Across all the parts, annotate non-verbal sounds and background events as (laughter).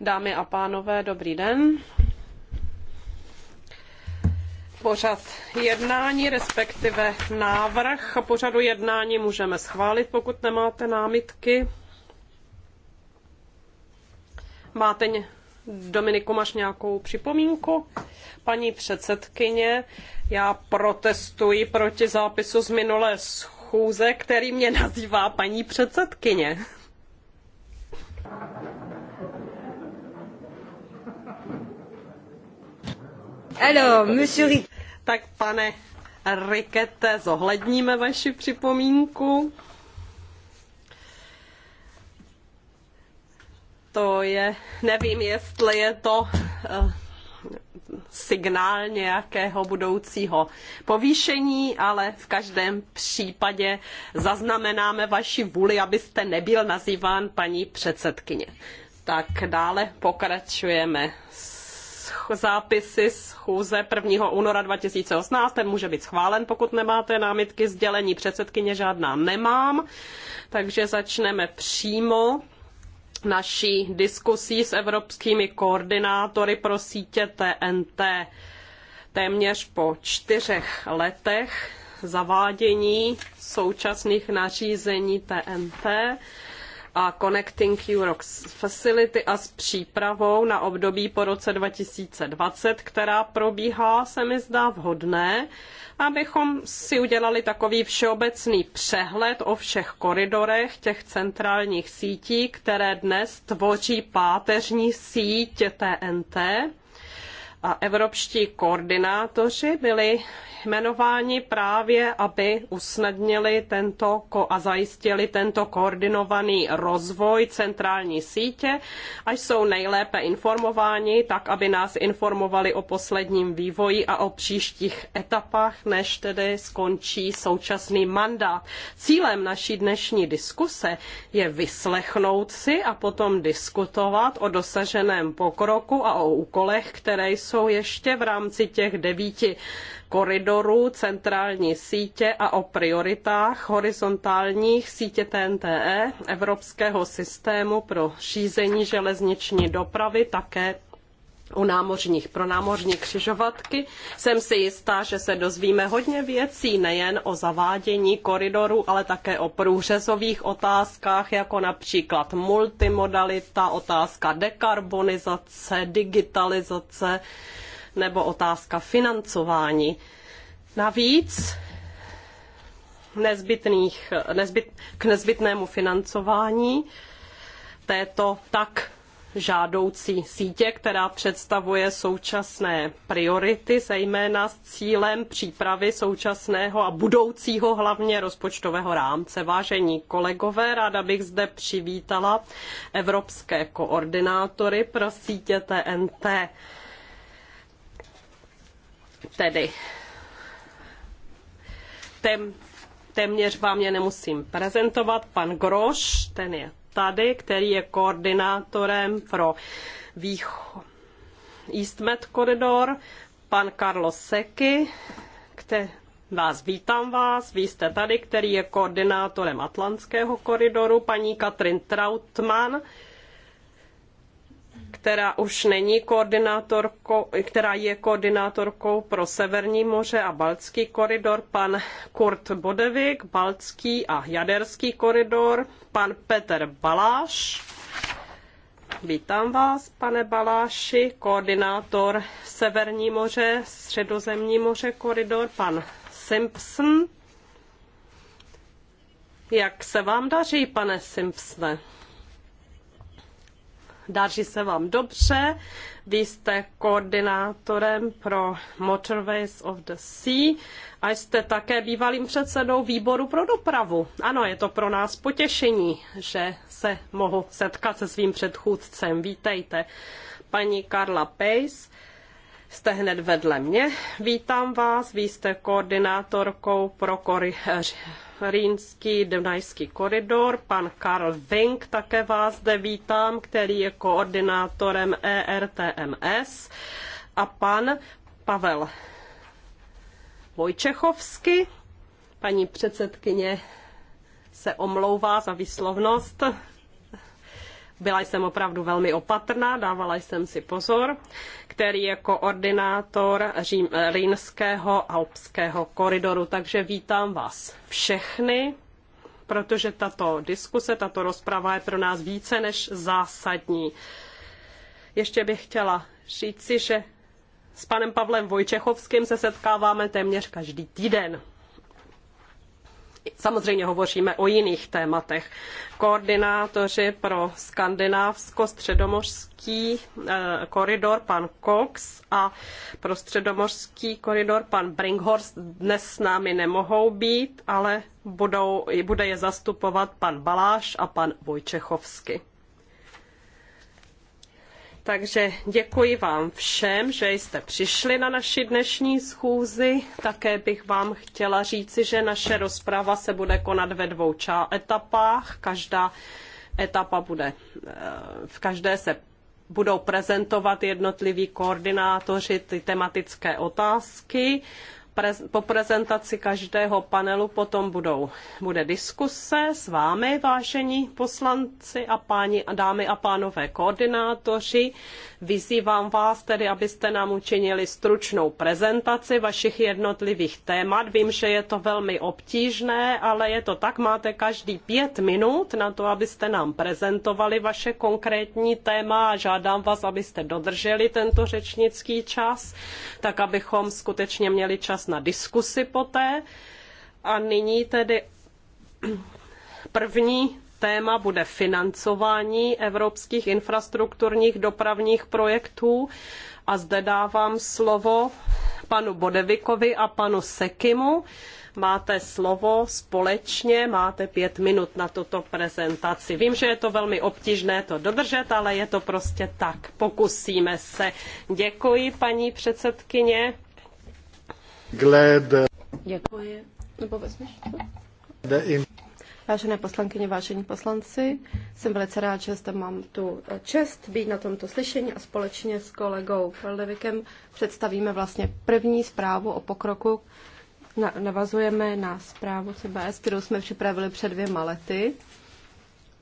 Dámy a pánové, dobrý den. Pořad jednání, respektive návrh pořadu jednání můžeme schválit, pokud nemáte námitky. Máte ně... Dominiku, máš nějakou připomínku? Paní předsedkyně, já protestuji proti zápisu z minulé schůze, který mě (laughs) nazývá paní předsedkyně. Alors, monsieur Rick. Tak pane Rikete, zohledníme vaši připomínku. To je, nevím, jestli je to uh, signál nějakého budoucího povýšení, ale v každém případě zaznamenáme vaši vůli, abyste nebyl nazýván paní předsedkyně. Tak dále pokračujeme s zápisy z chůze 1. února 2018. Ten může být schválen, pokud nemáte námitky. Sdělení předsedkyně žádná nemám, takže začneme přímo naší diskusí s evropskými koordinátory pro sítě TNT. Téměř po čtyřech letech zavádění současných nařízení TNT a Connecting Europe Facility a s přípravou na období po roce 2020, která probíhá, se mi zdá vhodné, abychom si udělali takový všeobecný přehled o všech koridorech těch centrálních sítí, které dnes tvoří páteřní síť TNT a evropští koordinátoři byli jmenováni právě, aby usnadnili tento a zajistili tento koordinovaný rozvoj centrální sítě a jsou nejlépe informováni, tak aby nás informovali o posledním vývoji a o příštích etapách, než tedy skončí současný mandát. Cílem naší dnešní diskuse je vyslechnout si a potom diskutovat o dosaženém pokroku a o úkolech, které jsou jsou ještě v rámci těch devíti koridorů centrální sítě a o prioritách horizontálních sítě TNTE Evropského systému pro šízení železniční dopravy také u námořních, pro námořní křižovatky. Jsem si jistá, že se dozvíme hodně věcí, nejen o zavádění koridoru, ale také o průřezových otázkách, jako například multimodalita, otázka dekarbonizace, digitalizace nebo otázka financování. Navíc nezbytných, nezbyt, k nezbytnému financování této tak žádoucí sítě, která představuje současné priority, zejména s cílem přípravy současného a budoucího hlavně rozpočtového rámce. Vážení kolegové, ráda bych zde přivítala evropské koordinátory pro sítě TNT. Tedy ten, téměř vám je nemusím prezentovat. Pan Groš, ten je tady, který je koordinátorem pro výcho... koridor, pan Carlos Seky, který Vás vítám vás, vy jste tady, který je koordinátorem Atlantského koridoru, paní Katrin Trautmann, která už není koordinátorkou, která je koordinátorkou pro Severní moře a Baltský koridor, pan Kurt Bodevik, Baltský a Jaderský koridor, pan Petr Baláš. Vítám vás, pane Baláši, koordinátor Severní moře, Středozemní moře koridor, pan Simpson. Jak se vám daří, pane Simpsone? Daří se vám dobře. Vy jste koordinátorem pro Motorways of the Sea a jste také bývalým předsedou výboru pro dopravu. Ano, je to pro nás potěšení, že se mohu setkat se svým předchůdcem. Vítejte, paní Karla Pace jste hned vedle mě. Vítám vás, vy jste koordinátorkou pro kor- rýnský dunajský koridor. Pan Karl Vink, také vás zde vítám, který je koordinátorem ERTMS. A pan Pavel Vojčechovsky, paní předsedkyně se omlouvá za výslovnost byla jsem opravdu velmi opatrná, dávala jsem si pozor, který je koordinátor Řím, Rýnského alpského koridoru. Takže vítám vás všechny, protože tato diskuse, tato rozprava je pro nás více než zásadní. Ještě bych chtěla říci, že s panem Pavlem Vojčechovským se setkáváme téměř každý týden. Samozřejmě hovoříme o jiných tématech. Koordinátoři pro skandinávsko-středomořský eh, koridor pan Cox a pro středomořský koridor pan Brinkhorst dnes s námi nemohou být, ale budou, bude je zastupovat pan Baláš a pan Vojčechovsky. Takže děkuji vám všem, že jste přišli na naši dnešní schůzi. Také bych vám chtěla říci, že naše rozprava se bude konat ve dvou čá- etapách. Každá etapa bude, eh, v každé se budou prezentovat jednotliví koordinátoři ty tematické otázky prez, po prezentaci každého panelu potom budou, bude diskuse s vámi, vážení poslanci a páni, dámy a pánové koordinátoři. Vyzývám vás tedy, abyste nám učinili stručnou prezentaci vašich jednotlivých témat. Vím, že je to velmi obtížné, ale je to tak, máte každý pět minut na to, abyste nám prezentovali vaše konkrétní téma a žádám vás, abyste dodrželi tento řečnický čas, tak abychom skutečně měli čas na diskusi poté. A nyní tedy (clears throat) první téma bude financování evropských infrastrukturních dopravních projektů. A zde dávám slovo panu Bodevikovi a panu Sekimu. Máte slovo společně, máte pět minut na tuto prezentaci. Vím, že je to velmi obtížné to dodržet, ale je to prostě tak. Pokusíme se. Děkuji, paní předsedkyně. Glad. Děkuji. Nebo vezmeš to? Vážené poslankyně, vážení poslanci, jsem velice rád, že zde mám tu eh, čest být na tomto slyšení a společně s kolegou Feldevikem představíme vlastně první zprávu o pokroku. Navazujeme na zprávu CBS, kterou jsme připravili před dvěma lety.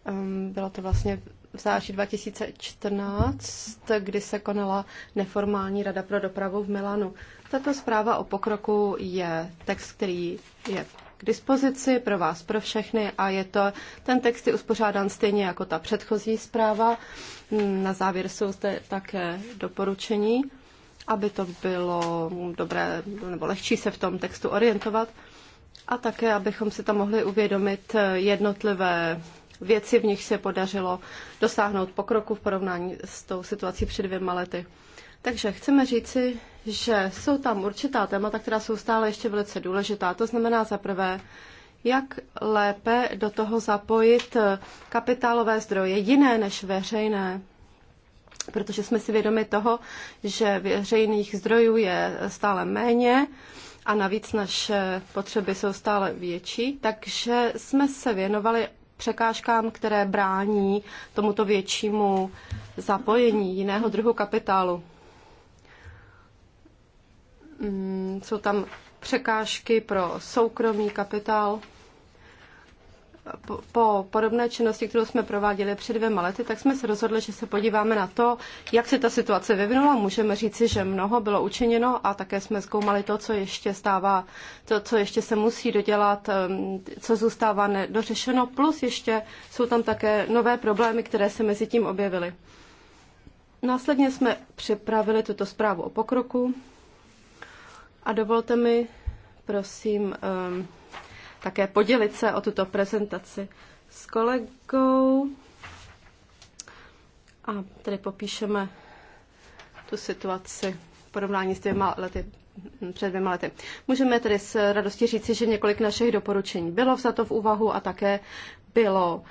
Ehm, bylo to vlastně v září 2014, kdy se konala neformální rada pro dopravu v Milanu. Tato zpráva o pokroku je text, který je k dispozici pro vás, pro všechny a je to, ten text je uspořádán stejně jako ta předchozí zpráva. Na závěr jsou zde také doporučení, aby to bylo dobré nebo lehčí se v tom textu orientovat a také, abychom si tam mohli uvědomit jednotlivé věci, v nich se podařilo dosáhnout pokroku v porovnání s tou situací před dvěma lety. Takže chceme říci, že jsou tam určitá témata, která jsou stále ještě velice důležitá. To znamená za prvé, jak lépe do toho zapojit kapitálové zdroje jiné než veřejné, protože jsme si vědomi toho, že veřejných zdrojů je stále méně a navíc naše potřeby jsou stále větší, takže jsme se věnovali překážkám, které brání tomuto většímu zapojení jiného druhu kapitálu. Mm, jsou tam překážky pro soukromý kapitál po podobné činnosti, kterou jsme prováděli před dvěma lety, tak jsme se rozhodli, že se podíváme na to, jak se ta situace vyvinula. Můžeme říci, že mnoho bylo učiněno a také jsme zkoumali to, co ještě stává, to, co ještě se musí dodělat, um, co zůstává nedořešeno, plus ještě jsou tam také nové problémy, které se mezi tím objevily. Následně jsme připravili tuto zprávu o pokroku a dovolte mi, prosím, um, také podělit se o tuto prezentaci s kolegou. A tady popíšeme tu situaci v porovnání s dvěma lety, před dvěma lety. Můžeme tedy s radostí říci, že několik našich doporučení bylo vzato v úvahu a také bylo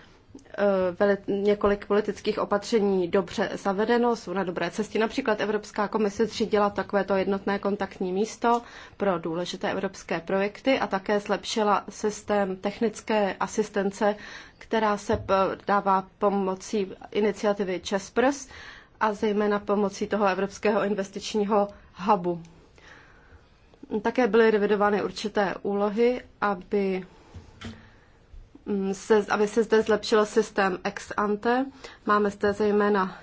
Eh, několik politických opatření dobře zavedeno, jsou na dobré cestě. Například Evropská komise zřídila takovéto jednotné kontaktní místo pro důležité evropské projekty a také zlepšila systém technické asistence, která se dává pomocí iniciativy Česprs a zejména pomocí toho Evropského investičního hubu. Také byly revidovány určité úlohy, aby Mm, se, aby se zde zlepšil systém ex ante. Máme zde zejména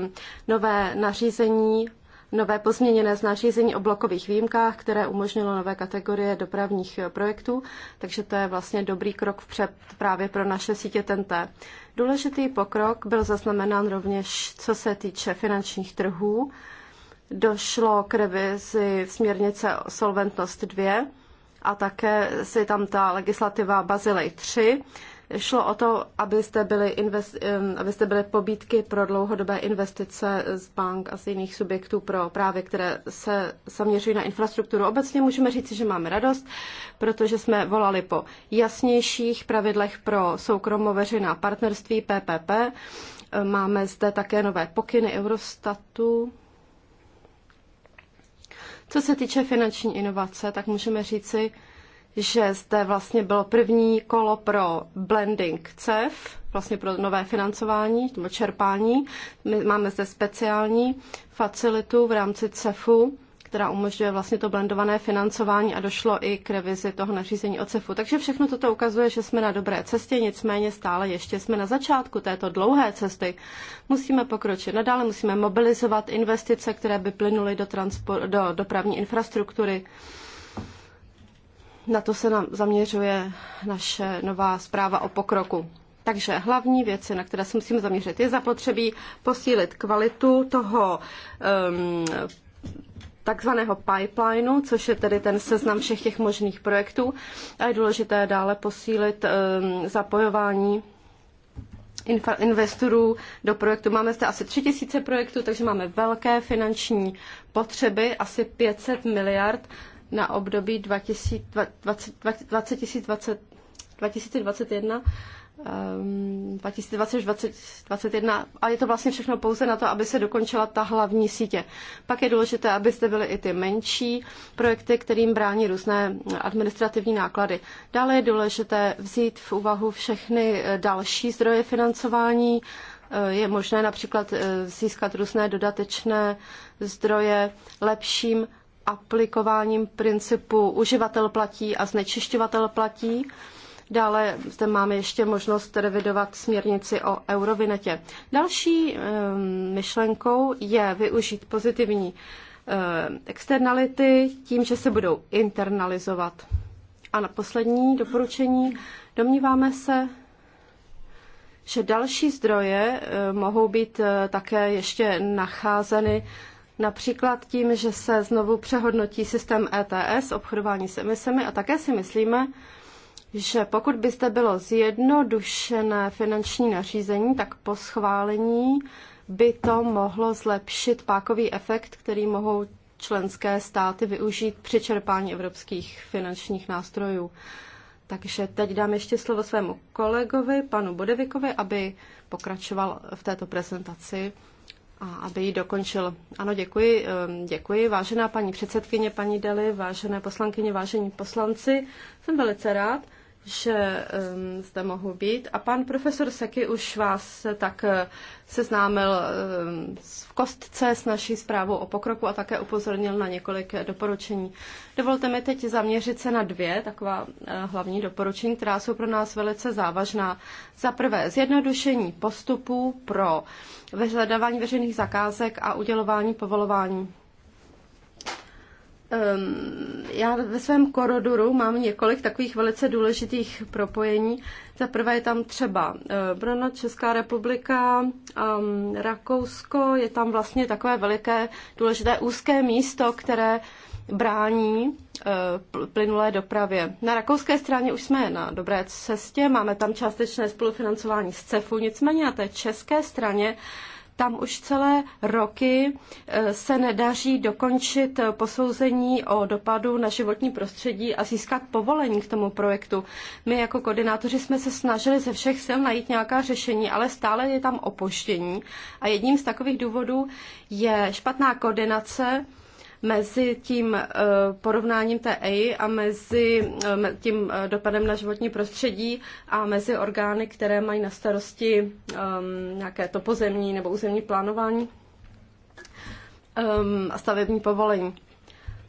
um, nové nařízení, nové pozměněné znařízení nařízení o blokových výjimkách, které umožnilo nové kategorie dopravních eh, projektů, takže to je vlastně dobrý krok vpřed právě pro naše sítě TNT. Důležitý pokrok byl zaznamenán rovněž, co se týče finančních trhů. Došlo k revizi směrnice solventnost 2 a také si tam ta legislativa Bazilej 3. Šlo o to, abyste byli, invest, abyste byli pobídky pro dlouhodobé investice z bank a z jiných subjektů, pro právě které se zaměřují na infrastrukturu. Obecně můžeme říci, že máme radost, protože jsme volali po jasnějších pravidlech pro soukromo-veřejná partnerství PPP. Máme zde také nové pokyny Eurostatu co se týče finanční inovace, tak můžeme říci, že zde vlastně bylo první kolo pro blending CEF, vlastně pro nové financování, nebo čerpání. My máme zde speciální facilitu v rámci CEFu, která umožňuje vlastně to blendované financování a došlo i k revizi toho nařízení cefu. Takže všechno toto ukazuje, že jsme na dobré cestě, nicméně stále ještě jsme na začátku této dlouhé cesty. Musíme pokročit nadále, musíme mobilizovat investice, které by plynuly do, transpor- do dopravní infrastruktury. Na to se nám zaměřuje naše nová zpráva o pokroku. Takže hlavní věci, na které se musíme zaměřit, je zapotřebí posílit kvalitu toho um, takzvaného pipelineu, což je tedy ten seznam všech těch možných projektů. A je důležité dále posílit ehm, zapojování investorů do projektu. Máme zde asi 3000 projektů, takže máme velké finanční potřeby, asi 500 miliard na období 2020, 2020, 2021 2020 ehm, 2021 a je to vlastně všechno pouze na to, aby se dokončila ta hlavní sítě. Pak je důležité, aby byly i ty menší projekty, kterým brání různé administrativní náklady. Dále je důležité vzít v úvahu všechny eh, další zdroje financování. Eh, je možné například eh, získat různé dodatečné zdroje lepším aplikováním principu uživatel platí a znečišťovatel platí. Dále zde máme ještě možnost revidovat směrnici o eurovinetě. Další eh, myšlenkou je využít pozitivní eh, externality tím, že se budou internalizovat. A na poslední doporučení domníváme se, že další zdroje eh, mohou být také ještě nacházeny například tím, že se znovu přehodnotí systém ETS, obchodování s emisemi a také si myslíme, že pokud by zde bylo zjednodušené finanční nařízení, tak po schválení by to mohlo zlepšit pákový efekt, který mohou členské státy využít při čerpání evropských finančních nástrojů. Takže teď dám ještě slovo svému kolegovi, panu Bodevikovi, aby pokračoval v této prezentaci a aby ji dokončil. Ano, děkuji, ehm, děkuji. Vážená paní předsedkyně, paní Deli, vážené poslankyně, vážení poslanci, jsem velice rád, že um, zde mohu být. A pan profesor Seky už vás tak eh, seznámil um, v kostce s naší zprávou o pokroku a také upozornil na několik doporučení. Dovolte mi teď zaměřit se na dvě taková uh, hlavní doporučení, která jsou pro nás velice závažná. Za prvé, zjednodušení postupů pro vyhledávání veřejných zakázek a udělování povolování Ehm, já ve svém koroduru mám několik takových velice důležitých propojení. Za prvé je tam třeba eh, Brno, Česká republika, ehm, Rakousko, je tam vlastně takové veliké, důležité úzké místo, které brání eh, plynulé dopravě. Na rakouské straně už jsme na dobré cestě, máme tam částečné spolufinancování z CEFu, nicméně na té české straně tam už celé roky eh, se nedaří dokončit eh, posouzení o dopadu na životní prostředí a získat povolení k tomu projektu. My jako koordinátoři jsme se snažili ze všech sil najít nějaká řešení, ale stále je tam opoštění. A jedním z takových důvodů je špatná koordinace mezi tím eh, porovnáním té EI a mezi eh, tím eh, dopadem na životní prostředí a mezi orgány, které mají na starosti ehm, nějaké to pozemní nebo územní plánování ehm, a stavební povolení.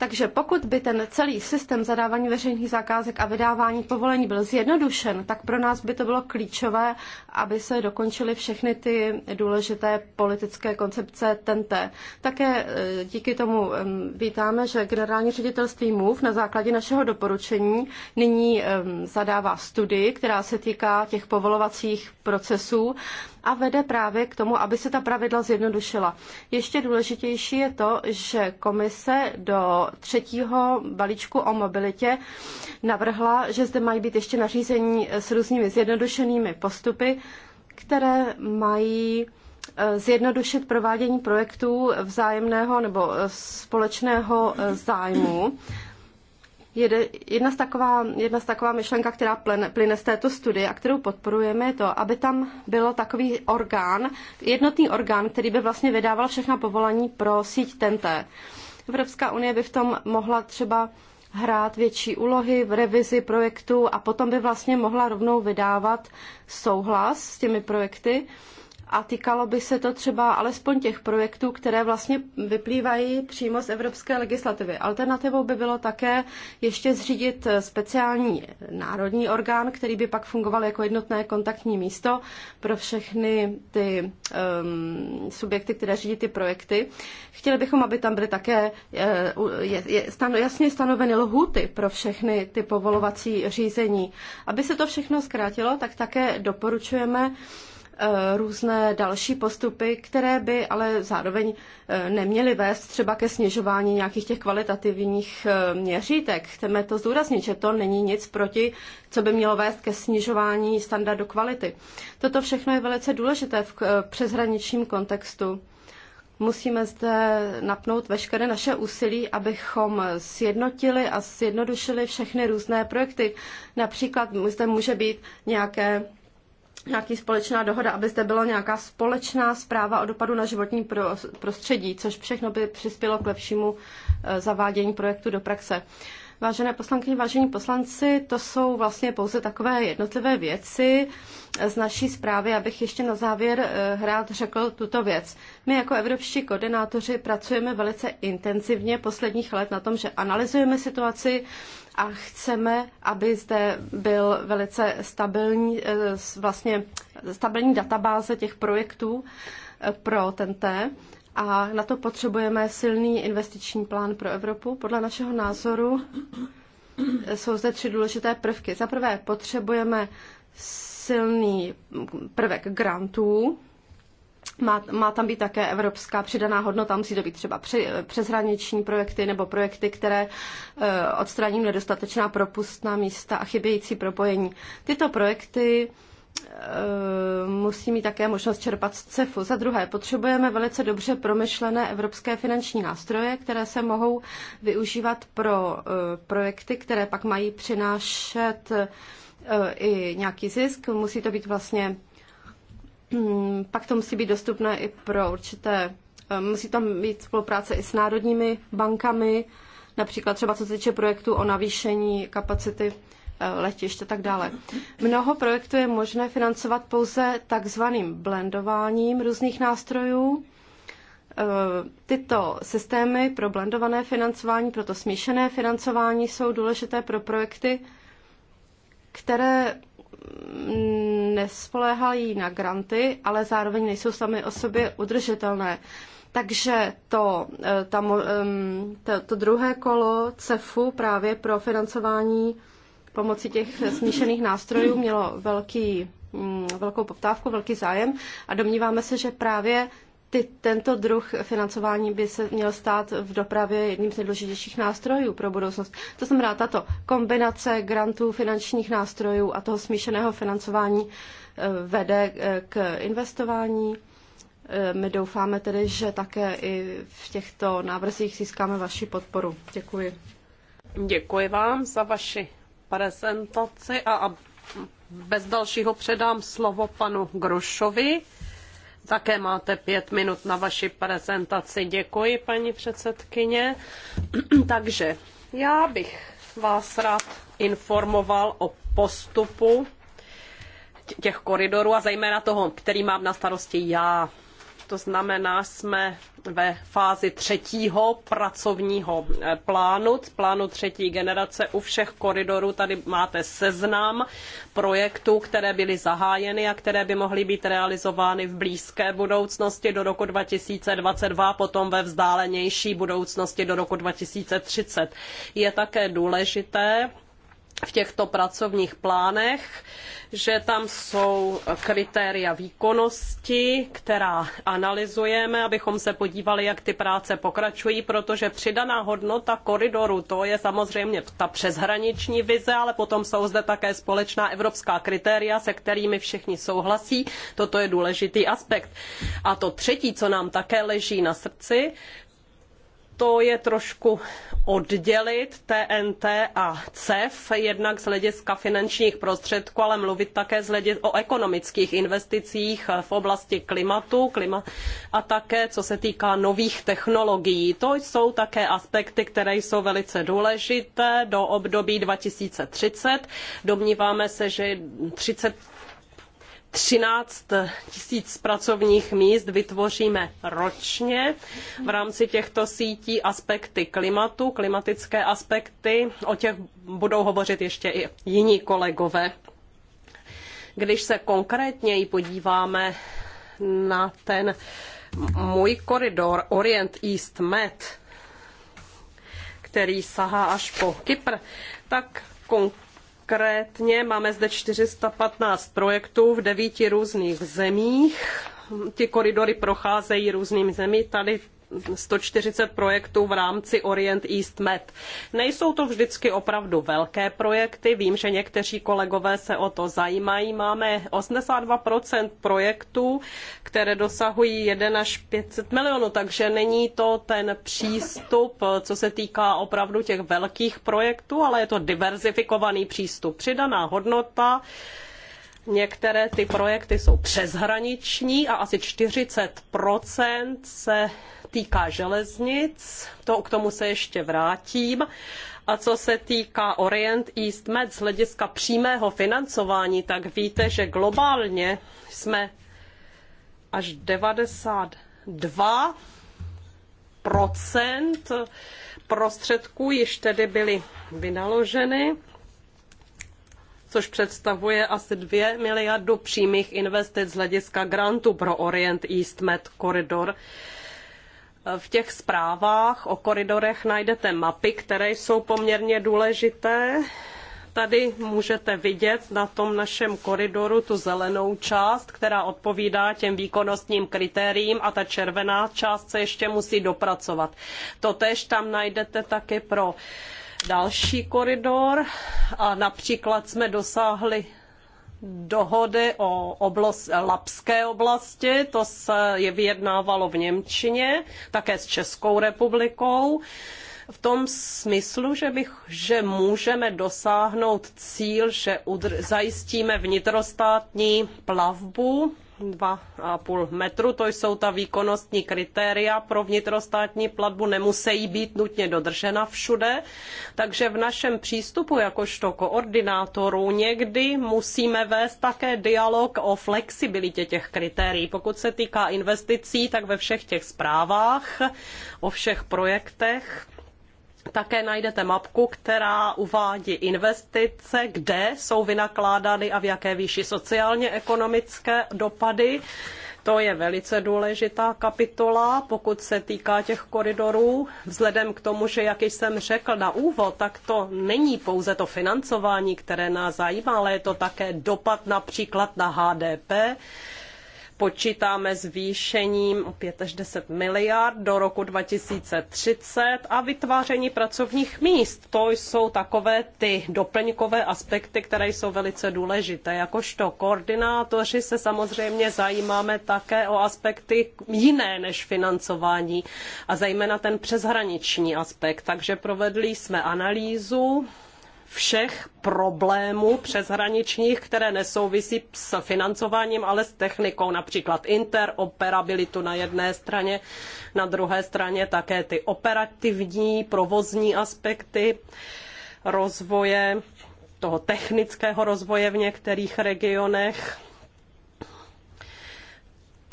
Takže pokud by ten celý systém zadávání veřejných zakázek a vydávání povolení byl zjednodušen, tak pro nás by to bylo klíčové, aby se dokončily všechny ty důležité politické koncepce TNT. Také e, díky tomu vítáme, že generální ředitelství MUV na základě našeho doporučení nyní zadává studii, která se týká těch povolovacích procesů a vede právě k tomu, aby se ta pravidla zjednodušila. Ještě důležitější je to, že komise do třetího balíčku o mobilitě navrhla, že zde mají být ještě nařízení s různými zjednodušenými postupy, které mají eh, zjednodušit provádění projektů vzájemného nebo eh, společného eh, zájmu. Jedna z, taková, jedna z taková myšlenka, která plyne z této studie a kterou podporujeme, je to, aby tam byl takový orgán, jednotný orgán, který by vlastně vydával všechna povolení pro síť TNT. Evropská unie by v tom mohla třeba hrát větší úlohy v revizi projektu a potom by vlastně mohla rovnou vydávat souhlas s těmi projekty. Uh, a týkalo by se to třeba alespoň těch projektů, které vlastně vyplývají přímo z evropské legislativy. Alternativou by bylo také ještě zřídit speciální národní orgán, který by pak fungoval jako jednotné kontaktní místo pro všechny ty um, subjekty, které řídí ty projekty. Chtěli bychom, aby tam byly také eh, je, je, stano, jasně stanoveny lhuty pro všechny ty povolovací řízení. Aby se to všechno zkrátilo, tak také doporučujeme, Eh, různé další postupy, které by ale zároveň eh, neměly vést třeba ke snižování nějakých těch kvalitativních eh, měřítek. Chceme to zdůraznit, že to není nic proti, co by mělo vést ke snižování standardu kvality. Toto všechno je velice důležité v přeshraničním kontextu musíme zde napnout veškeré naše úsilí, abychom sjednotili a sjednodušili všechny různé projekty. Například zde může být nějaké nějaký společná dohoda, aby zde byla nějaká společná zpráva o dopadu na životní prostředí, což všechno by přispělo k lepšímu eh, zavádění projektu do praxe. Vážené poslankyně, vážení poslanci, to jsou vlastně pouze takové jednotlivé věci eh, z naší zprávy, abych ještě na závěr hrát eh, řekl tuto věc. My jako evropští koordinátoři pracujeme velice intenzivně posledních let na tom, že analyzujeme situaci, a chceme, aby zde byl velice stabilní, eh, vlastně stabilní databáze těch projektů eh, pro TNT a na to potřebujeme silný investiční plán pro Evropu. Podle našeho názoru eh, jsou zde tři důležité prvky. Za prvé potřebujeme silný hm, prvek grantů, má, má tam být také evropská přidaná hodnota, musí to být třeba při, přeshraniční projekty nebo projekty, které e, odstraní nedostatečná propustná místa a chybějící propojení. Tyto projekty e, musí mít také možnost čerpat z CEFu. Za druhé, potřebujeme velice dobře promyšlené evropské finanční nástroje, které se mohou využívat pro e, projekty, které pak mají přinášet e, i nějaký zisk. Musí to být vlastně Hmm, pak to musí být dostupné i pro určité, eh, musí tam být spolupráce i s národními bankami, například třeba co se týče projektu o navýšení kapacity eh, letiště a tak dále. Mnoho projektů je možné financovat pouze takzvaným blendováním různých nástrojů. Eh, tyto systémy pro blendované financování, proto smíšené financování jsou důležité pro projekty, které nespoléhají na granty, ale zároveň nejsou sami o sobě udržitelné. Takže to, eh, tam, to, to druhé kolo CEFu právě pro financování pomocí těch smíšených nástrojů mělo velký, mm, velkou poptávku, velký zájem a domníváme se, že právě ty, tento druh financování by se měl stát v dopravě jedním z nejdůležitějších nástrojů pro budoucnost. To znamená, tato kombinace grantů, finančních nástrojů a toho smíšeného financování eh, vede eh, k investování. Eh, my doufáme tedy, že také i v těchto návrzích získáme vaši podporu. Děkuji. Děkuji vám za vaši prezentaci a bez dalšího předám slovo panu Grošovi. Také máte pět minut na vaši prezentaci. Děkuji, paní předsedkyně. (clears throat) Takže já bych vás rád informoval o postupu těch koridorů a zejména toho, který mám na starosti já. To znamená, jsme ve fázi třetího pracovního eh, plánu, plánu třetí generace. U všech koridorů tady máte seznam projektů, které byly zahájeny a které by mohly být realizovány v blízké budoucnosti do roku 2022, potom ve vzdálenější budoucnosti do roku 2030. Je také důležité, v těchto pracovních plánech, že tam jsou kritéria výkonnosti, která analyzujeme, abychom se podívali, jak ty práce pokračují, protože přidaná hodnota koridoru, to je samozřejmě ta přeshraniční vize, ale potom jsou zde také společná evropská kritéria, se kterými všichni souhlasí. Toto je důležitý aspekt. A to třetí, co nám také leží na srdci, to je trošku oddělit TNT a CEF, jednak z hlediska finančních prostředků, ale mluvit také z hlediska o ekonomických investicích v oblasti klimatu klima, a také co se týká nových technologií. To jsou také aspekty, které jsou velice důležité do období 2030. Domníváme se, že 30 13 tisíc pracovních míst vytvoříme ročně v rámci těchto sítí aspekty klimatu, klimatické aspekty. O těch budou hovořit ještě i jiní kolegové. Když se konkrétněji podíváme na ten můj koridor Orient East Med, který sahá až po Kypr, tak konkrétně Konkrétně máme zde 415 projektů v devíti různých zemích. Ty koridory procházejí různými zeměmi. Tady 140 projektů v rámci Orient East Med. Nejsou to vždycky opravdu velké projekty, vím, že někteří kolegové se o to zajímají. Máme 82% projektů, které dosahují 1 až 500 milionů, takže není to ten přístup, co se týká opravdu těch velkých projektů, ale je to diverzifikovaný přístup. Přidaná hodnota Některé ty projekty jsou přeshraniční a asi 40 se týká železnic, to k tomu se ještě vrátím. A co se týká Orient East Med z hlediska přímého financování, tak víte, že globálně jsme až 92 procent prostředků již tedy byly vynaloženy, což představuje asi 2 miliardy přímých investic z hlediska grantu pro Orient East Med Corridor. V těch zprávách o koridorech najdete mapy, které jsou poměrně důležité. Tady můžete vidět na tom našem koridoru tu zelenou část, která odpovídá těm výkonnostním kritériím a ta červená část se ještě musí dopracovat. Totež tam najdete také pro další koridor a například jsme dosáhli dohody o oblast, Lapské oblasti, to se je vyjednávalo v Němčině, také s Českou republikou v tom smyslu, že, bych, že můžeme dosáhnout cíl, že udr- zajistíme vnitrostátní plavbu 2,5 metru, to jsou ta výkonnostní kritéria pro vnitrostátní platbu, nemusí být nutně dodržena všude. Takže v našem přístupu jakožto koordinátorů někdy musíme vést také dialog o flexibilitě těch kritérií. Pokud se týká investicí, tak ve všech těch zprávách, o všech projektech, také najdete mapku, která uvádí investice, kde jsou vynakládány a v jaké výši sociálně-ekonomické dopady. To je velice důležitá kapitola, pokud se týká těch koridorů. Vzhledem k tomu, že, jak jsem řekl na úvod, tak to není pouze to financování, které nás zajímá, ale je to také dopad například na HDP počítáme s zvýšením o 5 až 10 miliard do roku 2030 a vytváření pracovních míst. To jsou takové ty doplňkové aspekty, které jsou velice důležité. Jakožto koordinátoři se samozřejmě zajímáme také o aspekty jiné než financování a zejména ten přeshraniční aspekt. Takže provedli jsme analýzu všech problémů přeshraničních, které nesouvisí s financováním, ale s technikou, například interoperabilitu na jedné straně, na druhé straně také ty operativní, provozní aspekty rozvoje, toho technického rozvoje v některých regionech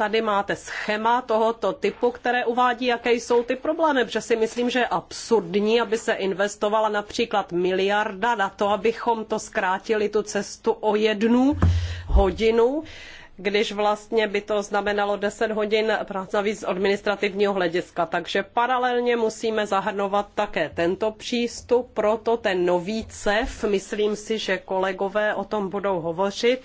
tady máte schéma tohoto typu, které uvádí, jaké jsou ty problémy, protože si myslím, že je absurdní, aby se investovala například miliarda na to, abychom to zkrátili tu cestu o jednu hodinu když vlastně by to znamenalo 10 hodin práce navíc z administrativního hlediska. Takže paralelně musíme zahrnovat také tento přístup, proto ten nový CEF, myslím si, že kolegové o tom budou hovořit,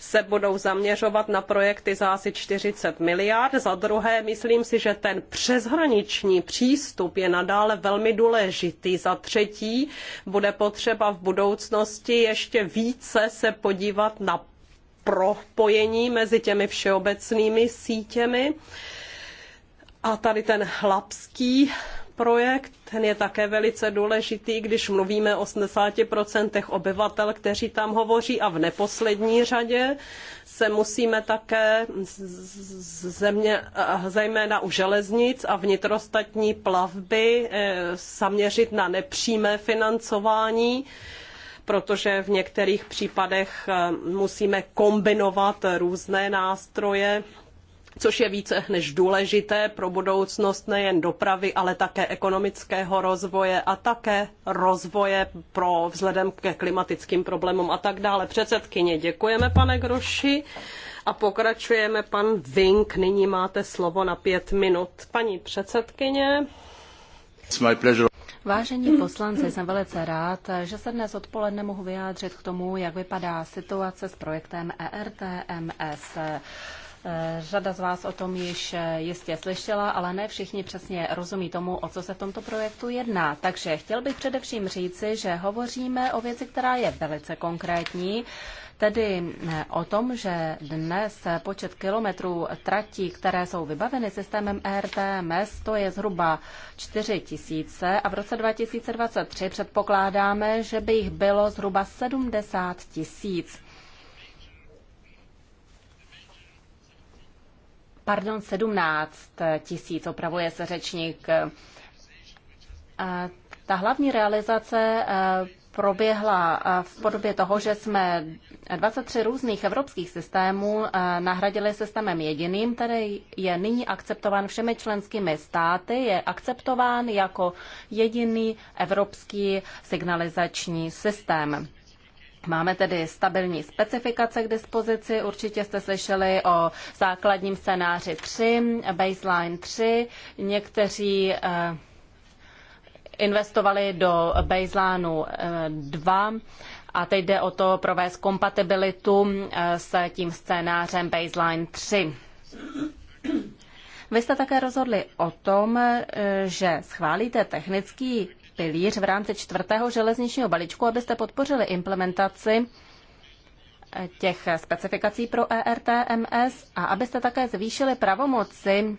se budou zaměřovat na projekty za asi 40 miliard. Za druhé, myslím si, že ten přeshraniční přístup je nadále velmi důležitý. Za třetí, bude potřeba v budoucnosti ještě více se podívat na propojení mezi těmi všeobecnými sítěmi. A tady ten chlapský projekt, ten je také velice důležitý, když mluvíme o 80% obyvatel, kteří tam hovoří a v neposlední řadě se musíme také země, eh, zejména u železnic a vnitrostatní plavby eh, zaměřit na nepřímé financování, protože v některých případech eh, musíme kombinovat různé nástroje, což je více než důležité pro budoucnost nejen dopravy, ale také ekonomického rozvoje a také rozvoje pro vzhledem ke klimatickým problémům a tak dále. Předsedkyně, děkujeme pane Groši a pokračujeme pan Vink. Nyní máte slovo na pět minut. Paní předsedkyně. It's my pleasure. Vážení poslanci, jsem velice rád, že se dnes odpoledne mohu vyjádřit k tomu, jak vypadá situace s projektem ERTMS. Řada z vás o tom již jistě slyšela, ale ne všichni přesně rozumí tomu, o co se v tomto projektu jedná. Takže chtěl bych především říci, že hovoříme o věci, která je velice konkrétní tedy eh, o tom, že dnes počet kilometrů tratí, které jsou vybaveny systémem ERTMS, to je zhruba 4 tisíce a v roce 2023 předpokládáme, že by jich bylo zhruba 70 tisíc. Pardon, 17 tisíc, opravuje se řečník. A eh, ta hlavní realizace eh, proběhla eh, v podobě toho, že jsme 23 různých evropských systémů eh, nahradili systémem jediným, který je nyní akceptován všemi členskými státy, je akceptován jako jediný evropský signalizační systém. Máme tedy stabilní specifikace k dispozici. Určitě jste slyšeli o základním scénáři 3, baseline 3. Někteří eh, investovali do baselineu 2 eh, a teď jde o to provést kompatibilitu eh, s tím scénářem baseline 3. Vy jste také rozhodli o tom, eh, že schválíte technický pilíř v rámci čtvrtého železničního balíčku, abyste podpořili implementaci těch specifikací pro ERTMS a abyste také zvýšili pravomoci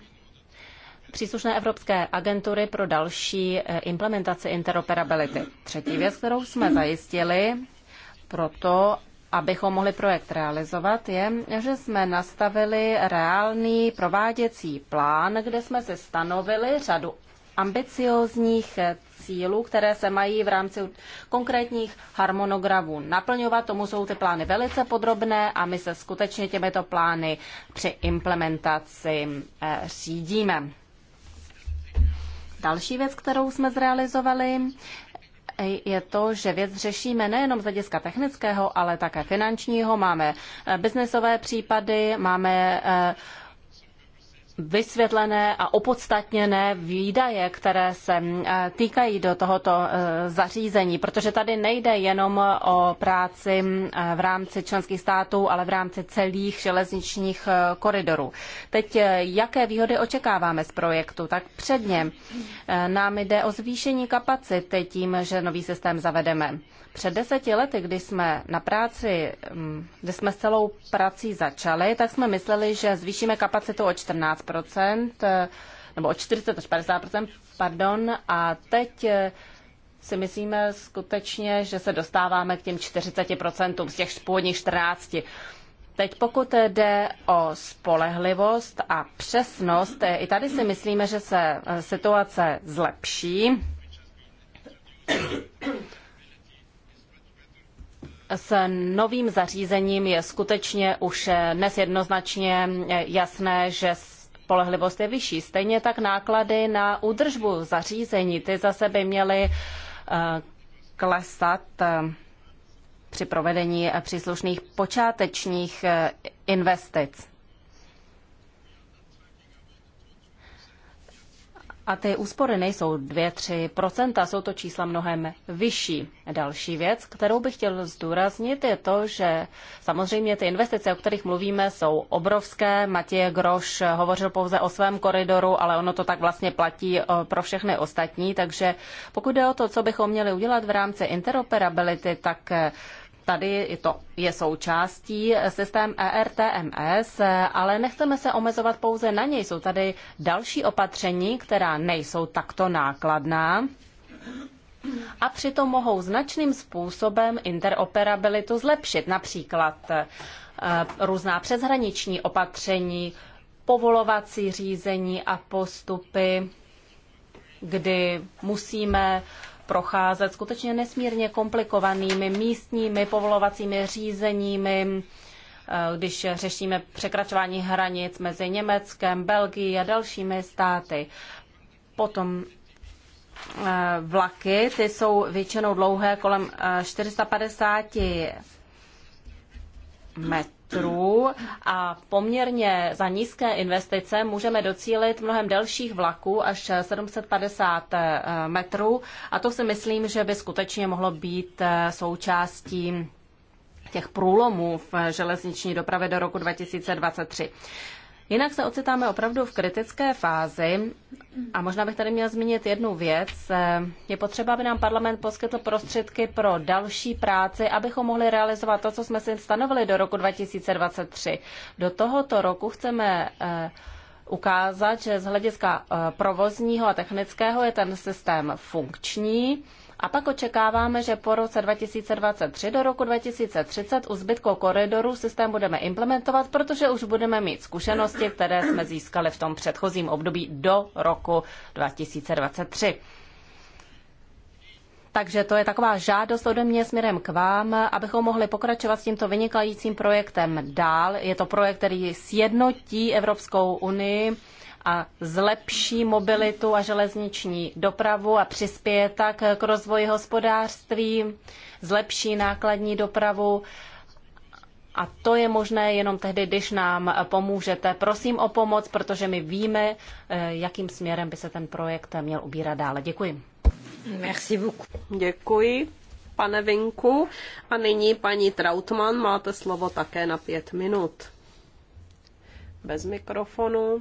příslušné evropské agentury pro další eh, implementaci interoperability. Třetí věc, kterou jsme zajistili proto, abychom mohli projekt realizovat, je, že jsme nastavili reálný prováděcí plán, kde jsme se stanovili řadu ambiciózních eh, cílů, které se mají v rámci konkrétních harmonogramů naplňovat. Tomu jsou ty plány velice podrobné a my se skutečně těmito plány při implementaci eh, řídíme. Další věc, kterou jsme zrealizovali, je to, že věc řešíme nejenom z hlediska technického, ale také finančního. Máme eh, biznesové případy, máme eh, vysvětlené a opodstatněné výdaje, které se eh, týkají do tohoto eh, zařízení, protože tady nejde jenom o práci eh, v rámci členských států, ale v rámci celých železničních koridorů. Teď jaké výhody očekáváme z projektu? Tak předně nám jde o zvýšení kapacity tím, že nový systém zavedeme. Před deseti lety, kdy jsme na práci, mm, kdy jsme s celou prací začali, tak jsme mysleli, že zvýšíme kapacitu o 14 eh, nebo o 40 až 50 pardon, a teď eh, si myslíme skutečně, že se dostáváme k těm 40 z těch původních 14 Teď pokud jde o spolehlivost a přesnost, eh, i tady si myslíme, že se situace zlepší s novým zařízením je skutečně už dnes jednoznačně jasné, že spolehlivost je vyšší. Stejně tak náklady na údržbu zařízení, ty zase by měly eh, klesat eh, při provedení příslušných počátečních eh, investic. A ty úspory nejsou 2-3%, jsou to čísla mnohem vyšší. Další věc, kterou bych chtěl zdůraznit, je to, že samozřejmě ty investice, o kterých mluvíme, jsou obrovské. Matěj Groš hovořil pouze o svém koridoru, ale ono to tak vlastně platí eh, pro všechny ostatní. Takže pokud jde o to, co bychom měli udělat v rámci interoperability, tak eh, tady je to je součástí systém ERTMS, ale nechceme se omezovat pouze na něj. Jsou tady další opatření, která nejsou takto nákladná a přitom mohou značným způsobem interoperabilitu zlepšit. Například eh, různá přeshraniční opatření, povolovací řízení a postupy, kdy musíme procházet skutečně nesmírně komplikovanými místními povolovacími řízeními, eh, když řešíme překračování hranic mezi Německem, Belgií a dalšími státy. Potom eh, vlaky, ty jsou většinou dlouhé kolem 450 eh, metrů metrů a poměrně za nízké investice můžeme docílit mnohem delších vlaků až 750 eh, metrů a to si myslím, že by skutečně mohlo být eh, součástí těch průlomů v železniční dopravě do roku 2023. Jinak se ocitáme opravdu v kritické fázi a možná bych tady měl zmínit jednu věc. Je potřeba, aby nám parlament poskytl prostředky pro další práci, abychom mohli realizovat to, co jsme si stanovili do roku 2023. Do tohoto roku chceme eh, ukázat, že z hlediska eh, provozního a technického je ten systém funkční a pak očekáváme, že po roce 2023 do roku 2030 u zbytku koridoru systém budeme implementovat, protože už budeme mít zkušenosti, které jsme získali v tom předchozím období do roku 2023. Takže to je taková žádost ode mě směrem k vám, abychom mohli pokračovat s tímto vynikajícím projektem dál. Je to projekt, který sjednotí Evropskou unii a zlepší mobilitu a železniční dopravu a přispěje tak k rozvoji hospodářství, zlepší nákladní dopravu. A to je možné jenom tehdy, když nám pomůžete. Prosím o pomoc, protože my víme, eh, jakým směrem by se ten projekt měl ubírat dále. Děkuji. Merci beaucoup. Děkuji, pane Vinku. A nyní paní Trautmann, máte slovo také na pět minut. Bez mikrofonu.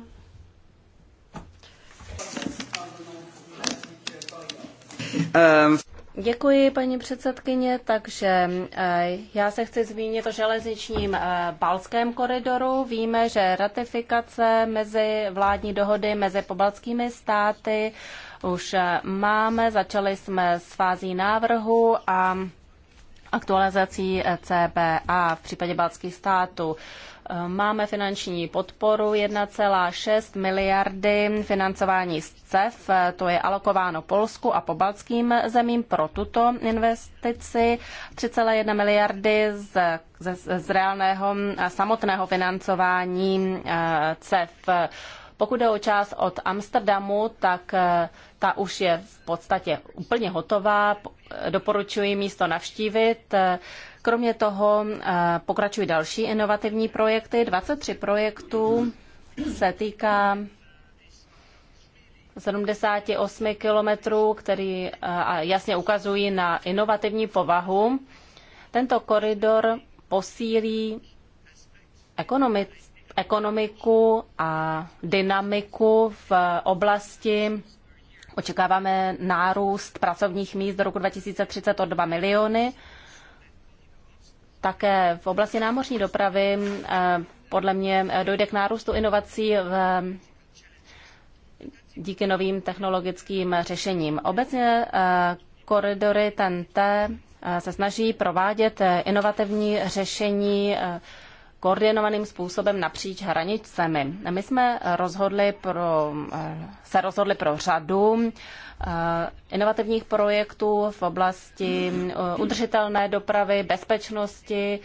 Ehm. Děkuji, paní předsedkyně. Takže eh, já se chci zmínit o železničním eh, balském koridoru. Víme, že ratifikace mezi vládní dohody mezi pobalskými státy už eh, máme. Začali jsme s fází návrhu a aktualizací CBA v případě balských států. Máme finanční podporu 1,6 miliardy financování z CEF, to je alokováno Polsku a pobaltským zemím pro tuto investici, 3,1 miliardy z, z, z reálného a samotného financování eh, CEF. Pokud jde o část od Amsterdamu, tak eh, ta už je v podstatě úplně hotová. Doporučuji místo navštívit. Eh, Kromě toho eh, pokračují další inovativní projekty. 23 projektů se týká 78 kilometrů, který eh, jasně ukazují na inovativní povahu. Tento koridor posílí ekonomiku a dynamiku v oblasti. Očekáváme nárůst pracovních míst do roku 2030 o 2 miliony také v oblasti námořní dopravy eh, podle mě eh, dojde k nárůstu inovací v eh, díky novým technologickým řešením. Obecně koridory TNT se snaží provádět inovativní řešení koordinovaným způsobem napříč hranicemi. My jsme rozhodli pro, se rozhodli pro řadu Eh, inovativních projektů v oblasti eh, udržitelné dopravy, bezpečnosti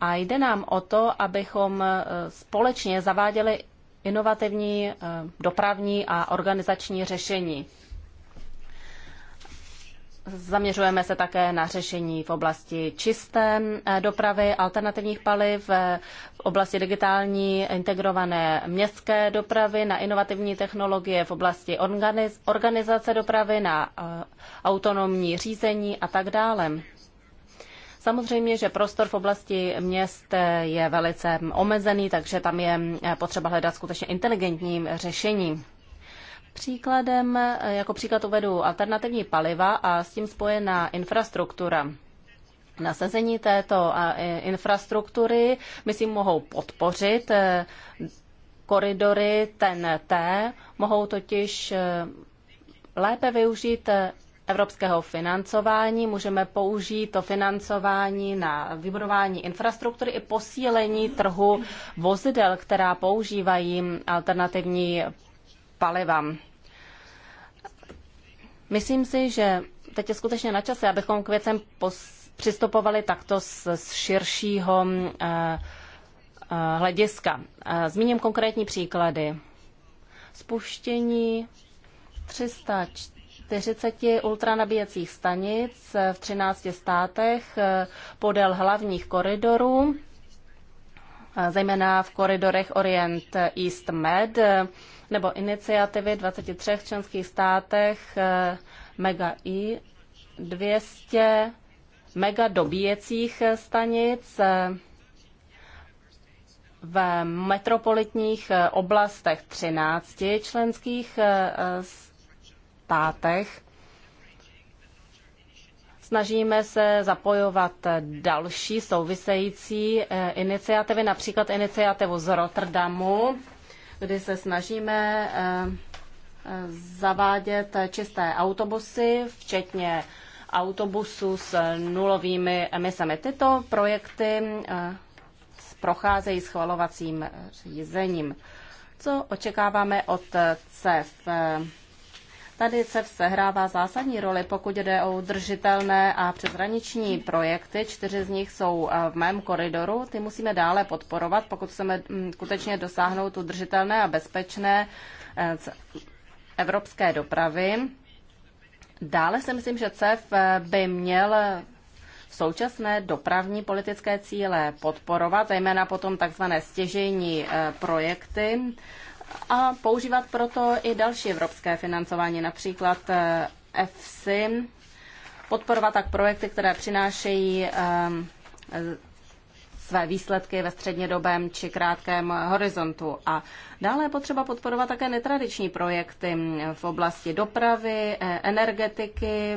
a jde nám o to, abychom eh, společně zaváděli inovativní dopravní a organizační řešení. Zaměřujeme se také na řešení v oblasti čisté eh, dopravy, alternativních paliv, eh, v oblasti digitální integrované městské dopravy, na inovativní technologie v oblasti organizace dopravy, na eh, autonomní řízení a tak dále. Samozřejmě, že prostor v oblasti měst je velice omezený, takže tam je potřeba hledat skutečně inteligentní řešení. Příkladem, eh, jako příklad uvedu alternativní paliva a s tím spojená infrastruktura. Nasazení této eh, infrastruktury, myslím, mohou podpořit eh, koridory TNT, mohou totiž lépe využít evropského financování. Můžeme použít to financování na vybudování infrastruktury i posílení trhu vozidel, která používají alternativní paliva. Myslím si, že teď je skutečně na čase, abychom k věcem přistupovali takto z, z širšího eh, eh hlediska. Eh, zmíním konkrétní příklady. Spuštění 340 ultranabíjecích stanic eh, v 13 státech podél hlavních koridorů, zejména v koridorech Orient East Med, nebo iniciativy 23 členských státech eh, Mega I, 200 mega dobíjecích eh, stanic eh, v metropolitních oblastech 13 členských státech. Snažíme se zapojovat další související iniciativy, například iniciativu z Rotterdamu, kdy se snažíme eh, eh, zavádět čisté autobusy, včetně autobusů s nulovými emisemi. Tyto projekty eh, procházejí schvalovacím řízením. Co očekáváme od CEF? Tady se sehrává zásadní roli, pokud jde o udržitelné a přeshraniční projekty. Čtyři z nich jsou eh, v mém koridoru. Ty musíme dále podporovat, pokud chceme mm, skutečně dosáhnout udržitelné a bezpečné eh, evropské dopravy. Dále si myslím, že CEF eh, by měl současné dopravní politické cíle podporovat, zejména potom takzvané stěžení projekty a používat proto i další evropské financování, například EFSI, eh, podporovat tak projekty, které přinášejí ehm, eh, své výsledky ve střednědobém či krátkém horizontu. A dále je potřeba podporovat také netradiční projekty mm, v oblasti dopravy, eh, energetiky,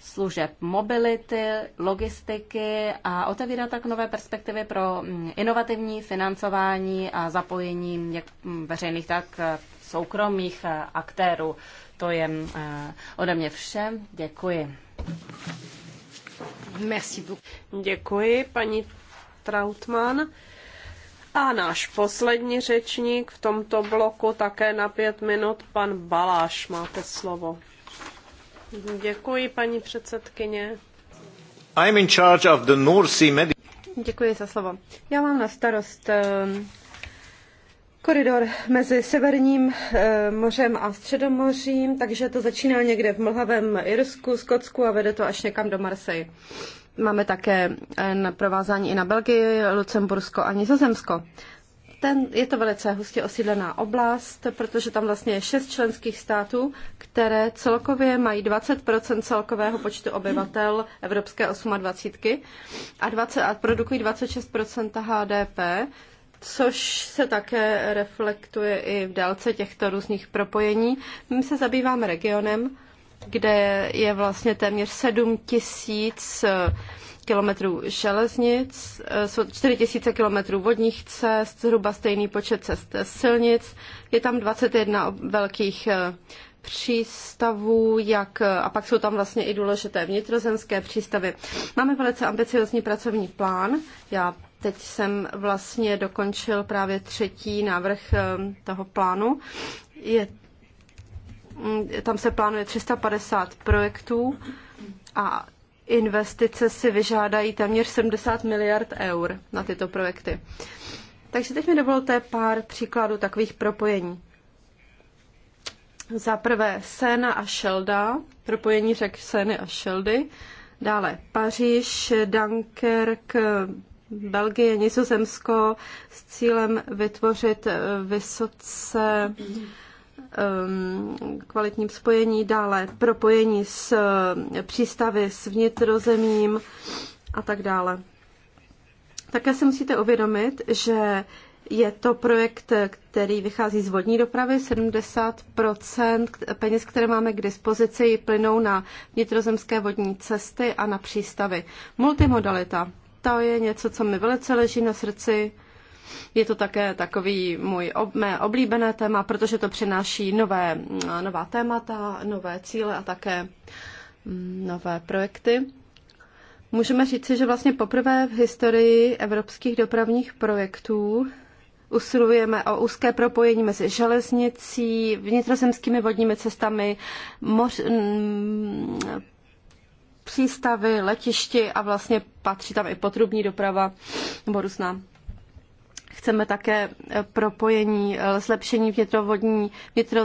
služeb mobility, logistiky a otevírá tak nové perspektivy pro mm, inovativní financování a zapojení jak mm, veřejných, tak eh, soukromých eh, aktérů. To je mm, eh, ode mě vše. Děkuji. Merci Děkuji, paní Trautmann. A náš poslední řečník v tomto bloku také na pět minut, pan Baláš, máte slovo. Děkuji, paní předsedkyně. I'm in charge of the North Sea Medi- Děkuji za slovo. Já mám na starost eh, koridor mezi Severním eh, mořem a Středomořím, takže to začíná někde v mlhavém Irsku, Skotsku a vede to až někam do Marseille. Máme také eh, provázání i na Belgii, Lucembursko a Nizozemsko ten, je to velice hustě osídlená oblast, protože tam vlastně je šest členských států, které celkově mají 20 celkového počtu obyvatel Evropské 28 a, 20, a produkují 26 HDP, což se také reflektuje i v délce těchto různých propojení. My se zabýváme regionem, kde je vlastně téměř 7 tisíc kilometrů železnic, 4 eh, tisíce kilometrů vodních cest, zhruba stejný počet cest silnic, je tam 21 velkých eh, přístavů, jak, eh, a pak jsou tam vlastně i důležité vnitrozemské přístavy. Máme velice ambiciozní pracovní plán. Já teď jsem vlastně dokončil právě třetí návrh toho plánu. Je, mm, tam se plánuje 350 projektů a investice si vyžádají téměř 70 miliard eur na tyto projekty. Takže teď mi dovolte pár příkladů takových propojení. Za prvé Sena a Šelda, propojení řek Seny a Šeldy, dále Paříž, Dunkerque, Belgie, Nizozemsko s cílem vytvořit eh, vysoce Um, kvalitním spojení, dále propojení s eh, přístavy, s vnitrozemím a tak dále. Také si musíte uvědomit, že je to projekt, který vychází z vodní dopravy. 70% peněz, které máme k dispozici, plynou na vnitrozemské vodní cesty a na přístavy. Multimodalita, to je něco, co mi velice leží na srdci. Je to také takový můj mé oblíbené téma, protože to přináší nové, nová témata, nové cíle a také mm, nové projekty. Můžeme říci, že vlastně poprvé v historii evropských dopravních projektů usilujeme o úzké propojení mezi železnicí, vnitrozemskými vodními cestami, moř, mm, přístavy, letišti a vlastně patří tam i potrubní doprava nebo různá Chceme také eh, propojení, eh, zlepšení vnitrovodní, vnitro,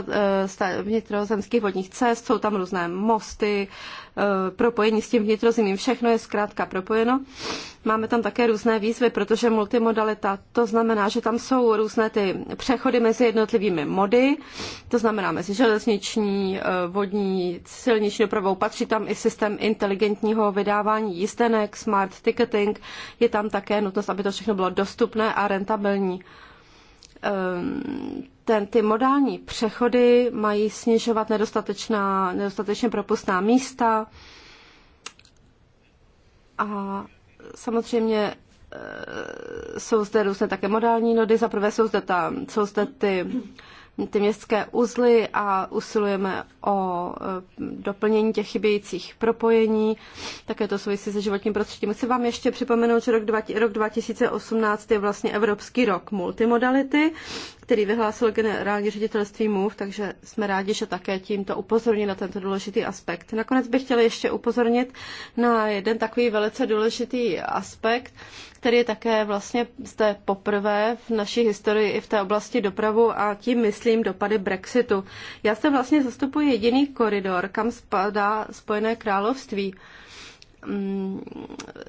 eh, vnitrozemských vodních cest, jsou tam různé mosty, Eh, propojení s tím vnitrozemím. Všechno je zkrátka propojeno. Máme tam také různé výzvy, protože multimodalita, to znamená, že tam jsou různé ty přechody mezi jednotlivými mody, to znamená mezi železniční, eh, vodní, silniční dopravou. Patří tam i systém inteligentního vydávání jízdenek, smart ticketing. Je tam také nutnost, aby to všechno bylo dostupné a rentabilní ehm, ten, ty modální přechody mají snižovat nedostatečná, nedostatečně propustná místa a samozřejmě e, jsou zde různé také modální nody. Za prvé jsou zde, ta, jsou zde ty, ty městské uzly a usilujeme o e, doplnění těch chybějících propojení. Také to souvisí se životním prostředím. Chci vám ještě připomenout, že rok, dva, rok 2018 je vlastně Evropský rok multimodality který vyhlásil generální ředitelství MOVE, takže jsme rádi, že také tímto upozorní na tento důležitý aspekt. Nakonec bych chtěla ještě upozornit na jeden takový velice důležitý aspekt, který je také vlastně zde poprvé v naší historii i v té oblasti dopravu a tím myslím dopady Brexitu. Já se vlastně zastupuji jediný koridor, kam spadá Spojené království um,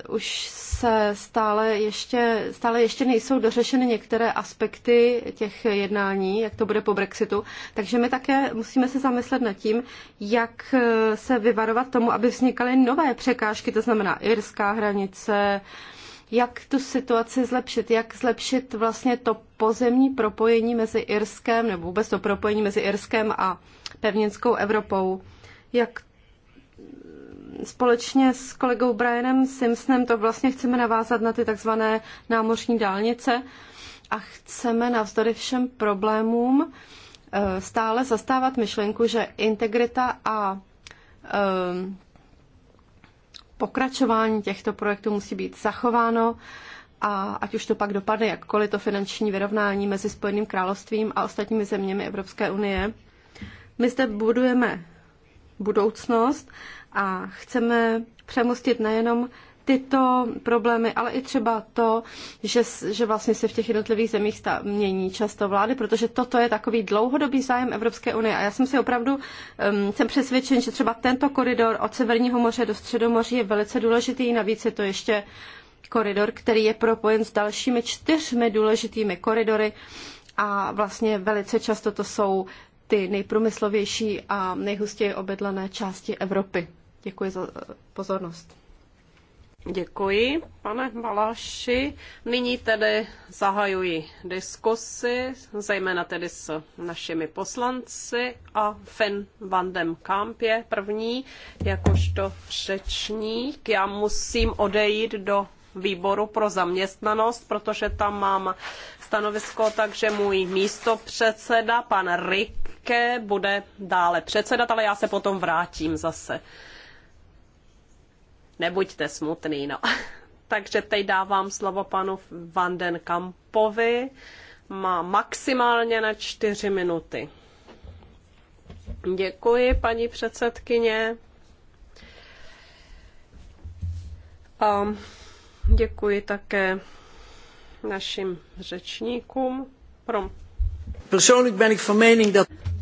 už se stále ještě, stále ještě nejsou dořešeny některé aspekty těch jednání, jak to bude po Brexitu. Takže my také musíme se zamyslet nad tím, jak eh, se vyvarovat tomu, aby vznikaly nové překážky, to znamená irská hranice, jak tu situaci zlepšit, jak zlepšit vlastně to pozemní propojení mezi Irskem, nebo vůbec to propojení mezi Irskem a pevninskou Evropou, jak společně s kolegou Brianem Simpsonem to vlastně chceme navázat na ty takzvané námořní dálnice a chceme navzdory všem problémům e, stále zastávat myšlenku, že integrita a e, pokračování těchto projektů musí být zachováno a ať už to pak dopadne jakkoliv to finanční vyrovnání mezi Spojeným královstvím a ostatními zeměmi Evropské unie. My zde budujeme budoucnost a chceme přemostit nejenom tyto problémy, ale i třeba to, že, že vlastně se v těch jednotlivých zemích stá, mění často vlády, protože toto je takový dlouhodobý zájem Evropské unie. A já jsem si opravdu um, jsem přesvědčen, že třeba tento koridor od Severního moře do Středomoří je velice důležitý. Navíc je to ještě koridor, který je propojen s dalšími čtyřmi důležitými koridory a vlastně velice často to jsou ty nejprůmyslovější a nejhustěji obydlené části Evropy. Děkuji za eh, pozornost. Děkuji, pane Balaši. Nyní tedy zahajuji diskusy, zejména tedy s našimi poslanci a Finn van dem Kamp je první, jakožto řečník. Já musím odejít do výboru pro zaměstnanost, protože tam mám stanovisko, takže můj místo předseda, pan Rikke bude dále předsedat, ale já se potom vrátím zase. Nebuďte smutný, no. (laughs) Takže teď dávám slovo panu Van den Kampovi. Má maximálně na čtyři minuty. Děkuji, paní předsedkyně. A děkuji také našim řečníkům. Pro...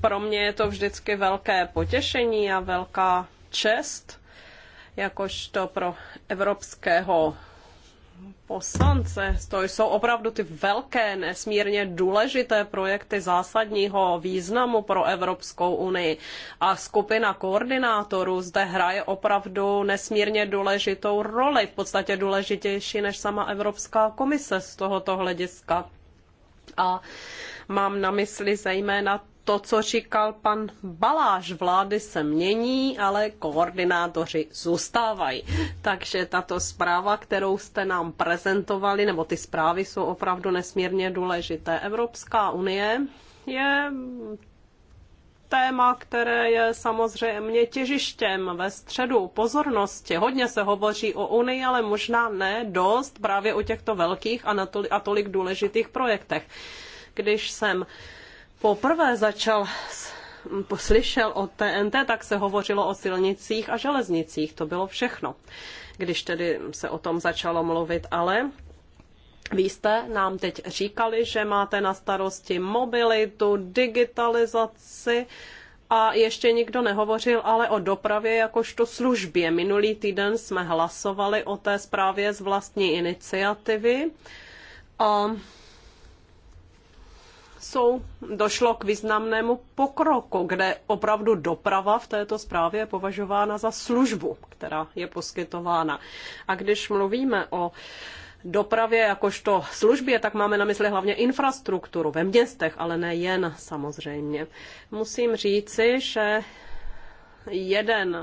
Pro mě je to vždycky velké potěšení a velká čest jakožto pro evropského poslance. To jsou opravdu ty velké, nesmírně důležité projekty zásadního významu pro Evropskou unii. A skupina koordinátorů zde hraje opravdu nesmírně důležitou roli, v podstatě důležitější než sama Evropská komise z tohoto hlediska. A mám na mysli zejména to, co říkal pan Baláš. Vlády se mění, ale koordinátoři zůstávají. Takže tato zpráva, kterou jste nám prezentovali, nebo ty zprávy jsou opravdu nesmírně důležité. Evropská unie je téma, které je samozřejmě těžištěm ve středu pozornosti. Hodně se hovoří o Unii, ale možná ne dost právě o těchto velkých a, natolik, a tolik důležitých projektech. Když jsem uh, poprvé začal slyšel o TNT, tak se hovořilo o silnicích a železnicích. To bylo všechno, když tedy se o tom začalo mluvit. Ale vy jste nám teď říkali, že máte na starosti mobilitu, digitalizaci a ještě nikdo nehovořil ale o dopravě jakožto službě. Minulý týden jsme hlasovali o té zprávě z vlastní iniciativy a jsou, došlo k významnému pokroku, kde opravdu doprava v této zprávě je považována za službu, která je poskytována. A když mluvíme o dopravě jakožto službě, tak máme na mysli hlavně infrastrukturu ve městech, ale nejen samozřejmě. Musím říci, že jeden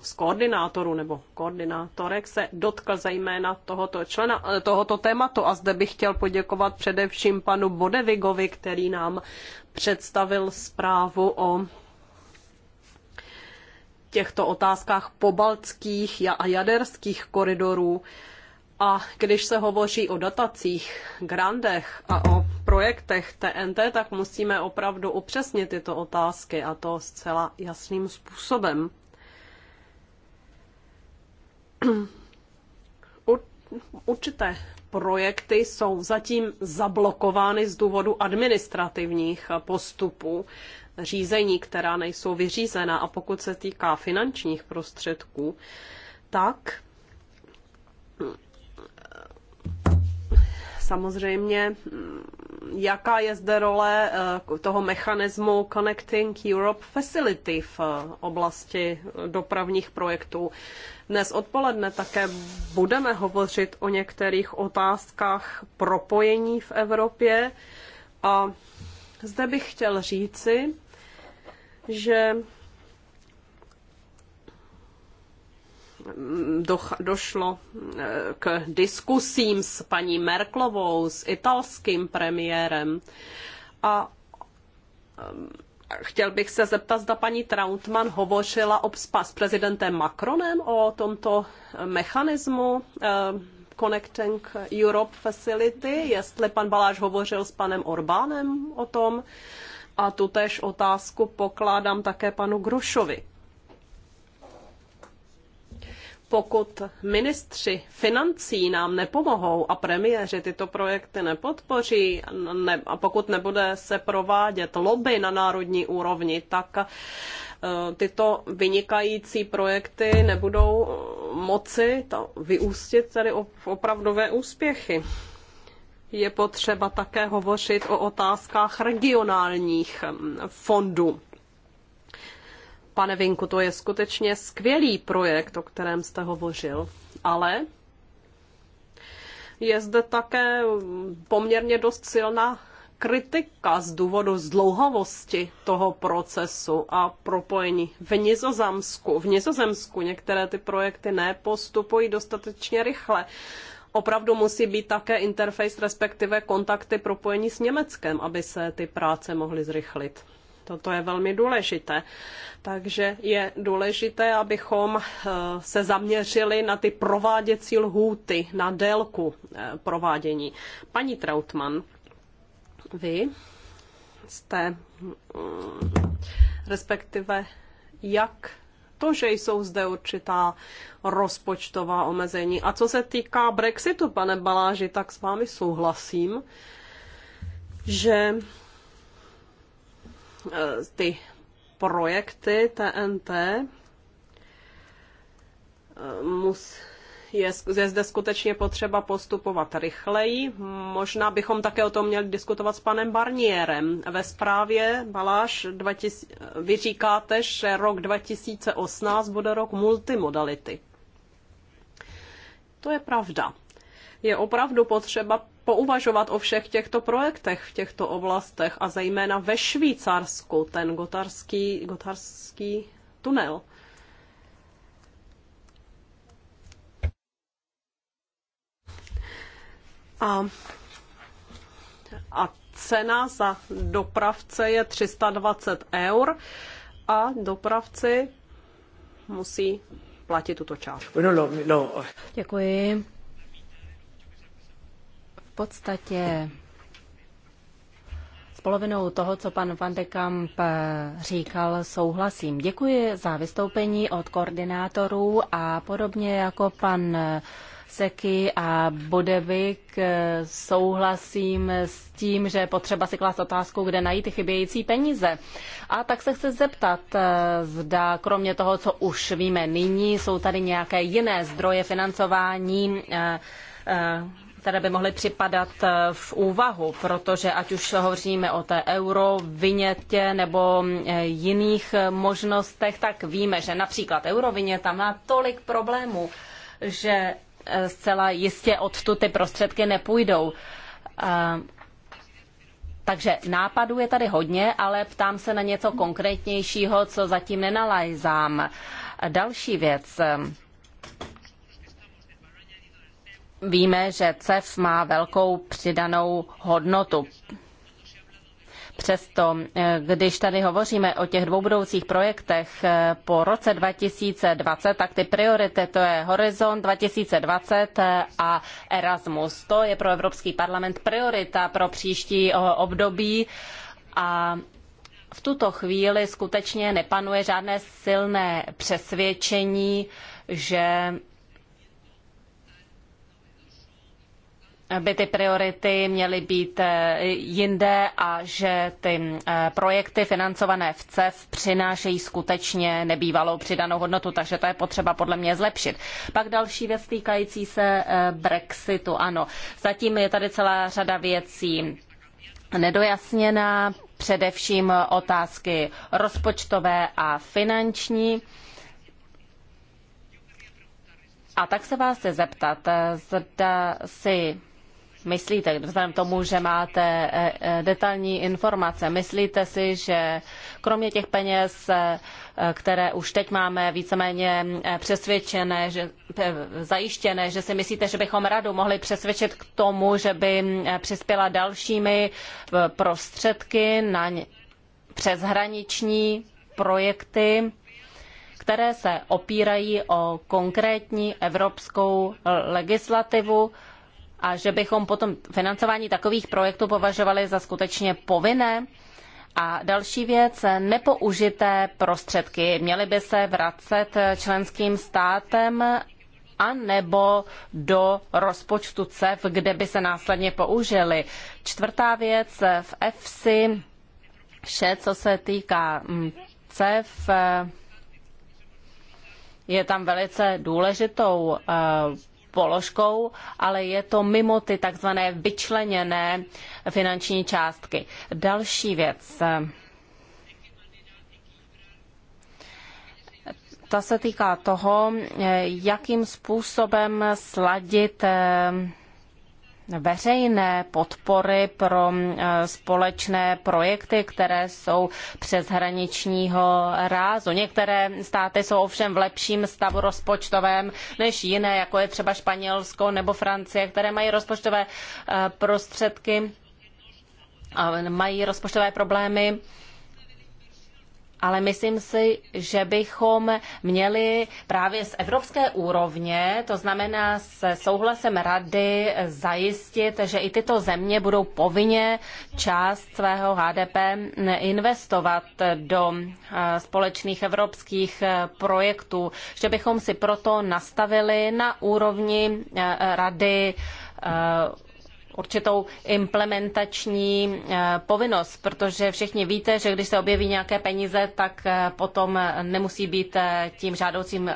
z koordinátorů nebo koordinátorek se dotkl zejména tohoto, člena, eh, tohoto tématu a zde bych chtěl poděkovat především panu Bodevigovi, který nám představil zprávu o těchto otázkách pobaltských a jaderských koridorů. A když se hovoří o datacích, grandech a o projektech TNT, tak musíme opravdu upřesnit tyto otázky a to zcela jasným způsobem. Určité projekty jsou zatím zablokovány z důvodu administrativních postupů řízení, která nejsou vyřízena. A pokud se týká finančních prostředků, tak samozřejmě jaká je zde role eh, toho mechanismu Connecting Europe Facility v eh, oblasti eh, dopravních projektů. Dnes odpoledne také budeme hovořit o některých otázkách propojení v Evropě a zde bych chtěl říci, že došlo eh, k diskusím s paní Merklovou, s italským premiérem. A eh, chtěl bych se zeptat, zda paní Trautmann hovořila obspa s prezidentem Macronem o tomto eh, mechanismu Connecting Europe Facility, jestli pan Baláš hovořil s panem Orbánem o tom. A tutéž otázku pokládám také panu Grošovi pokud ministři financí nám nepomohou a premiéři tyto projekty nepodpoří ne, a pokud nebude se provádět lobby na národní úrovni, tak eh, tyto vynikající projekty nebudou moci to vyústit tedy v opravdové úspěchy. Je potřeba také hovořit o otázkách regionálních mm, fondů Pane Vinku, to je skutečně skvělý projekt, o kterém jste hovořil, ale je zde také poměrně dost silná kritika z důvodu zdlouhavosti toho procesu a propojení. V Nizozemsku, v Nizozemsku některé ty projekty nepostupují dostatečně rychle. Opravdu musí být také interface, respektive kontakty propojení s Německem, aby se ty práce mohly zrychlit. Toto je velmi důležité. Takže je důležité, abychom eh, se zaměřili na ty prováděcí lhůty, na délku eh, provádění. Paní Trautmann, vy jste, mm, respektive jak to, že jsou zde určitá rozpočtová omezení. A co se týká Brexitu, pane Baláži, tak s vámi souhlasím, že Eh, ty projekty TNT eh, mus, je, je zde skutečně potřeba postupovat rychleji. Možná bychom také o tom měli diskutovat s panem Barnierem. Ve zprávě Baláš 2000, eh, vy říkáte, že rok 2018 bude rok multimodality. To je pravda. Je opravdu potřeba pouvažovat o všech těchto projektech v těchto oblastech a zejména ve Švýcarsku, ten gotarský, gotarský tunel. A, a cena za dopravce je 320 eur a dopravci musí platit tuto část. Děkuji podstatě s polovinou toho, co pan Van de Kamp eh, říkal, souhlasím. Děkuji za vystoupení od koordinátorů a podobně jako pan eh, Seky a Bodevik eh, souhlasím s tím, že potřeba si klást otázku, kde najít ty chybějící peníze. A tak se chci zeptat, zda kromě toho, co už víme nyní, jsou tady nějaké jiné zdroje financování které by mohly připadat eh, v úvahu, protože ať už hovoříme o té euro, vinětě nebo mm, eh, jiných eh, možnostech, tak víme, že například euroviněta má tolik problémů, že zcela jistě odtud ty prostředky nepůjdou. Takže nápadů je tady hodně, ale ptám se na něco konkrétnějšího, co zatím nenalajzám. Další věc víme, že CEF má velkou přidanou hodnotu. Přesto, eh, když tady hovoříme o těch dvou budoucích projektech eh, po roce 2020, tak ty priority to je Horizont 2020 eh, a Erasmus. To je pro Evropský parlament priorita pro příští období a v tuto chvíli skutečně nepanuje žádné silné přesvědčení, že by ty priority měly být eh, jinde a že ty eh, projekty financované v CEF přinášejí skutečně nebývalou přidanou hodnotu, takže to je potřeba podle mě zlepšit. Pak další věc týkající se eh, Brexitu. Ano, zatím je tady celá řada věcí nedojasněná, především otázky rozpočtové a finanční. A tak se vás chci zeptat, zda si myslíte, vzhledem tomu, že máte eh, eh, detailní informace, myslíte si, že kromě těch peněz, eh, které už teď máme víceméně mm, přesvědčené, že, zajištěné, že si myslíte, že bychom radu mohli přesvědčit k tomu, že by mm, přispěla dalšími prostředky na přeshraniční projekty, které se opírají o konkrétní evropskou legislativu, a že bychom potom financování takových projektů považovali za skutečně povinné. A další věc, nepoužité prostředky měly by se vracet členským státem a nebo do rozpočtu CEF, kde by se následně použili. Čtvrtá věc v EFSI, vše, co se týká mm, CEF, je tam velice důležitou eh, položkou, ale je to mimo ty takzvané vyčleněné finanční částky. Další věc. Ta se týká toho, jakým způsobem sladit eh, veřejné podpory pro eh, společné projekty, které jsou přeshraničního rázu. Některé státy jsou ovšem v lepším stavu rozpočtovém než jiné, jako je třeba Španělsko nebo Francie, které mají rozpočtové eh, prostředky, mají rozpočtové problémy ale myslím si, že bychom měli právě z evropské úrovně, to znamená se souhlasem rady, zajistit, že i tyto země budou povinně část svého HDP investovat do eh, společných evropských eh, projektů, že bychom si proto nastavili na úrovni eh, rady určitou implementační eh, povinnost, protože všichni víte, že když se objeví nějaké peníze, tak eh, potom eh, nemusí být tím žádoucím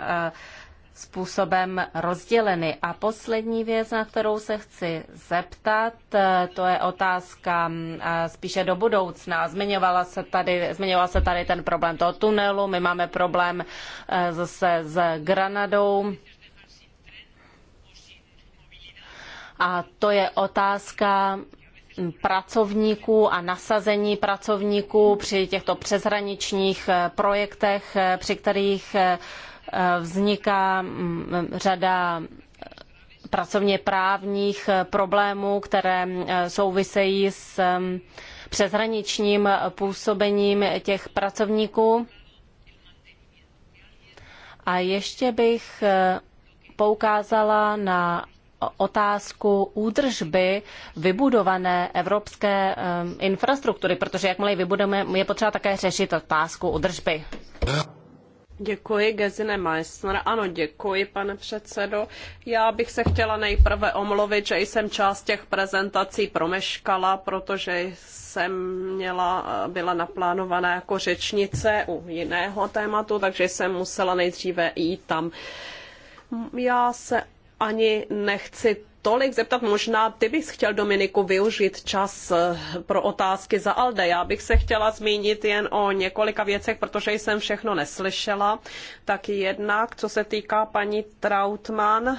způsobem rozděleny. A poslední věc, na kterou se chci zeptat, to je otázka spíše do budoucna. Zmiňovala se tady, zmiňovala se tady ten problém toho tunelu, my máme problém zase s Granadou. a to je otázka pracovníků a nasazení pracovníků při těchto přeshraničních eh, projektech, eh, při kterých eh, vzniká mm, řada pracovně právních problémů, které souvisejí s přeshraničním působením těch pracovníků. A ještě bych poukázala na otázku údržby vybudované evropské um, infrastruktury, protože jakmile ji vybudeme, je potřeba také řešit otázku údržby. Děkuji, Gezine Meissner. Ano, děkuji, pane předsedo. Já bych se chtěla nejprve omluvit, že jsem část těch prezentací promeškala, protože jsem měla, byla naplánovaná jako řečnice u jiného tématu, takže jsem musela nejdříve jít tam. Já se ani nechci tolik zeptat. Možná ty bys chtěl, Dominiku, využít čas eh, pro otázky za Alde. Já bych se chtěla zmínit jen o několika věcech, protože jsem všechno neslyšela. Tak jednak, co se týká paní Trautmann,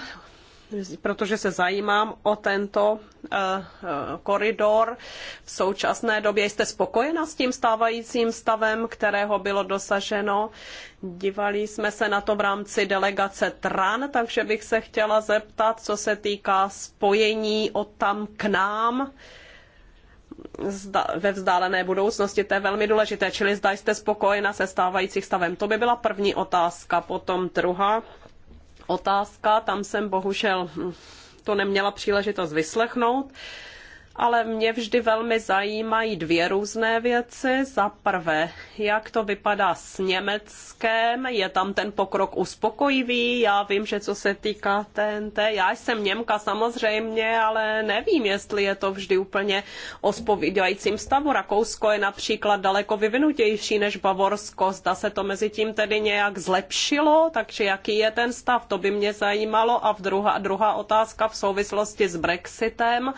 protože se zajímám o tento eh, koridor. V současné době jste spokojena s tím stávajícím stavem, kterého bylo dosaženo? Dívali jsme se na to v rámci delegace TRAN, takže bych se chtěla zeptat, co se týká spojení od tam k nám ve vzdálené budoucnosti, to je velmi důležité, čili zda jste spokojena se stávajícím stavem. To by byla první otázka, potom druhá otázka, tam jsem bohužel hm, to neměla příležitost vyslechnout ale mě vždy velmi zajímají dvě různé věci. Za prvé, jak to vypadá s Německem, je tam ten pokrok uspokojivý, já vím, že co se týká TNT, já jsem Němka samozřejmě, ale nevím, jestli je to vždy úplně o spovídajícím stavu. Rakousko je například daleko vyvinutější než Bavorsko, zda se to mezi tím tedy nějak zlepšilo, takže jaký je ten stav, to by mě zajímalo. A druhá, druhá otázka v souvislosti s Brexitem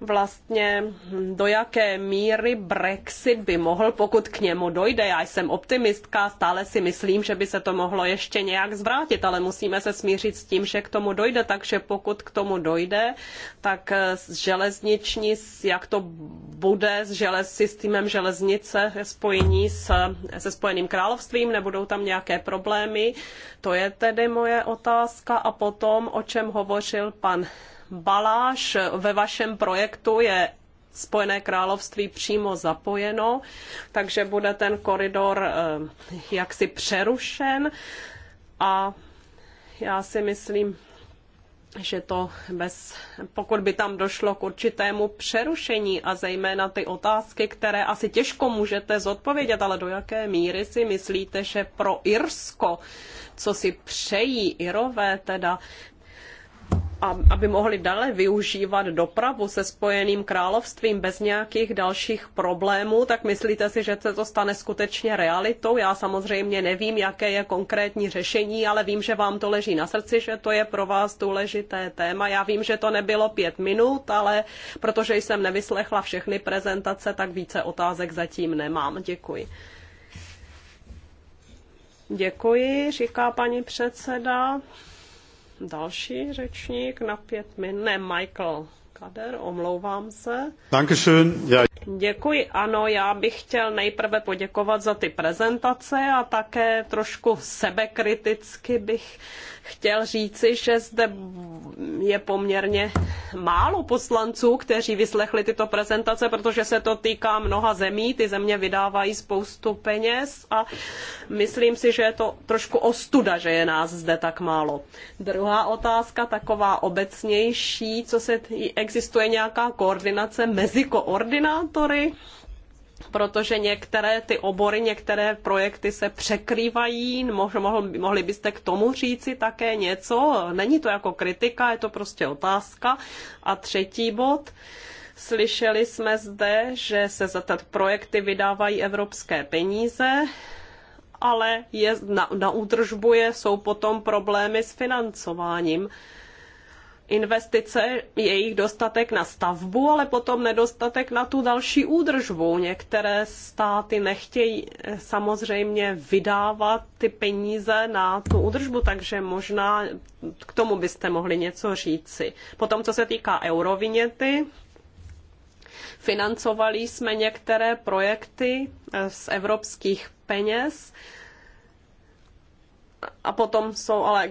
vlastně hm, do jaké míry Brexit by mohl, pokud k němu dojde. Já jsem optimistka, stále si myslím, že by se to mohlo ještě nějak zvrátit, ale musíme se smířit s tím, že k tomu dojde, takže pokud k tomu dojde, tak eh, železniční, jak to bude s želez, systémem železnice spojení s, se Spojeným královstvím, nebudou tam nějaké problémy. To je tedy moje otázka a potom, o čem hovořil pan Baláž ve vašem projektu je Spojené království přímo zapojeno, takže bude ten koridor eh, jaksi přerušen a já si myslím, že to bez, pokud by tam došlo k určitému přerušení a zejména ty otázky, které asi těžko můžete zodpovědět, ale do jaké míry si myslíte, že pro Irsko, co si přejí Irové, teda aby mohli dále využívat dopravu se Spojeným královstvím bez nějakých dalších problémů, tak myslíte si, že se to stane skutečně realitou? Já samozřejmě nevím, jaké je konkrétní řešení, ale vím, že vám to leží na srdci, že to je pro vás důležité téma. Já vím, že to nebylo pět minut, ale protože jsem nevyslechla všechny prezentace, tak více otázek zatím nemám. Děkuji. Děkuji, říká paní předseda. Další řečník na pět minut, ne, Michael Kader, omlouvám se. Dankeschön. Ja. Děkuji, ano, já bych chtěl nejprve poděkovat za ty prezentace a také trošku sebekriticky bych chtěl říci, že zde je poměrně málo poslanců, kteří vyslechli tyto prezentace, protože se to týká mnoha zemí. Ty země vydávají spoustu peněz a myslím si, že je to trošku ostuda, že je nás zde tak málo. Druhá otázka, taková obecnější, co se tý, existuje nějaká koordinace mezi koordinátory protože některé ty obory, některé projekty se překrývají. Mohli byste k tomu říci také něco? Není to jako kritika, je to prostě otázka. A třetí bod. Slyšeli jsme zde, že se za ty projekty vydávají evropské peníze, ale je, na, na údržbu je, jsou potom problémy s financováním investice, je jich dostatek na stavbu, ale potom nedostatek na tu další údržbu. Některé státy nechtějí eh, samozřejmě vydávat ty peníze na tu údržbu, takže možná k tomu byste mohli něco říci. Potom, co se týká eurovinety, financovali jsme některé projekty eh, z evropských peněz, a potom jsou ale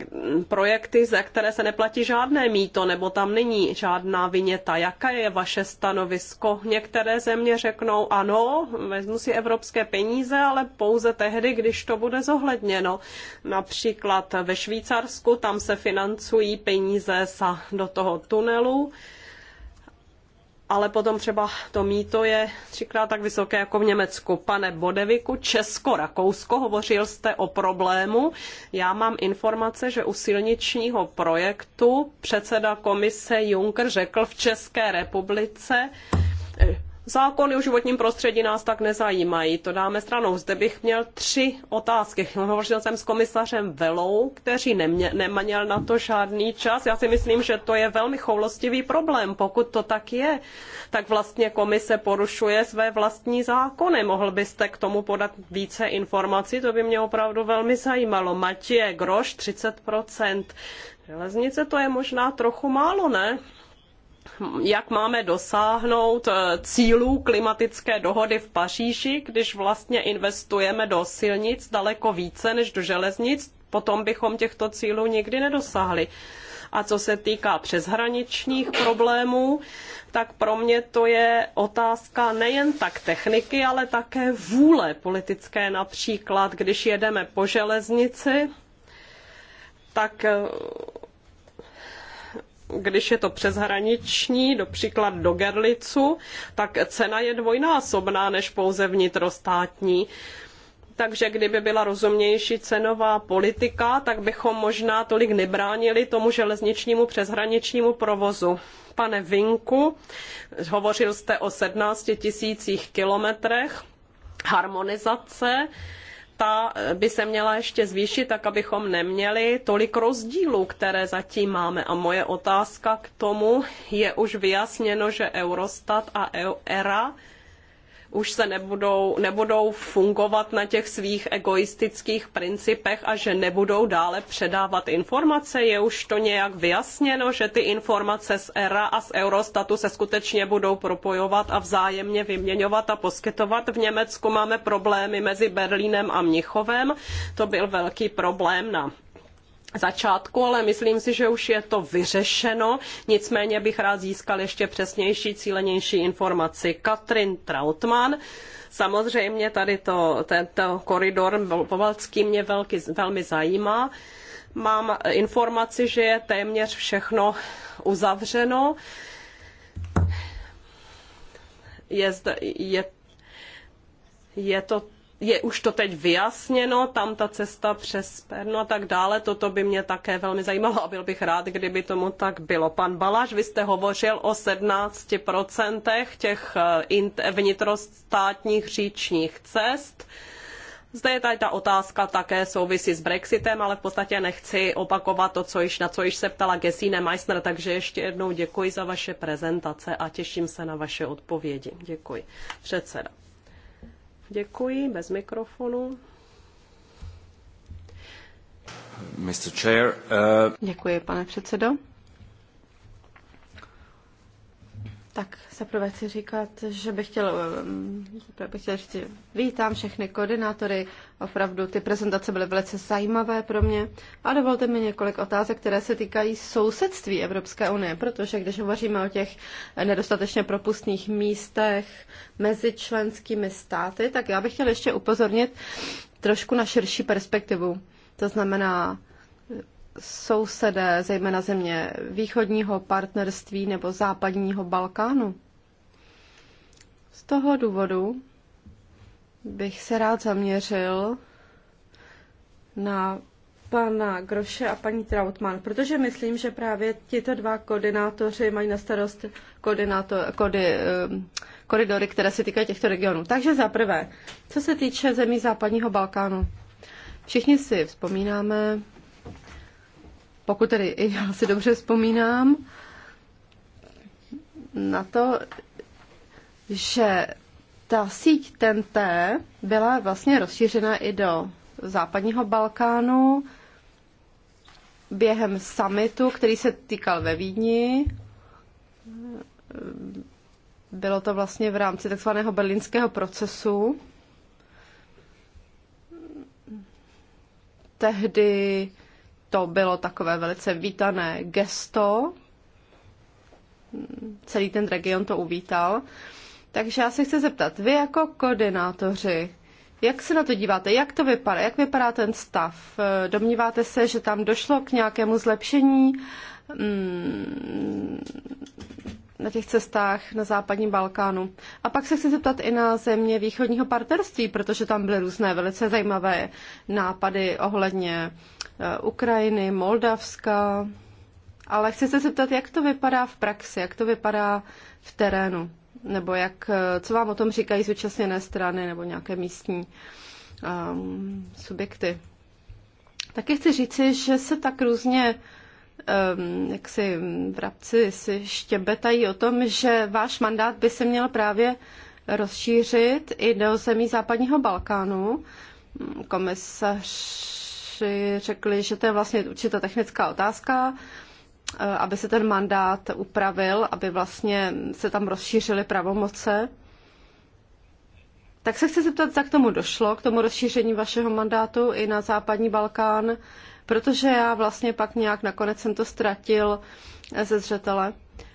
projekty, ze které se neplatí žádné míto, nebo tam není žádná viněta. Jaké je vaše stanovisko? Některé země řeknou ano, vezmu si evropské peníze, ale pouze tehdy, když to bude zohledněno. Například ve Švýcarsku, tam se financují peníze do toho tunelu ale potom třeba to míto je třikrát tak vysoké jako v Německu. Pane Bodeviku, Česko, Rakousko, hovořil jste o problému. Já mám informace, že u silničního projektu předseda komise Juncker řekl v České republice, Zákony o životním prostředí nás tak nezajímají, to dáme stranou. Zde bych měl tři otázky. Hovořil jsem s komisařem Velou, který nemě, neměl na to žádný čas. Já si myslím, že to je velmi choulostivý problém. Pokud to tak je, tak vlastně komise porušuje své vlastní zákony. Mohl byste k tomu podat více informací? To by mě opravdu velmi zajímalo. Matěje Groš, 30%. Železnice to je možná trochu málo, ne? jak máme dosáhnout eh, cílů klimatické dohody v Paříži, když vlastně investujeme do silnic daleko více než do železnic, potom bychom těchto cílů nikdy nedosáhli. A co se týká přeshraničních problémů, tak pro mě to je otázka nejen tak techniky, ale také vůle politické. Například, když jedeme po železnici, tak eh, když je to přeshraniční, například do, do Gerlicu, tak cena je dvojnásobná než pouze vnitrostátní. Takže kdyby byla rozumnější cenová politika, tak bychom možná tolik nebránili tomu železničnímu přeshraničnímu provozu. Pane Vinku, hovořil jste o 17 tisících kilometrech harmonizace ta by se měla ještě zvýšit, tak abychom neměli tolik rozdílů, které zatím máme. A moje otázka k tomu je už vyjasněno, že Eurostat a e- ERA už se nebudou, nebudou fungovat na těch svých egoistických principech a že nebudou dále předávat informace. Je už to nějak vyjasněno, že ty informace z ERA a z Eurostatu se skutečně budou propojovat a vzájemně vyměňovat a poskytovat. V Německu máme problémy mezi Berlínem a Mnichovem. To byl velký problém na začátku, ale myslím si, že už je to vyřešeno. Nicméně bych rád získal ještě přesnější, cílenější informaci. Katrin Trautmann. Samozřejmě tady to, tento koridor povalský mě velký, velmi zajímá. Mám informaci, že je téměř všechno uzavřeno. Je, zde, je, je to je už to teď vyjasněno, tam ta cesta přes Pernu a tak dále, toto by mě také velmi zajímalo a byl bych rád, kdyby tomu tak bylo. Pan Balaš, vy jste hovořil o 17% těch eh, vnitrostátních říčních cest. Zde je tady ta otázka také souvisí s Brexitem, ale v podstatě nechci opakovat to, co již, na co již se ptala Gesine Meissner, takže ještě jednou děkuji za vaše prezentace a těším se na vaše odpovědi. Děkuji. Předseda. Děkuji, bez mikrofonu. Mr. Chair, uh... Děkuji, pane předsedo. Tak zaprvé chci říkat, že bych chtěl, eh, bych chtěl říct, vítám všechny koordinátory, opravdu ty prezentace byly velice zajímavé pro mě a dovolte mi několik otázek, které se týkají sousedství Evropské unie, protože když hovoříme o těch nedostatečně propustných místech mezi členskými státy, tak já bych chtěl ještě upozornit trošku na širší perspektivu. To znamená, sousedé, zejména země východního partnerství nebo západního Balkánu. Z toho důvodu bych se rád zaměřil na pana Groše a paní Trautmann, protože myslím, že právě tito dva koordinátoři mají na starost koordinátor, kody, eh, koridory, které se týkají těchto regionů. Takže za prvé, co se týče zemí západního Balkánu. Všichni si vzpomínáme, pokud tedy i (laughs) já si dobře vzpomínám, na to, že ta síť TNT byla vlastně rozšířena i do západního Balkánu během summitu, který se týkal ve Vídni. Bylo to vlastně v rámci takzvaného berlínského procesu. Tehdy to bylo takové velice vítané gesto. Celý ten region to uvítal. Takže já se chci zeptat, vy jako koordinátoři, jak se na to díváte? Jak to vypadá? Jak vypadá ten stav? Domníváte se, že tam došlo k nějakému zlepšení mm, na těch cestách na západním Balkánu? A pak se chci zeptat i na země východního partnerství, protože tam byly různé velice zajímavé nápady ohledně Eh, Ukrajiny, Moldavska. Ale chci se zeptat, jak to vypadá v praxi, jak to vypadá v terénu, nebo jak, eh, co vám o tom říkají zúčastněné strany nebo nějaké místní um, subjekty. Taky chci říci, že se tak různě um, jak si vrabci si štěbetají o tom, že váš mandát by se měl právě rozšířit i do zemí západního Balkánu. Hm, komisař koordinátoři řekli, že to je vlastně určitá technická otázka, eh, aby se ten mandát upravil, aby vlastně se tam rozšířily pravomoce. Tak se chci zeptat, jak k tomu došlo, k tomu rozšíření vašeho mandátu i na západní Balkán, protože já vlastně pak nějak nakonec jsem to ztratil eh, ze zřetele.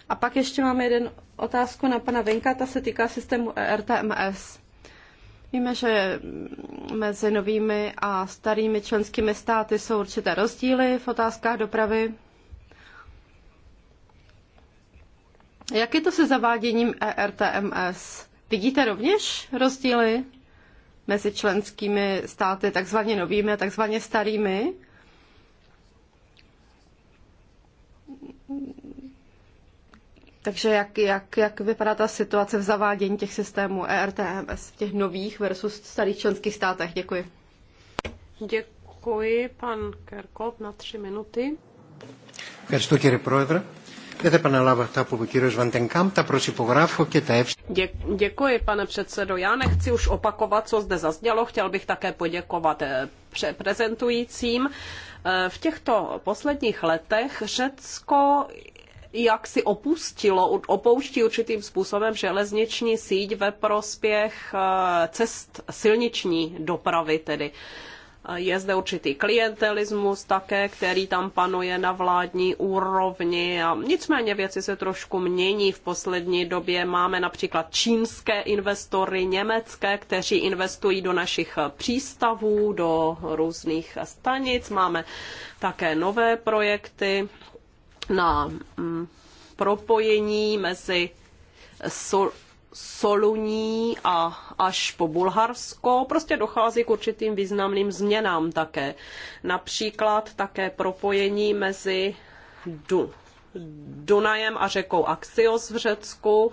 A pak ještě mám jeden otázku na pana Vinka, ta se týká systému e RTMS. Víme, že mezi novými a starými členskými státy jsou určité rozdíly v otázkách dopravy. Jak je to se zaváděním ERTMS? Vidíte rovněž rozdíly mezi členskými státy, takzvaně novými a takzvaně starými? Takže jak, jak, jak vypadá ta situace v zavádění těch systémů ERTMS v těch nových versus starých členských státech? Děkuji. Děkuji, pan Kerkov, na tři minuty. Ευχαριστώ Děkuji, pane předsedo. Já nechci už opakovat, co zde zaznělo. Chtěl bych také poděkovat eh, prezentujícím. Eh, v těchto posledních letech Řecko jak si opustilo, opouští určitým způsobem železniční síť ve prospěch eh, cest silniční dopravy tedy. Eh, je zde určitý klientelismus také, který tam panuje na vládní úrovni. A nicméně věci se trošku mění v poslední době. Máme například čínské investory, německé, kteří investují do našich eh, přístavů, do různých stanic. Máme také nové projekty na mm, propojení mezi Sol- Soluní a až po Bulharsko, prostě dochází k určitým významným změnám také. Například také propojení mezi Dunajem a řekou Axios v Řecku.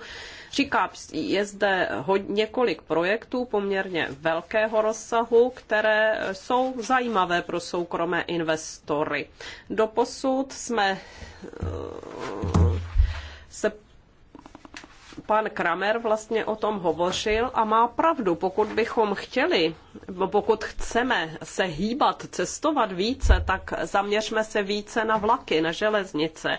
Říká, je zde několik projektů poměrně velkého rozsahu, které jsou zajímavé pro soukromé investory. Doposud jsme eh, se pan Kramer vlastně o tom hovořil a má pravdu. Pokud bychom chtěli, pokud chceme se hýbat, cestovat více, tak zaměřme se více na vlaky, na železnice.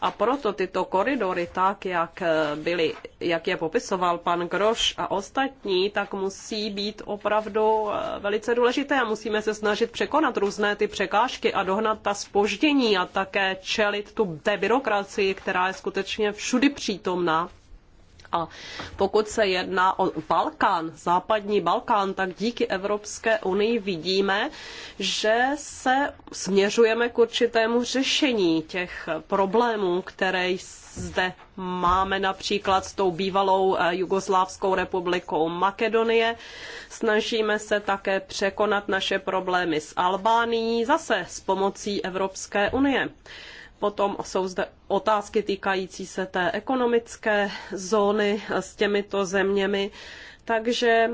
A proto tyto koridory, tak jak, byly, jak je popisoval pan Groš a ostatní, tak musí být opravdu eh, velice důležité a musíme se snažit překonat různé ty překážky a dohnat ta spoždění a také čelit tu té byrokracii, která je skutečně všudy přítomná a pokud se jedná o Balkán, západní Balkán, tak díky Evropské unii vidíme, že se směřujeme k určitému řešení těch problémů, které zde máme například s tou bývalou eh, Jugoslávskou republikou Makedonie. Snažíme se také překonat naše problémy s Albánií zase s pomocí Evropské unie. Potom jsou zde otázky týkající se té ekonomické zóny s těmito zeměmi. Takže,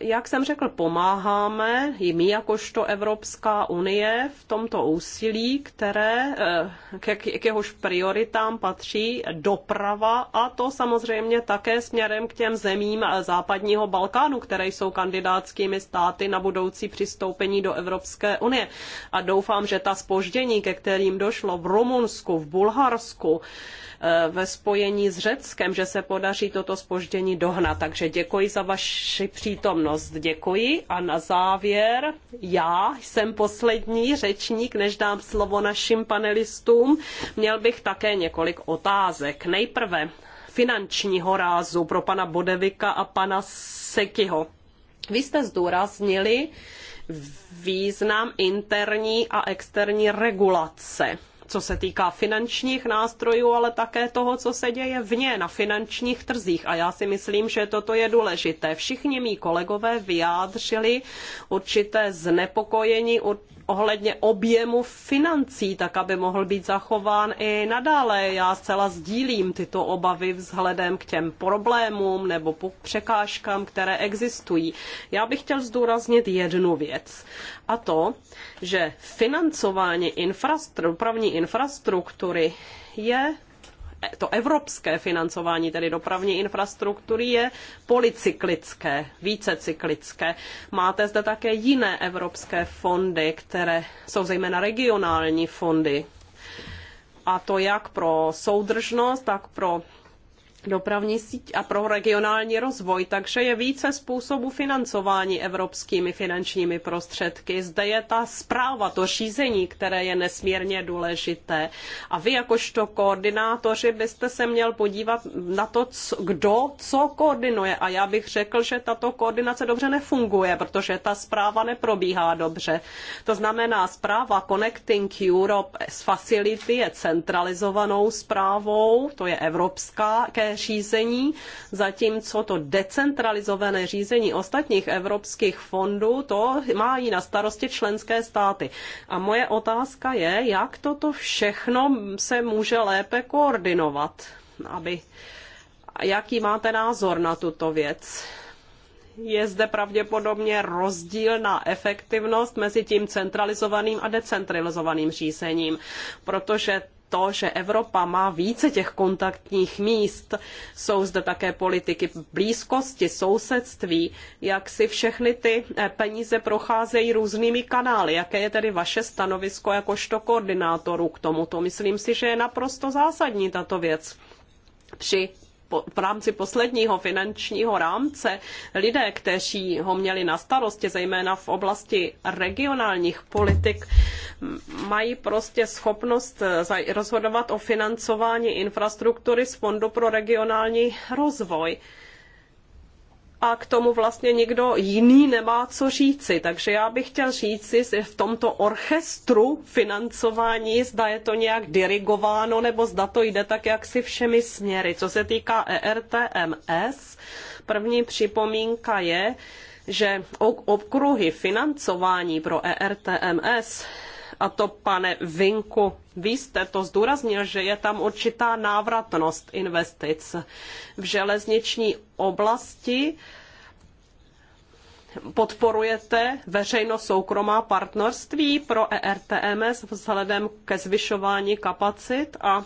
jak jsem řekl, pomáháme i my jakožto Evropská unie v tomto úsilí, které, eh, k, k jehož prioritám patří doprava a to samozřejmě také směrem k těm zemím eh, západního Balkánu, které jsou kandidátskými státy na budoucí přistoupení do Evropské unie. A doufám, že ta spoždění, ke kterým došlo v Rumunsku, v Bulharsku, eh, ve spojení s Řeckem, že se podaří toto spoždění dohnat. Takže děkuji za vaši přítomnost. Děkuji a na závěr já jsem poslední řečník, než dám slovo našim panelistům. Měl bych také několik otázek. Nejprve finančního rázu pro pana Bodevika a pana Sekyho. Vy jste zdůraznili význam interní a externí regulace co se týká finančních nástrojů, ale také toho, co se děje vně na finančních trzích. A já si myslím, že toto je důležité. Všichni mý kolegové vyjádřili určité znepokojení, ohledně objemu financí, tak aby mohl být zachován i nadále. Já zcela sdílím tyto obavy vzhledem k těm problémům nebo překážkám, které existují. Já bych chtěl zdůraznit jednu věc. A to, že financování infrastru dopravní infrastruktury je to evropské financování, tedy dopravní infrastruktury, je policyklické, vícecyklické. Máte zde také jiné evropské fondy, které jsou zejména regionální fondy. A to jak pro soudržnost, tak pro dopravní síť a pro regionální rozvoj, takže je více způsobů financování evropskými finančními prostředky. Zde je ta zpráva, to řízení, které je nesmírně důležité. A vy jakožto koordinátoři byste se měl podívat na to, co, kdo co koordinuje. A já bych řekl, že tato koordinace dobře nefunguje, protože ta zpráva neprobíhá dobře. To znamená, zpráva Connecting Europe s Facility je centralizovanou zprávou, to je evropská, řízení, zatímco to decentralizované řízení ostatních evropských fondů, to mají na starosti členské státy. A moje otázka je, jak toto všechno se může lépe koordinovat, aby jaký máte názor na tuto věc? je zde pravděpodobně rozdíl na efektivnost mezi tím centralizovaným a decentralizovaným řízením, protože to, že Evropa má více těch kontaktních míst, jsou zde také politiky blízkosti, sousedství, jak si všechny ty eh, peníze procházejí různými kanály. Jaké je tedy vaše stanovisko jakožto koordinátorů k tomuto? Myslím si, že je naprosto zásadní tato věc při v rámci posledního finančního rámce lidé, kteří ho měli na starosti, zejména v oblasti regionálních politik, mají prostě schopnost eh, rozhodovat o financování infrastruktury z Fondu pro regionální rozvoj a k tomu vlastně nikdo jiný nemá co říci. Takže já bych chtěl říci, že v tomto orchestru financování, zda je to nějak dirigováno, nebo zda to jde tak jaksi všemi směry. Co se týká ERTMS, první připomínka je, že okruhy financování pro ERTMS a to, pane Vinku, vy jste to zdůraznil, že je tam určitá návratnost investic v železniční oblasti podporujete veřejno-soukromá partnerství pro ERTMS vzhledem ke zvyšování kapacit a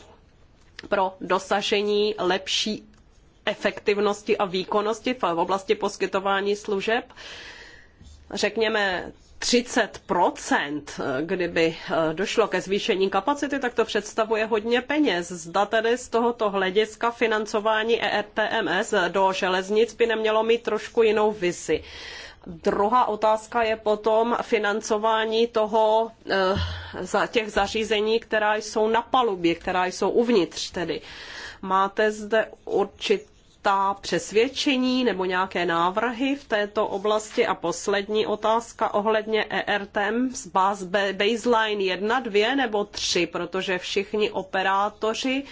pro dosažení lepší efektivnosti a výkonnosti v oblasti poskytování služeb. Řekněme, 30 eh, kdyby eh, došlo ke zvýšení kapacity, tak to představuje hodně peněz. Zda tedy z tohoto hlediska financování ERTMS do železnic by nemělo mít trošku jinou vizi. Druhá otázka je potom financování toho, eh, za těch zařízení, která jsou na palubě, která jsou uvnitř tedy. Máte zde určitě ta přesvědčení nebo nějaké návrhy v této oblasti? A poslední otázka ohledně ERTM z baseline 1, 2 nebo 3, protože všichni operátoři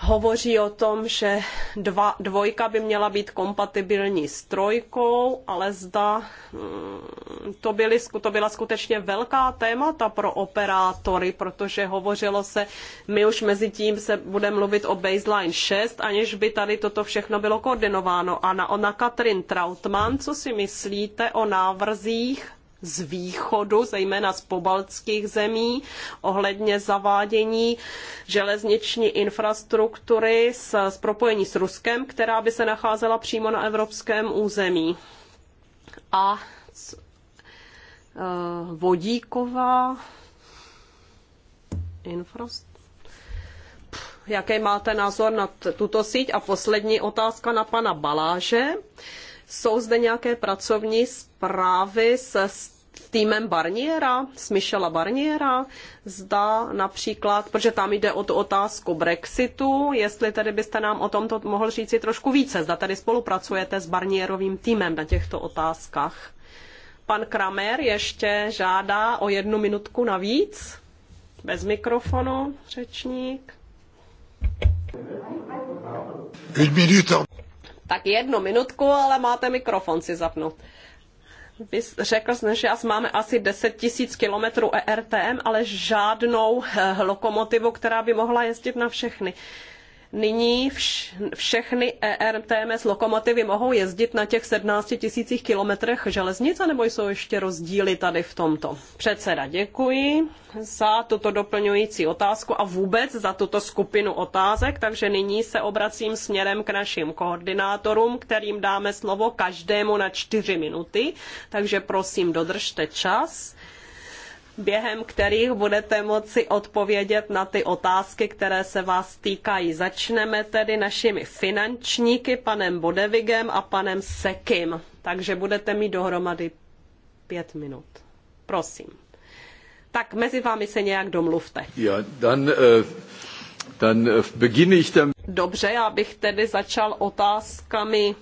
hovoří o tom, že dva, dvojka by měla být kompatibilní s trojkou, ale zda mm, to, byly, to byla skutečně velká témata pro operátory, protože hovořilo se, my už mezi tím se bude mluvit o baseline 6, aniž by tady toto všechno bylo koordinováno. A na, na Katrin Trautmann, co si myslíte o návrzích z východu, zejména z pobaltských zemí, ohledně zavádění železniční infrastruktury s, s propojení s Ruskem, která by se nacházela přímo na evropském území. A c, e, vodíková infrastruktura. Jaký máte názor na tuto síť? A poslední otázka na pana Baláže. Jsou zde nějaké pracovní zprávy se týmem Barniera, s Michela Barniera, zda například, protože tam jde o tu otázku Brexitu, jestli tedy byste nám o tomto mohl říci trošku více, zda tady spolupracujete s Barnierovým týmem na těchto otázkách. Pan Kramer ještě žádá o jednu minutku navíc. Bez mikrofonu řečník. Tak jednu minutku, ale máte mikrofon si zapnout. Vy řekl jste, že máme asi 10 tisíc kilometrů ERTM, ale žádnou eh, lokomotivu, která by mohla jezdit na všechny. Nyní vš, všechny ERTMS lokomotivy mohou jezdit na těch 17 tisících kilometrech železnic, nebo jsou ještě rozdíly tady v tomto? Předseda, děkuji za tuto doplňující otázku a vůbec za tuto skupinu otázek, takže nyní se obracím směrem k našim koordinátorům, kterým dáme slovo každému na čtyři minuty, takže prosím dodržte čas během kterých budete moci odpovědět na ty otázky, které se vás týkají. Začneme tedy našimi finančníky, panem Bodevigem a panem Sekim. Takže budete mít dohromady pět minut. Prosím. Tak mezi vámi se nějak domluvte. Ja, dann, uh, dann äh, beginne ich dann... Dobře, já bych tedy začal otázkami,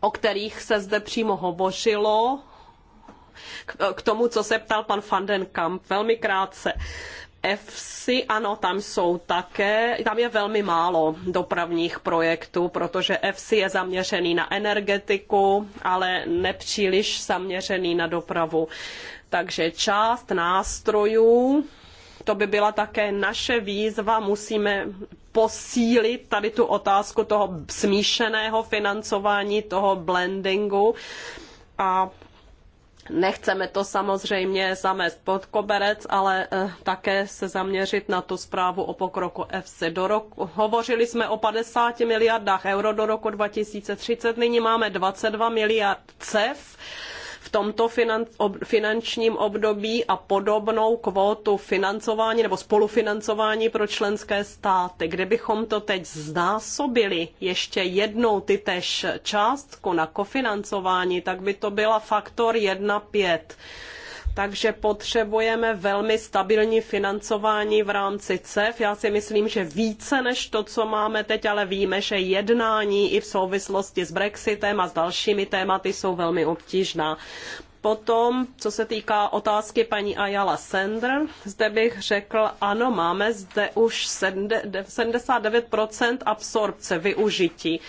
o kterých se zde přímo hovořilo k tomu, co se ptal pan van Velmi krátce. EFSI, ano, tam jsou také, tam je velmi málo dopravních projektů, protože EFSI je zaměřený na energetiku, ale nepříliš zaměřený na dopravu. Takže část nástrojů, to by byla také naše výzva, musíme posílit tady tu otázku toho smíšeného financování, toho blendingu a Nechceme to samozřejmě zamést pod koberec, ale eh, také se zaměřit na tu zprávu o pokroku EFSI. Do roku, hovořili jsme o 50 miliardách euro do roku 2030, nyní máme 22 miliard CEF v tomto finančním období a podobnou kvótu financování nebo spolufinancování pro členské státy. Kdybychom to teď znásobili ještě jednou ty tež částku na kofinancování, tak by to byla faktor 1,5 takže potřebujeme velmi stabilní financování v rámci CEF. Já si myslím, že více než to, co máme teď, ale víme, že jednání i v souvislosti s Brexitem a s dalšími tématy jsou velmi obtížná. Potom, co se týká otázky paní Ayala Sender, zde bych řekl, ano, máme zde už 79% absorpce využití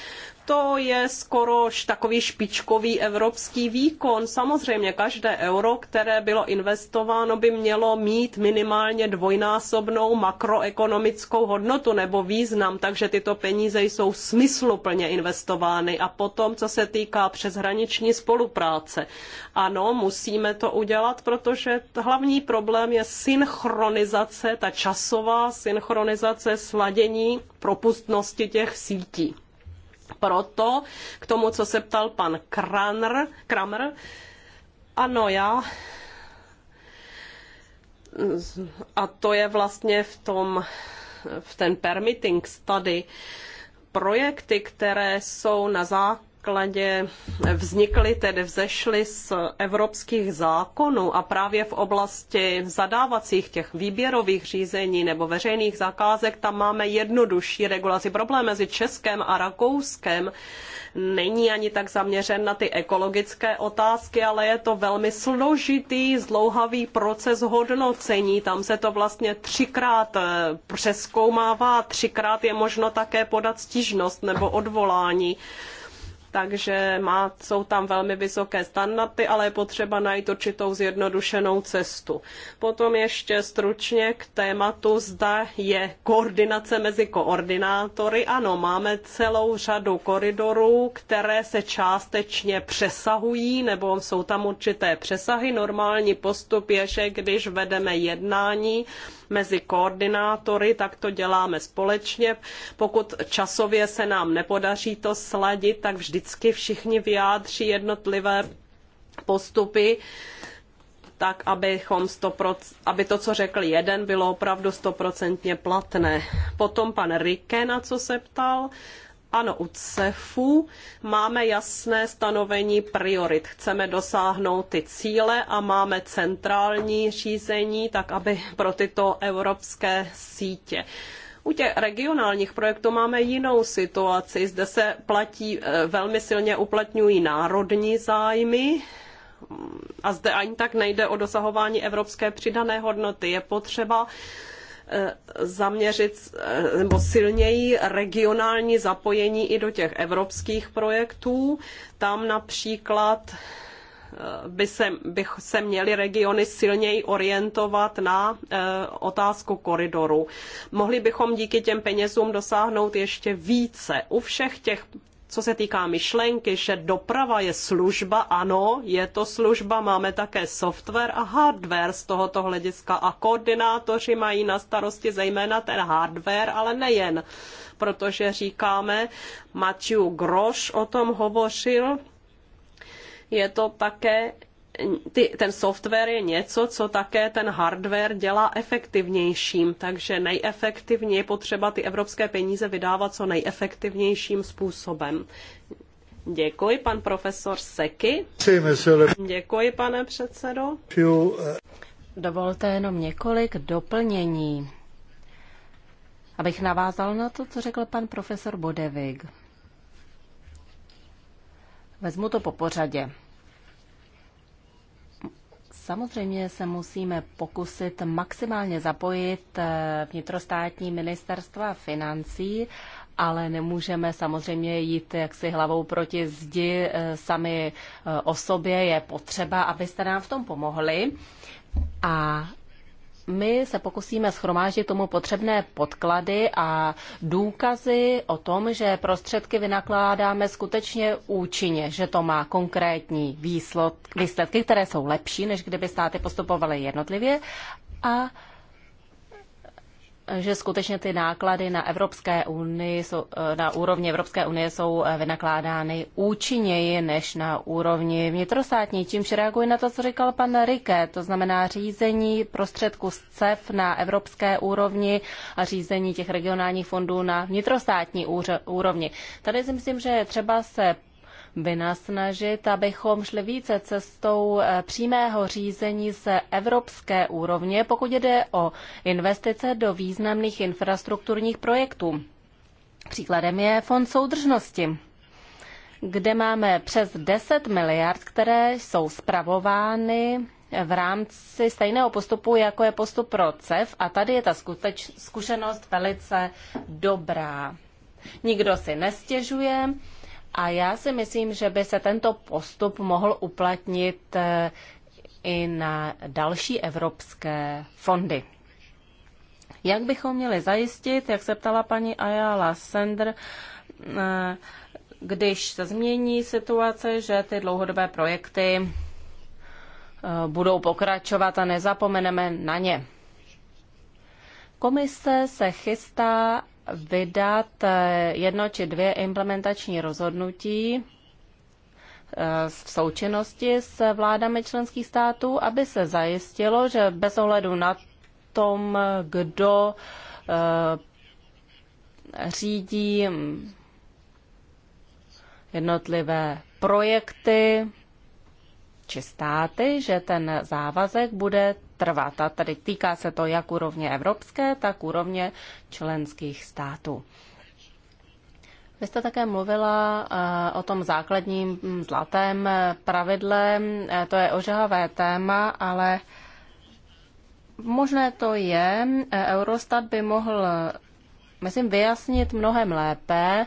to je skoro takový špičkový evropský výkon. Samozřejmě každé euro, které bylo investováno, by mělo mít minimálně dvojnásobnou makroekonomickou hodnotu nebo význam, takže tyto peníze jsou smysluplně investovány. A potom, co se týká přeshraniční spolupráce. Ano, musíme to udělat, protože hlavní problém je synchronizace, ta časová synchronizace sladění propustnosti těch sítí. Proto k tomu, co se ptal pan Kranr, Kramer, ano, já a to je vlastně v tom, v ten permitting study, projekty, které jsou na základě základě vznikly, tedy vzešly z evropských zákonů a právě v oblasti zadávacích těch výběrových řízení nebo veřejných zakázek tam máme jednodušší regulaci. Problém mezi Českem a Rakouskem není ani tak zaměřen na ty ekologické otázky, ale je to velmi složitý, zdlouhavý proces hodnocení. Tam se to vlastně třikrát eh, přeskoumává, třikrát je možno také podat stížnost nebo odvolání takže má, jsou tam velmi vysoké standardy, ale je potřeba najít určitou zjednodušenou cestu. Potom ještě stručně k tématu, zda je koordinace mezi koordinátory. Ano, máme celou řadu koridorů, které se částečně přesahují, nebo jsou tam určité přesahy. Normální postup je, že když vedeme jednání, mezi koordinátory, tak to děláme společně. Pokud časově se nám nepodaří to sladit, tak vždycky všichni vyjádří jednotlivé postupy tak, abychom 100%, aby to, co řekl jeden, bylo opravdu stoprocentně platné. Potom pan Rike, na co se ptal, ano, u CEFu máme jasné stanovení priorit. Chceme dosáhnout ty cíle a máme centrální řízení, tak aby pro tyto evropské sítě. U těch regionálních projektů máme jinou situaci. Zde se platí, eh, velmi silně uplatňují národní zájmy, a zde ani tak nejde o dosahování evropské přidané hodnoty. Je potřeba Eh, zaměřit eh, nebo silněji regionální zapojení i do těch evropských projektů. Tam například eh, by se, by se měly regiony silněji orientovat na e, otázku koridoru. Mohli bychom díky těm penězům dosáhnout ještě více. U všech těch co se týká myšlenky, že doprava je služba, ano, je to služba, máme také software a hardware z tohoto hlediska a koordinátoři mají na starosti zejména ten hardware, ale nejen, protože říkáme, Matthew Grosch o tom hovořil, je to také ty, ten software je něco, co také ten hardware dělá efektivnějším, takže nejefektivně je potřeba ty evropské peníze vydávat co nejefektivnějším způsobem. Děkuji, pan profesor Seky. Děkuji, pane předsedo. Dovolte jenom několik doplnění. Abych navázal na to, co řekl pan profesor Bodevig. Vezmu to po pořadě. Samozřejmě se musíme pokusit maximálně zapojit eh, vnitrostátní ministerstva financí, ale nemůžeme samozřejmě jít jaksi hlavou proti zdi eh, sami eh, o sobě. Je potřeba, abyste nám v tom pomohli. A my se pokusíme schromáždit tomu potřebné podklady a důkazy o tom, že prostředky vynakládáme skutečně účinně, že to má konkrétní výsledky, které jsou lepší, než kdyby státy postupovaly jednotlivě a že skutečně ty náklady na Evropské unii, jsou, eh, na úrovni Evropské unie jsou eh, vynakládány účinněji než na úrovni vnitrostátní, čímž reaguji na to, co říkal pan Rike, to znamená řízení prostředků z CEF na evropské úrovni a řízení těch regionálních fondů na vnitrostátní úrovni. Tady si myslím, že je třeba se vynasnažit, abychom šli více cestou eh, přímého řízení z evropské úrovně, pokud jde o investice do významných infrastrukturních projektů. Příkladem je Fond soudržnosti kde máme přes 10 miliard, které jsou spravovány v rámci stejného postupu, jako je postup pro CEF a tady je ta zkušenost velice dobrá. Nikdo si nestěžuje, a já si myslím, že by se tento postup mohl uplatnit eh, i na další evropské fondy. Jak bychom měli zajistit, jak se ptala paní Ayala Sender, eh, když se změní situace, že ty dlouhodobé projekty eh, budou pokračovat a nezapomeneme na ně. Komise se chystá vydat eh, jedno či dvě implementační rozhodnutí eh, v součinnosti s vládami členských států, aby se zajistilo, že bez ohledu na tom, kdo eh, řídí mm, jednotlivé projekty či státy, že ten závazek bude trvat. A tady týká se to jak úrovně evropské, tak úrovně členských států. Vy jste také mluvila eh, o tom základním hm, zlatém eh, pravidle. Eh, to je ožahavé téma, ale možné to je. Eurostat by mohl, myslím, vyjasnit mnohem lépe,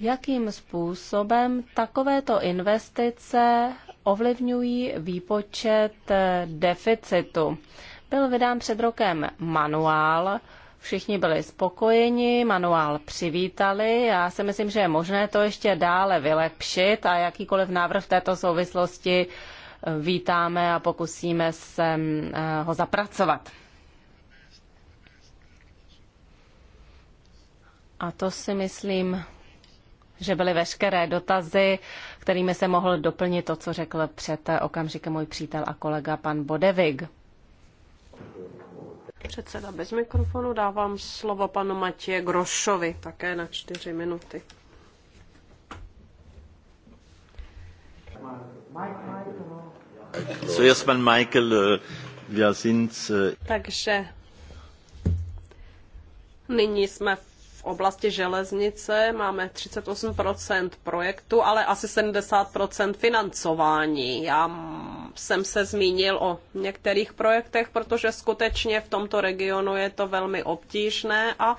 jakým způsobem takovéto investice ovlivňují výpočet eh, deficitu. Byl vydán před rokem manuál, všichni byli spokojeni, manuál přivítali. Já si myslím, že je možné to ještě dále vylepšit a jakýkoliv návrh v této souvislosti eh, vítáme a pokusíme se eh, ho zapracovat. A to si myslím, že byly veškeré dotazy kterými se mohl doplnit to, co řekl před okamžikem můj přítel a kolega pan Bodevig. Předseda bez mikrofonu dávám slovo panu Matěje Grošovi také na čtyři minuty. Zuerst mal Michael, uh, wir sind... Uh, Takže nyní jsme v oblasti železnice máme 38% projektu, ale asi 70% financování. Já jsem se zmínil o některých projektech, protože skutečně v tomto regionu je to velmi obtížné a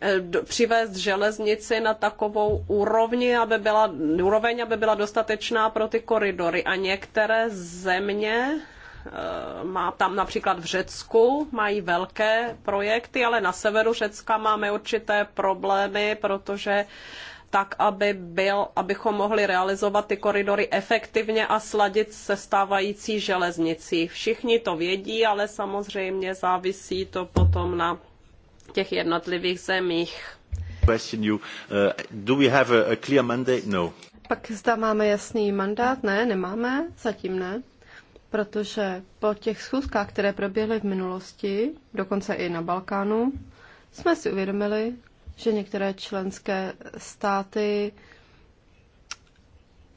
eh, přivést železnici na takovou úrovni, aby byla, úroveň, aby byla dostatečná pro ty koridory. A některé země Eh, má tam například v Řecku, mají velké projekty, ale na severu Řecka máme určité problémy, protože tak, aby byl, abychom mohli realizovat ty koridory efektivně a sladit se stávající železnicí. Všichni to vědí, ale samozřejmě závisí to potom na těch jednotlivých zemích. Eh, no. Pak zda máme jasný mandát? Ne, nemáme, zatím ne protože po těch schůzkách, které proběhly v minulosti, dokonce i na Balkánu, jsme si uvědomili, že některé členské státy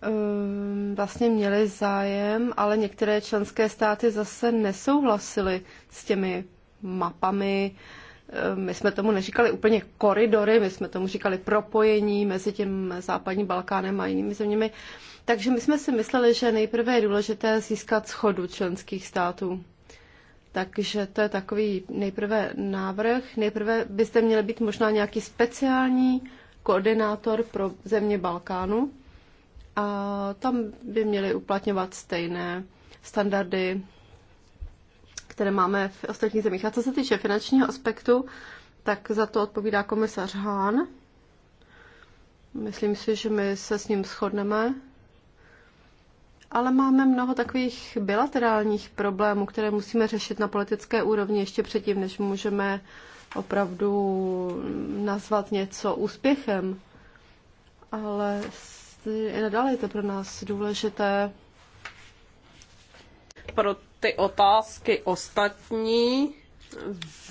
ehm, vlastně měly zájem, ale některé členské státy zase nesouhlasily s těmi mapami. Ehm, my jsme tomu neříkali úplně koridory, my jsme tomu říkali propojení mezi tím západním Balkánem a jinými zeměmi. Um, takže my jsme si mysleli, že nejprve je důležité získat schodu členských států. Takže to je takový nejprve návrh. Nejprve byste měli být možná nějaký speciální koordinátor pro země Balkánu a tam by měli uplatňovat stejné standardy, které máme v ostatních zemích. A co se týče finančního aspektu, tak za to odpovídá komisař Hahn. Myslím si, že my se s ním shodneme ale máme mnoho takových bilaterálních problémů, které musíme řešit na politické úrovni ještě předtím, než můžeme opravdu nazvat něco úspěchem. Ale i nadále je to pro nás důležité. Pro ty otázky ostatní,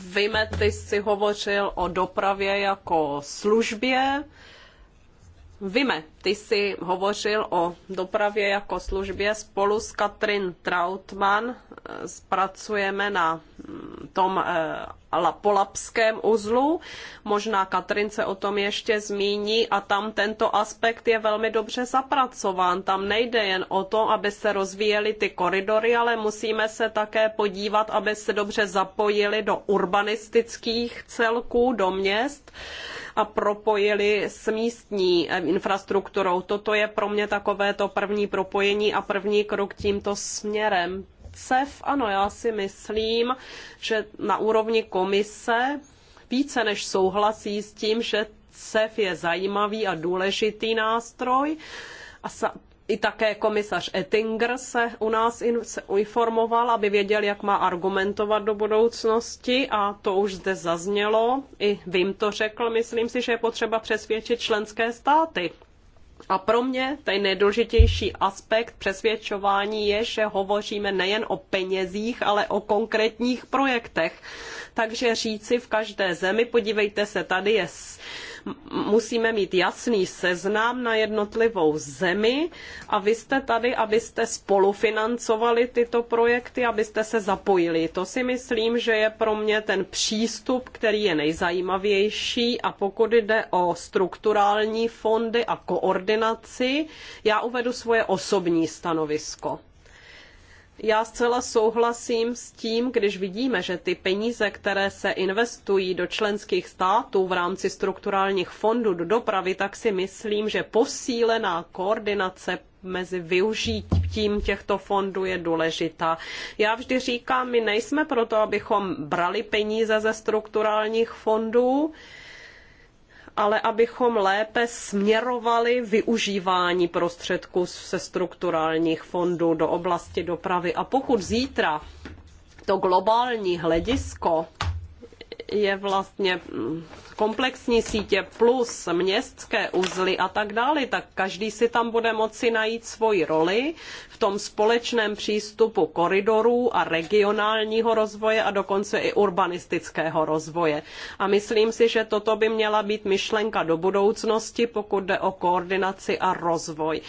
Víme, ty jsi hovořil o dopravě jako službě. Víme, ty jsi hovořil o dopravě jako službě. Spolu s Katrin Trautmann zpracujeme na mm, tom eh, polapském uzlu. Možná Katrin se o tom ještě zmíní a tam tento aspekt je velmi dobře zapracován. Tam nejde jen o to, aby se rozvíjely ty koridory, ale musíme se také podívat, aby se dobře zapojili do urbanistických celků, do měst a propojili s místní eh, infrastrukturou strukturou. Toto je pro mě takové to první propojení a první krok tímto směrem. CEF, ano, já si myslím, že na úrovni komise více než souhlasí s tím, že CEF je zajímavý a důležitý nástroj. A sa, i také komisař Ettinger se u nás in, se informoval, aby věděl, jak má argumentovat do budoucnosti a to už zde zaznělo. I vím to řekl, myslím si, že je potřeba přesvědčit členské státy a pro mě ten nejdůležitější aspekt přesvědčování je, že hovoříme nejen o penězích, ale o konkrétních projektech. Takže říci v každé zemi, podívejte se, tady je musíme mít jasný seznam na jednotlivou zemi a vy jste tady, abyste spolufinancovali tyto projekty, abyste se zapojili. To si myslím, že je pro mě ten přístup, který je nejzajímavější a pokud jde o strukturální fondy a koordinaci, já uvedu svoje osobní stanovisko. Já zcela souhlasím s tím, když vidíme, že ty peníze, které se investují do členských států v rámci strukturálních fondů do dopravy, tak si myslím, že posílená koordinace mezi využitím těchto fondů je důležitá. Já vždy říkám, my nejsme proto, abychom brali peníze ze strukturálních fondů, ale abychom lépe směrovali využívání prostředků ze strukturálních fondů do oblasti dopravy. A pokud zítra to globální hledisko je vlastně komplexní sítě plus městské uzly a tak dále, tak každý si tam bude moci najít svoji roli v tom společném přístupu koridorů a regionálního rozvoje a dokonce i urbanistického rozvoje. A myslím si, že toto by měla být myšlenka do budoucnosti, pokud jde o koordinaci a rozvoj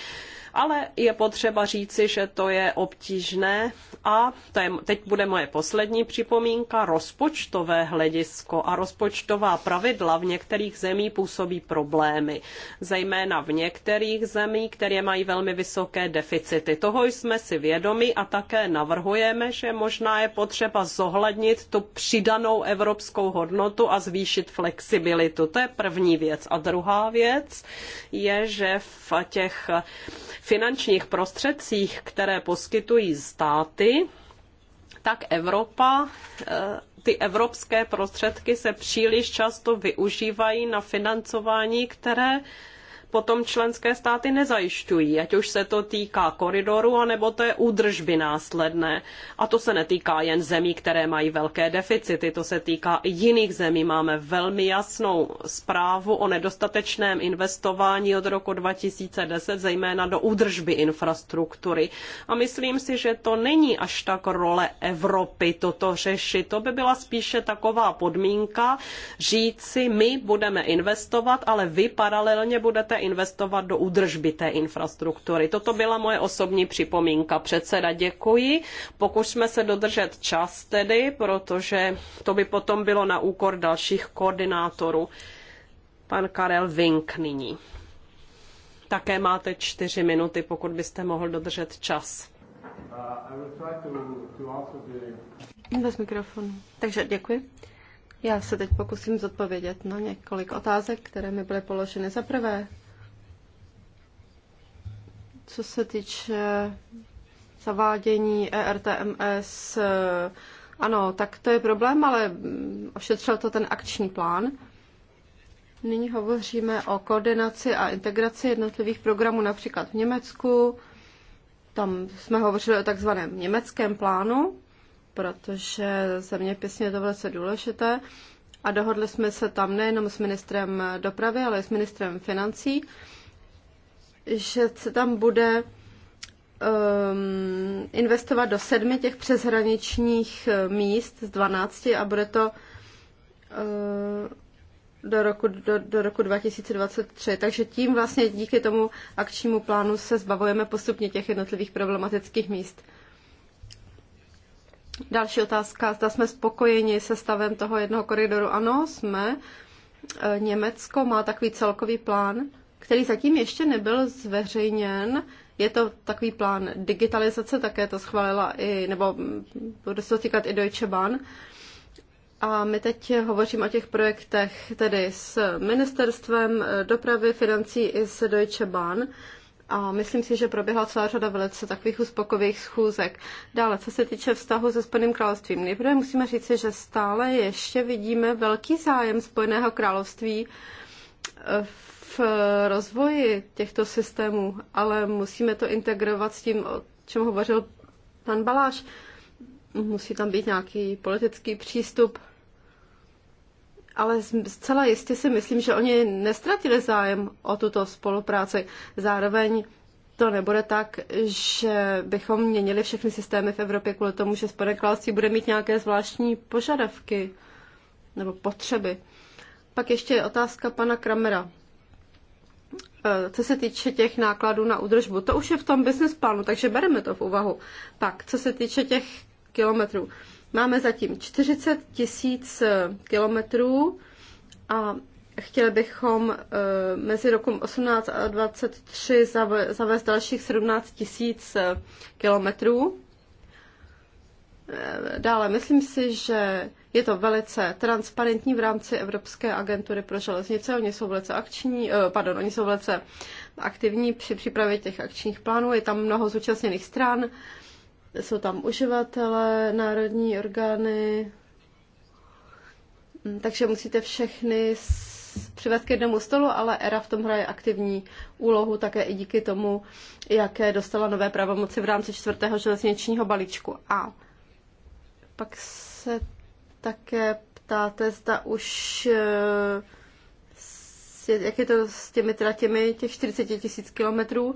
ale je potřeba říci, že to je obtížné a to je, teď bude moje poslední připomínka, rozpočtové hledisko a rozpočtová pravidla v některých zemí působí problémy, zejména v některých zemí, které mají velmi vysoké deficity. Toho jsme si vědomi a také navrhujeme, že možná je potřeba zohlednit tu přidanou evropskou hodnotu a zvýšit flexibilitu. To je první věc. A druhá věc je, že v těch finančních prostředcích, které poskytují státy, tak Evropa, eh, ty evropské prostředky se příliš často využívají na financování, které potom členské státy nezajišťují, ať už se to týká koridoru, anebo té údržby následné. A to se netýká jen zemí, které mají velké deficity, to se týká i jiných zemí. Máme velmi jasnou zprávu o nedostatečném investování od roku 2010, zejména do údržby infrastruktury. A myslím si, že to není až tak role Evropy toto řešit. To by byla spíše taková podmínka říci, my budeme investovat, ale vy paralelně budete investovat do údržby té infrastruktury. Toto byla moje osobní připomínka. Předseda, děkuji. Pokusme se dodržet čas tedy, protože to by potom bylo na úkor dalších koordinátorů. Pan Karel Vink nyní. Také máte čtyři minuty, pokud byste mohl dodržet čas. Bez mikrofonu. Takže děkuji. Já se teď pokusím zodpovědět na několik otázek, které mi byly položeny. Za prvé, co se týče zavádění ERTMS, ano, tak to je problém, ale ošetřil to ten akční plán. Nyní hovoříme o koordinaci a integraci jednotlivých programů, například v Německu. Tam jsme hovořili o takzvaném německém plánu, protože zeměpisně je to velice důležité. A dohodli jsme se tam nejenom s ministrem dopravy, ale i s ministrem financí že se tam bude um, investovat do sedmi těch přeshraničních eh, míst z 12 a bude to uh, do, roku, do, do roku 2023. Takže tím vlastně díky tomu akčnímu plánu se zbavujeme postupně těch jednotlivých problematických míst. Další otázka, zda jsme spokojeni se stavem toho jednoho koridoru. Ano, jsme. Eh, Německo má takový celkový plán který zatím ještě nebyl zveřejněn. Je to takový plán digitalizace, také to schválila i, nebo bude se to týkat i Deutsche Bahn. A my teď hovoříme o těch projektech tedy s ministerstvem dopravy, financí i s Deutsche Bahn. A myslím si, že proběhla celá řada velice takových uspokojivých schůzek. Dále, co se týče vztahu se Spojeným královstvím, nejprve musíme říci, že stále ještě vidíme velký zájem Spojeného království v v eh, rozvoji těchto systémů, ale musíme to integrovat s tím, o čem hovořil pan Baláš. Musí tam být nějaký politický přístup. Ale zcela jistě si myslím, že oni nestratili zájem o tuto spolupráci. Zároveň to nebude tak, že bychom měnili všechny systémy v Evropě kvůli tomu, že spodek království bude mít nějaké zvláštní požadavky nebo potřeby. Pak ještě je otázka pana Kramera. Eh, co se týče těch nákladů na údržbu, to už je v tom business plánu, takže bereme to v úvahu. Pak, co se týče těch kilometrů, máme zatím 40 tisíc eh, kilometrů a chtěli bychom eh, mezi rokem 18 a 23 zavést dalších 17 tisíc kilometrů. Dále, myslím si, že je to velice transparentní v rámci Evropské agentury pro železnice. Oni jsou velice akční, eh, pardon, oni jsou velice aktivní při přípravě těch akčních plánů. Je tam mnoho zúčastněných stran, jsou tam uživatelé, národní orgány, mm, takže musíte všechny přivést k jednomu stolu, ale ERA v tom hraje aktivní úlohu také i díky tomu, jaké dostala nové pravomoci v rámci čtvrtého železničního balíčku. A pak se také ptáte, zda už eh, jak je to s těmi tratěmi těch 40 tisíc kilometrů.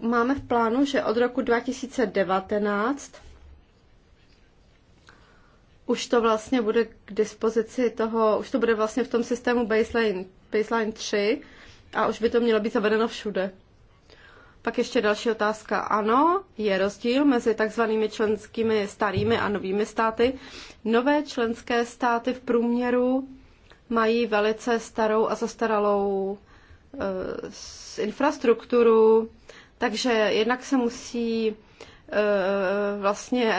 Máme v plánu, že od roku 2019 už to vlastně bude k dispozici toho, už to bude vlastně v tom systému baseline, baseline 3 a už by to mělo být zavedeno všude. Pak ještě další otázka. Ano, je rozdíl mezi takzvanými členskými starými a novými státy. Nové členské státy v průměru mají velice starou a zastaralou e, infrastrukturu, takže jednak se musí e, vlastně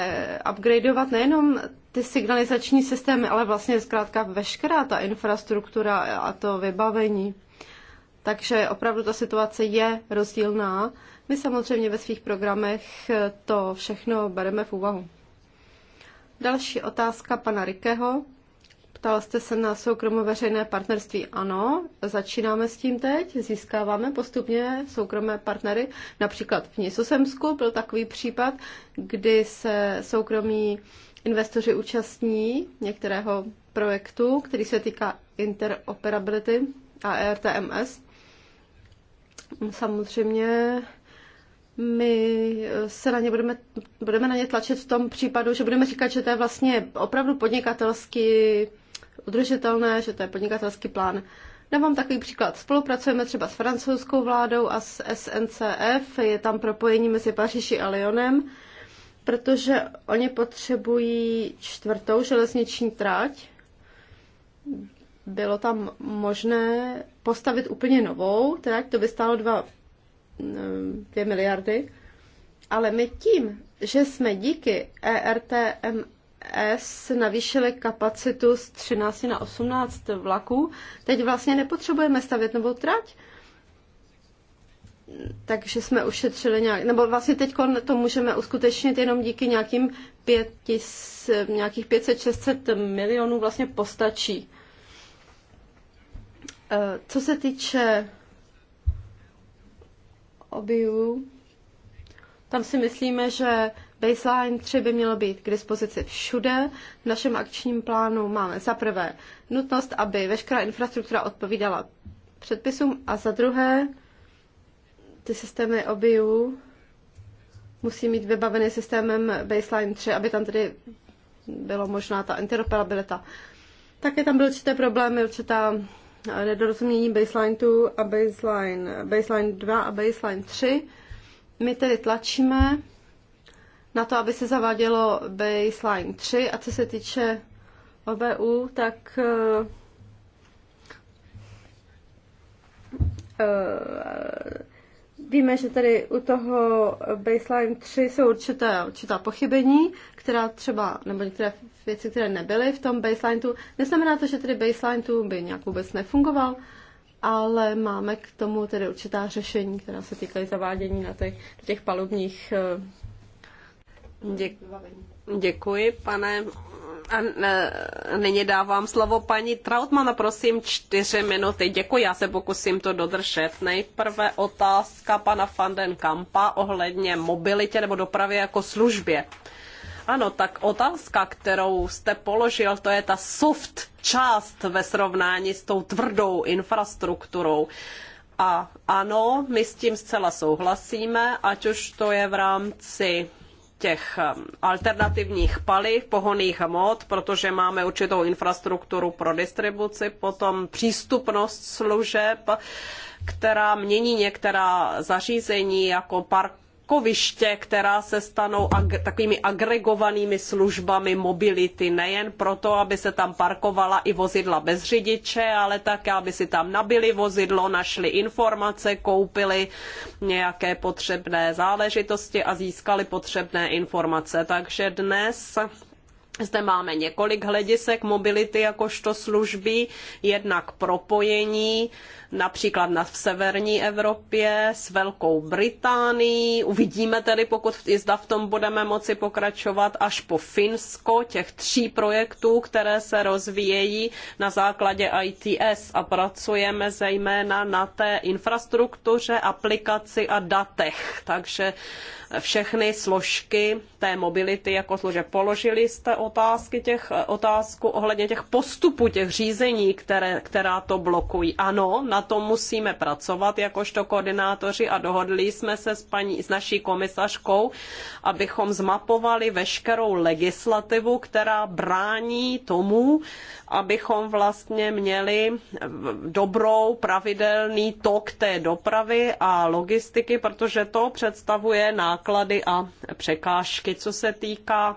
upgradeovat nejenom ty signalizační systémy, ale vlastně zkrátka veškerá ta infrastruktura a to vybavení. Takže opravdu ta situace je rozdílná. My samozřejmě ve svých programech to všechno bereme v úvahu. Další otázka pana Rikeho. Ptal jste se na soukromo veřejné partnerství. Ano, začínáme s tím teď, získáváme postupně soukromé partnery. Například v Nizozemsku byl takový případ, kdy se soukromí investoři účastní některého projektu, který se týká interoperability a ERTMS. Samozřejmě my eh, se na ně budeme, budeme na ně tlačit v tom případu, že budeme říkat, že to je vlastně opravdu podnikatelsky udržitelné, že to je podnikatelský plán. Dávám takový příklad. Spolupracujeme třeba s francouzskou vládou a s SNCF, je tam propojení mezi Paříži a Lyonem, protože oni potřebují čtvrtou železniční trať bylo tam možné postavit úplně novou trať, to by stálo dva, mm, dvě miliardy, ale my tím, že jsme díky ERTMS navýšili kapacitu z 13 na 18 vlaků, teď vlastně nepotřebujeme stavět novou trať, takže jsme ušetřili nějak, nebo vlastně teď to můžeme uskutečnit jenom díky nějakým pětis, nějakých 500-600 milionů vlastně postačí. Eh, co se týče objevů, tam si myslíme, že baseline 3 by mělo být k dispozici všude. V našem akčním plánu máme za prvé nutnost, aby veškerá infrastruktura odpovídala předpisům a za druhé ty systémy objevů musí mít vybavený systémem baseline 3, aby tam tedy bylo možná ta interoperabilita. Také tam byly určité problémy, určitá nedorozumění baseline 2 a baseline, baseline 2 a baseline 3. My tedy tlačíme na to, aby se zavádělo baseline 3 a co se týče OBU, tak eh, eh, Víme, že tady u toho baseline 3 jsou určité, určitá pochybení která třeba, nebo některé věci, které nebyly v tom baseline tu, neznamená to, že tedy baseline tu by nějak vůbec nefungoval, ale máme k tomu tedy určitá řešení, která se týkají zavádění na těch, těch palubních eh, Děkuji. Děkuji, pane. A nyní dávám slovo paní Trautmana, prosím, čtyři minuty. Děkuji, já se pokusím to dodržet. Nejprve otázka pana Fandenkampa ohledně mobilitě nebo dopravy jako službě. Ano, tak otázka, kterou jste položil, to je ta soft část ve srovnání s tou tvrdou infrastrukturou. A ano, my s tím zcela souhlasíme, ať už to je v rámci těch um, alternativních paliv, pohonných hmot, protože máme určitou infrastrukturu pro distribuci, potom přístupnost služeb, která mění některá zařízení jako park parkoviště, která se stanou ag- takovými agregovanými službami mobility, nejen proto, aby se tam parkovala i vozidla bez řidiče, ale také, aby si tam nabili vozidlo, našli informace, koupili nějaké potřebné záležitosti a získali potřebné informace. Takže dnes zde máme několik hledisek mobility jakožto služby, jednak propojení například na, v severní Evropě s Velkou Británií. Uvidíme tedy, pokud i zda v tom budeme moci pokračovat až po Finsko, těch tří projektů, které se rozvíjejí na základě ITS a pracujeme zejména na té infrastruktuře, aplikaci a datech. Takže všechny složky té mobility jako slože položili jste otázky těch, otázku ohledně těch postupů, těch řízení, které, která to blokují. Ano, na tom musíme pracovat jakožto koordinátoři a dohodli jsme se s, paní, s naší komisařkou, abychom zmapovali veškerou legislativu, která brání tomu, abychom vlastně měli dobrou pravidelný tok té dopravy a logistiky, protože to představuje náklady a překážky, co se týká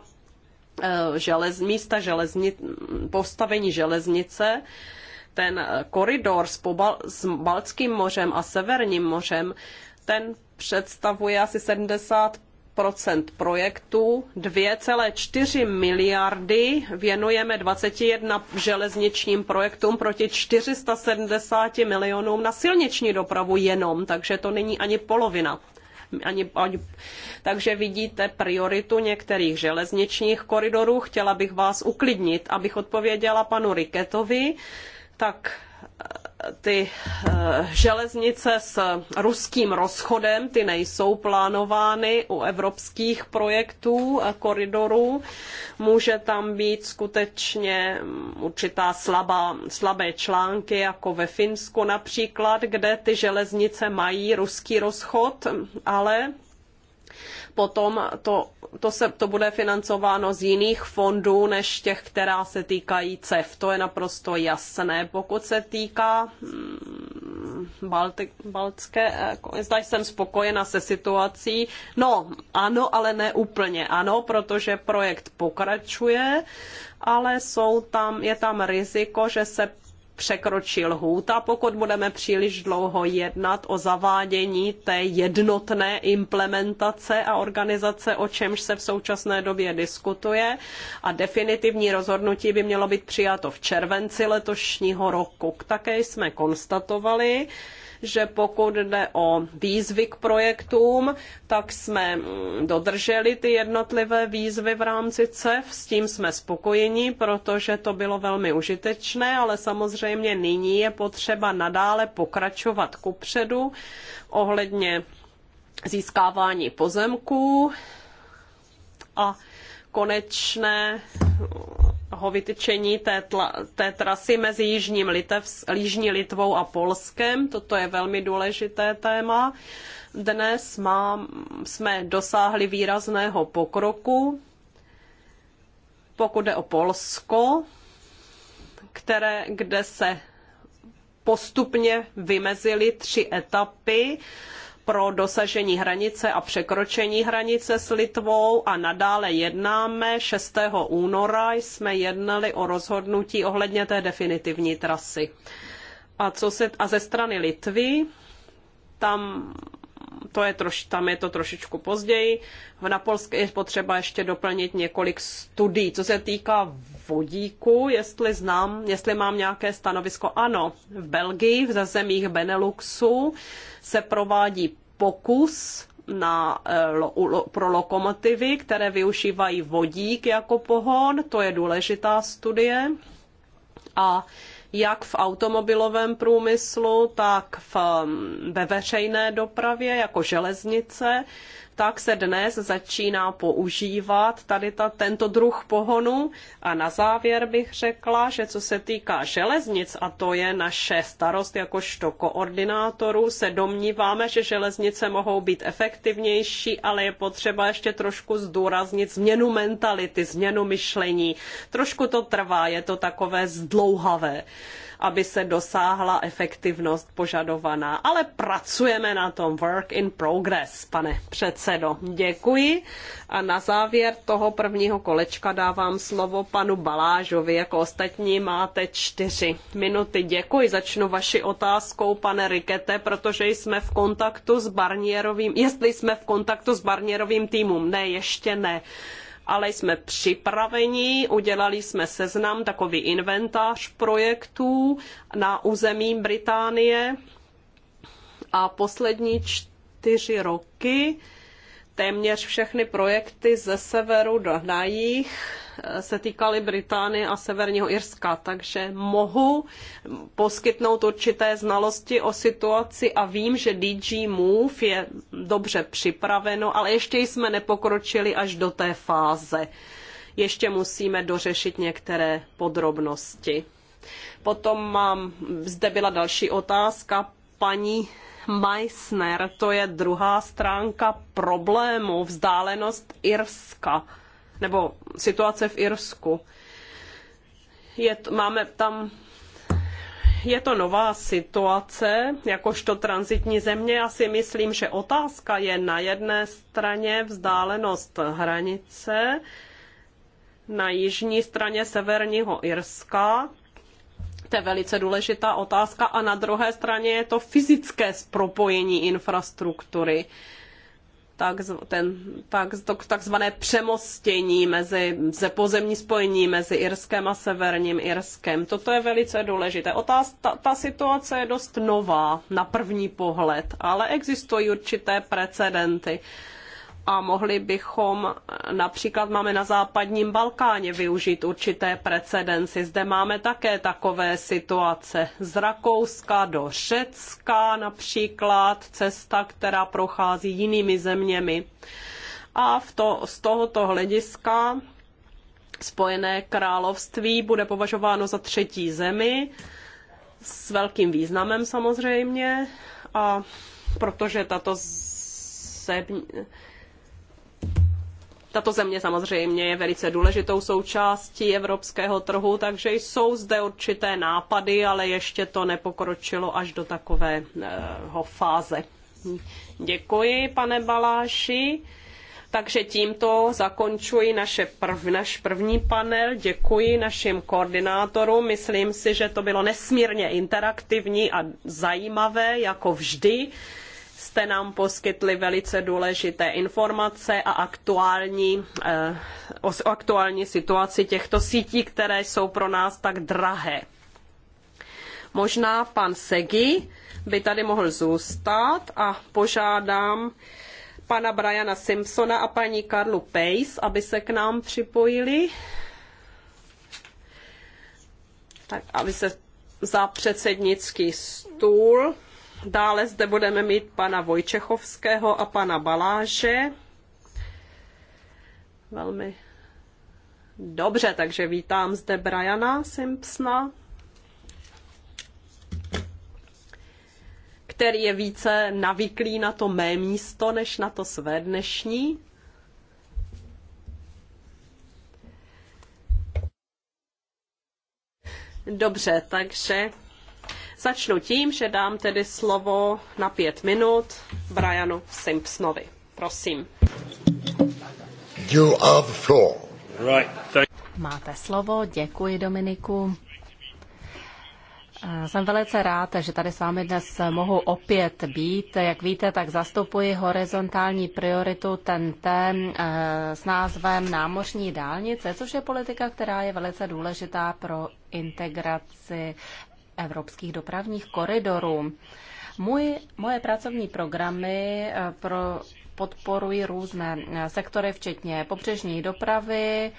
eh, želez, místa železni, postavení železnice ten eh, koridor s, Pobal- s Baltským mořem a Severním mořem, ten představuje asi 70 projektů, 2,4 miliardy věnujeme 21 železničním projektům proti 470 milionům na silniční dopravu jenom, takže to není ani polovina. Ani, ani, takže vidíte prioritu některých železničních koridorů. Chtěla bych vás uklidnit, abych odpověděla panu Riketovi. Uh, tak eh, ty eh, železnice s ruským rozchodem, ty nejsou plánovány u evropských projektů a koridorů. Může tam být skutečně mm, určitá slabá, slabé články, jako ve Finsku například, kde ty železnice mají ruský rozchod, ale potom to, to, se, to bude financováno z jiných fondů než těch, která se týkají CEF. To je naprosto jasné. Pokud se týká hmm, Balti, Baltské, eh, zda jsem spokojena se situací. No, ano, ale ne úplně. Ano, protože projekt pokračuje, ale jsou tam, je tam riziko, že se překročí lhůta, pokud budeme příliš dlouho jednat o zavádění té jednotné implementace a organizace, o čemž se v současné době diskutuje. A definitivní rozhodnutí by mělo být přijato v červenci letošního roku. Také jsme konstatovali, že pokud jde o výzvy k projektům, tak jsme mm, dodrželi ty jednotlivé výzvy v rámci CEF, s tím jsme spokojeni, protože to bylo velmi užitečné, ale samozřejmě nyní je potřeba nadále pokračovat kupředu ohledně získávání pozemků a konečné ho vytyčení té, tla, té trasy mezi Jižním Litev, Jižní Litvou a Polskem. Toto je velmi důležité téma. Dnes mám, jsme dosáhli výrazného pokroku, pokud jde o Polsko, které, kde se postupně vymezily tři etapy pro dosažení hranice a překročení hranice s Litvou a nadále jednáme. 6. února jsme jednali o rozhodnutí ohledně té definitivní trasy. A, co se, a ze strany Litvy, tam to je troš, tam je to trošičku později. Na Polsku je potřeba ještě doplnit několik studií, co se týká vodíku, jestli znám, jestli mám nějaké stanovisko. Ano, v Belgii, v zemích Beneluxu se provádí pokus na, eh, pro lokomotivy, které využívají vodík jako pohon. To je důležitá studie. A jak v automobilovém průmyslu, tak v, mm, ve veřejné dopravě jako železnice tak se dnes začíná používat tady ta, tento druh pohonu. A na závěr bych řekla, že co se týká železnic, a to je naše starost jakožto koordinátorů, se domníváme, že železnice mohou být efektivnější, ale je potřeba ještě trošku zdůraznit změnu mentality, změnu myšlení. Trošku to trvá, je to takové zdlouhavé aby se dosáhla efektivnost požadovaná. Ale pracujeme na tom work in progress, pane předsedo. Děkuji. A na závěr toho prvního kolečka dávám slovo panu Balážovi. Jako ostatní máte čtyři minuty. Děkuji. Začnu vaši otázkou, pane Rikete, protože jsme v kontaktu s Barnierovým, jestli jsme v kontaktu s Barnierovým týmem. Ne, ještě ne ale jsme připraveni, udělali jsme seznam, takový inventář projektů na území Británie a poslední čtyři roky téměř všechny projekty ze severu do na jih eh, se týkaly Británie a Severního Irska, takže mohu poskytnout určité znalosti o situaci a vím, že DG Move je dobře připraveno, ale ještě jsme nepokročili až do té fáze. Ještě musíme dořešit některé podrobnosti. Potom mám, zde byla další otázka paní Meissner, to je druhá stránka problému, vzdálenost Irska, nebo situace v Irsku. Je, máme tam je to nová situace, jakožto transitní země. Já si myslím, že otázka je na jedné straně vzdálenost hranice, na jižní straně severního Irska, to je velice důležitá otázka. A na druhé straně je to fyzické spropojení infrastruktury tak, ten, tak, to, takzvané přemostění mezi ze pozemní spojení mezi Irskem a Severním Irskem. Toto je velice důležité. Otázka, ta, ta situace je dost nová na první pohled, ale existují určité precedenty a mohli bychom například máme na západním Balkáně využít určité precedenci. Zde máme také takové situace z Rakouska do Řecka například, cesta, která prochází jinými zeměmi. A v to, z tohoto hlediska Spojené království bude považováno za třetí zemi s velkým významem samozřejmě a protože tato země tato země samozřejmě je velice důležitou součástí evropského trhu, takže jsou zde určité nápady, ale ještě to nepokročilo až do takového fáze. Děkuji, pane Baláši. Takže tímto zakončuji naše prv, naš první panel. Děkuji našim koordinátorům. Myslím si, že to bylo nesmírně interaktivní a zajímavé, jako vždy jste nám poskytli velice důležité informace a aktuální, eh, o aktuální situaci těchto sítí, které jsou pro nás tak drahé. Možná pan Segi by tady mohl zůstat a požádám pana Briana Simpsona a paní Karlu Pace, aby se k nám připojili. Tak, aby se za předsednický stůl Dále zde budeme mít pana Vojčechovského a pana Baláže. Velmi dobře, takže vítám zde Briana Simpsona, který je více navyklý na to mé místo, než na to své dnešní. Dobře, takže Začnu tím, že dám tedy slovo na pět minut Brianu Simpsonovi. Prosím. You floor. Right. Thank Máte slovo, děkuji Dominiku. Eh, jsem velice rád, že tady s vámi dnes mohu opět být. Jak víte, tak zastupuji horizontální prioritu TNT eh, s názvem Námořní dálnice, což je politika, která je velice důležitá pro integraci evropských dopravních koridorů. Můj, moje pracovní programy eh, pro podporují různé eh, sektory, včetně pobřežní dopravy.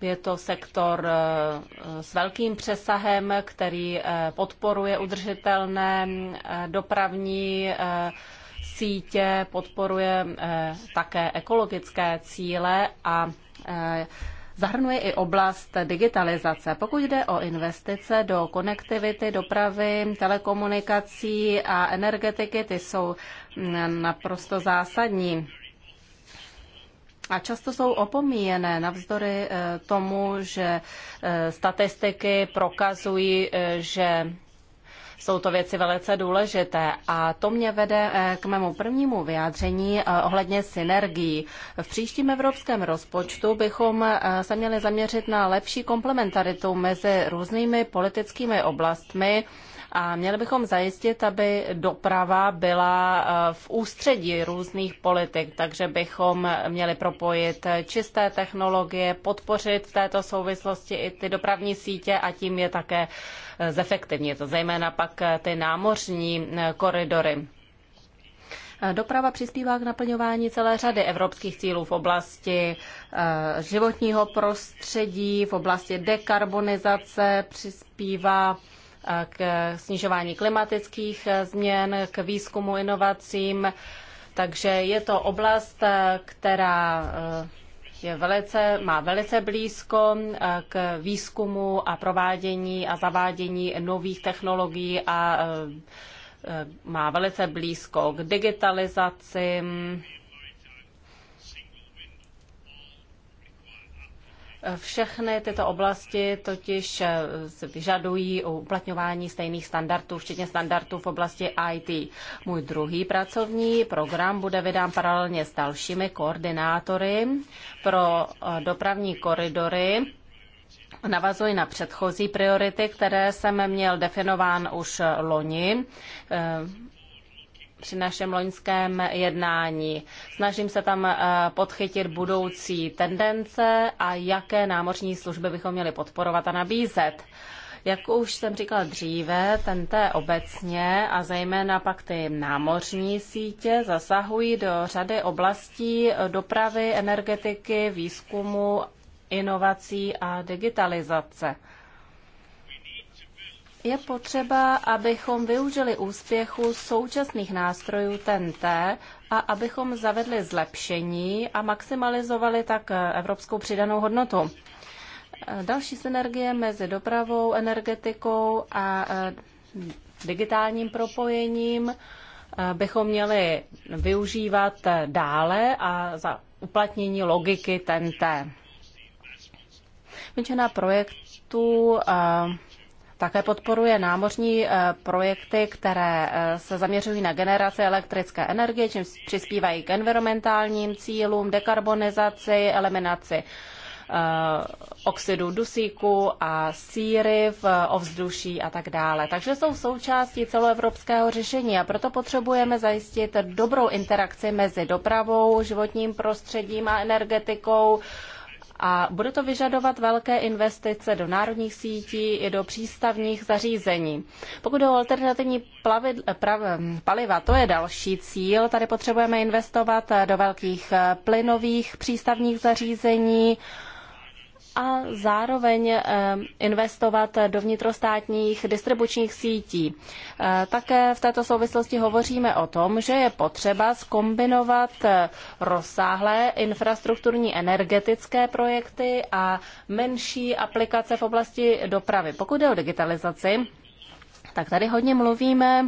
Je to sektor eh, s velkým přesahem, který podporuje udržitelné dopravní sítě, podporuje také ekologické cíle a zahrnuje i oblast digitalizace. Pokud jde o investice do konektivity, dopravy, telekomunikací a energetiky, ty jsou mm, naprosto zásadní. A často jsou opomíjené navzdory eh, tomu, že eh, statistiky prokazují, eh, že jsou to věci velice důležité a to mě vede eh, k mému prvnímu vyjádření eh, ohledně synergií. V příštím evropském rozpočtu bychom eh, se měli zaměřit na lepší komplementaritu mezi různými politickými oblastmi, a měli bychom zajistit, aby doprava byla eh, v ústředí různých politik, takže bychom měli propojit eh, čisté technologie, podpořit v této souvislosti i ty dopravní sítě a tím je také eh, zefektivnit, zejména pak ty námořní koridory. Doprava přispívá k naplňování celé řady evropských cílů v oblasti životního prostředí, v oblasti dekarbonizace, přispívá k snižování klimatických eh, změn, k výzkumu inovacím. Takže je to oblast, eh, která eh, je velice, má velice blízko k výzkumu a provádění a zavádění nových technologií a má velice blízko k digitalizaci, Všechny tyto oblasti totiž eh, vyžadují uplatňování stejných standardů, včetně standardů v oblasti IT. Můj druhý pracovní program bude vydán paralelně s dalšími koordinátory pro eh, dopravní koridory. Navazuji na předchozí priority, které jsem měl definován už loni eh, při našem loňském jednání. Snažím se tam eh, podchytit budoucí tendence a jaké námořní služby bychom měli podporovat a nabízet. Jak už jsem říkal dříve, tento obecně a zejména pak ty námořní sítě zasahují do řady oblastí dopravy, energetiky, výzkumu, inovací a digitalizace. Je potřeba, abychom využili úspěchu současných nástrojů TNT a abychom zavedli zlepšení a maximalizovali tak evropskou přidanou hodnotu. Další synergie mezi dopravou, energetikou a e, digitálním propojením e, bychom měli využívat dále a za uplatnění logiky TNT. Většina projektů e, také podporuje námořní eh, projekty, které eh, se zaměřují na generaci elektrické energie, čím přispívají k environmentálním cílům, dekarbonizaci, eliminaci eh, oxidu dusíku a síry v ovzduší a tak dále. Takže jsou součástí celoevropského řešení a proto potřebujeme zajistit dobrou interakci mezi dopravou, životním prostředím a energetikou, a bude to vyžadovat velké investice do národních sítí i do přístavních zařízení. Pokud o alternativní plavid, eh, prav, paliva, to je další cíl. Tady potřebujeme investovat eh, do velkých eh, plynových přístavních zařízení, a zároveň eh, investovat do vnitrostátních distribučních sítí. Eh, také v této souvislosti hovoříme o tom, že je potřeba skombinovat eh, rozsáhlé infrastrukturní energetické projekty a menší aplikace v oblasti dopravy. Pokud jde o digitalizaci, tak tady hodně mluvíme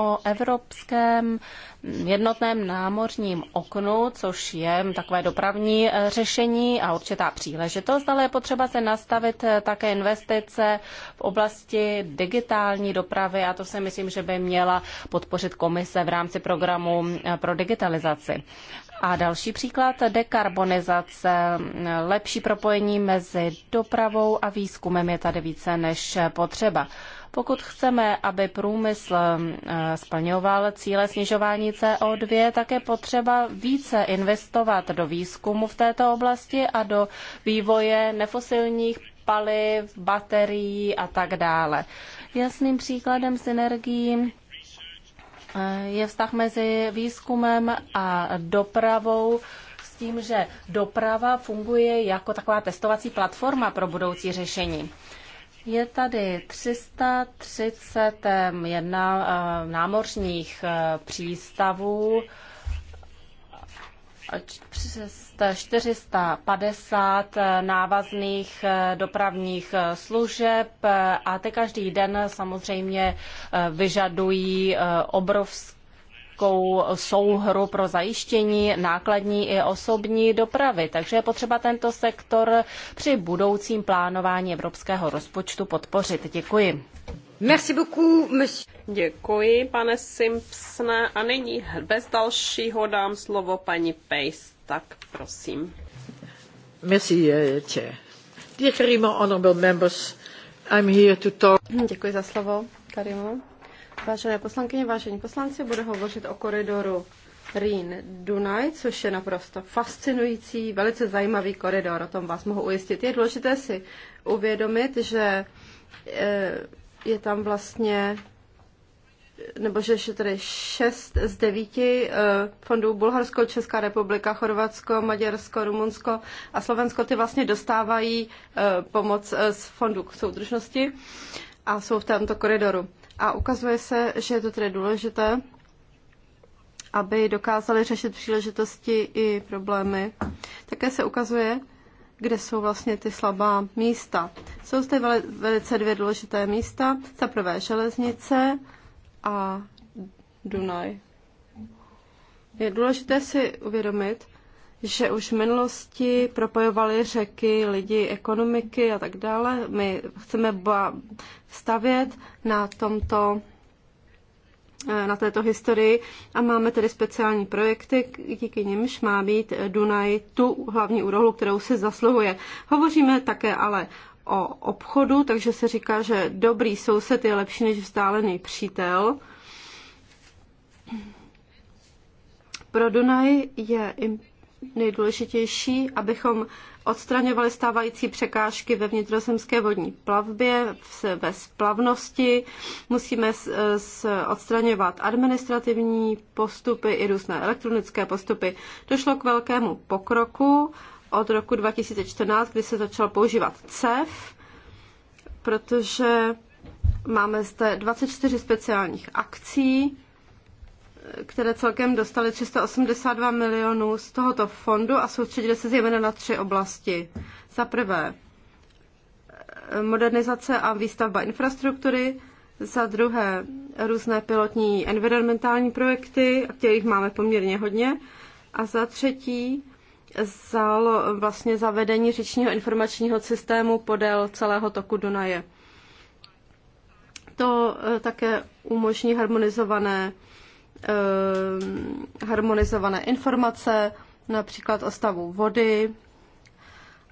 o evropském jednotném námořním oknu, což je takové dopravní eh, řešení a určitá příležitost, ale je potřeba se nastavit eh, také investice v oblasti digitální dopravy a to si myslím, že by měla podpořit komise v rámci programu eh, pro digitalizaci. A další příklad dekarbonizace, lepší propojení mezi dopravou a výzkumem je tady více než potřeba. Pokud chceme, aby průmysl eh, splňoval cíle snižování CO2, tak je potřeba více investovat do výzkumu v této oblasti a do vývoje nefosilních paliv, baterií a tak dále. Jasným příkladem synergií eh, je vztah mezi výzkumem a dopravou s tím, že doprava funguje jako taková testovací platforma pro budoucí řešení. Je tady 331 eh, námořních eh, přístavů, 450 eh, návazných dopravních služeb a ty každý den samozřejmě vyžadují obrovské obrovskou souhru pro zajištění nákladní i osobní dopravy. Takže je potřeba tento sektor při budoucím plánování evropského rozpočtu podpořit. Děkuji. Merci beaucoup, monsieur. Děkuji, pane Simpsone. A nyní bez dalšího dám slovo paní Pace. Tak prosím. Merci, tě. Eh, Dear Karimo, honorable members, I'm here to talk. Děkuji za slovo, Karimo. Vážené poslankyně, vážení poslanci, budu hovořit o koridoru rín dunaj což je naprosto fascinující, velice zajímavý koridor, o tom vás mohu ujistit. Je důležité si uvědomit, že e, je tam vlastně nebo že je tady šest z devíti e, fondů Bulharsko, Česká republika, Chorvatsko, Maďarsko, Rumunsko a Slovensko, ty vlastně dostávají e, pomoc z k soudržnosti a jsou v tomto koridoru. A ukazuje se, že je to tedy důležité, aby dokázali řešit příležitosti i problémy. Také se ukazuje, kde jsou vlastně ty slabá místa. Jsou zde velice dvě důležité místa. Za prvé železnice a Dunaj. Je důležité si uvědomit, že už v minulosti propojovali řeky, lidi, ekonomiky a tak dále. My chceme stavět na tomto eh, na této historii a máme tedy speciální projekty, díky nimž má být Dunaj tu hlavní úrohu, kterou si zasluhuje. Hovoříme také ale o obchodu, takže se říká, že dobrý soused je lepší než vzdálený přítel. Pro Dunaj je nejdůležitější, abychom odstraňovali stávající překážky ve vnitrozemské vodní plavbě, ve splavnosti. Musíme odstraňovat administrativní postupy i různé elektronické postupy. Došlo k velkému pokroku od roku 2014, kdy se začal používat CEF, protože máme zde 24 speciálních akcí, které celkem dostaly 382 milionů z tohoto fondu a soustředili se zejména na tři oblasti. Za prvé modernizace a výstavba infrastruktury, za druhé různé pilotní environmentální projekty, kterých máme poměrně hodně, a za třetí za vlastně zavedení říčního informačního systému podél celého toku Dunaje. To eh, také umožní harmonizované Eh, harmonizované informace, například o stavu vody.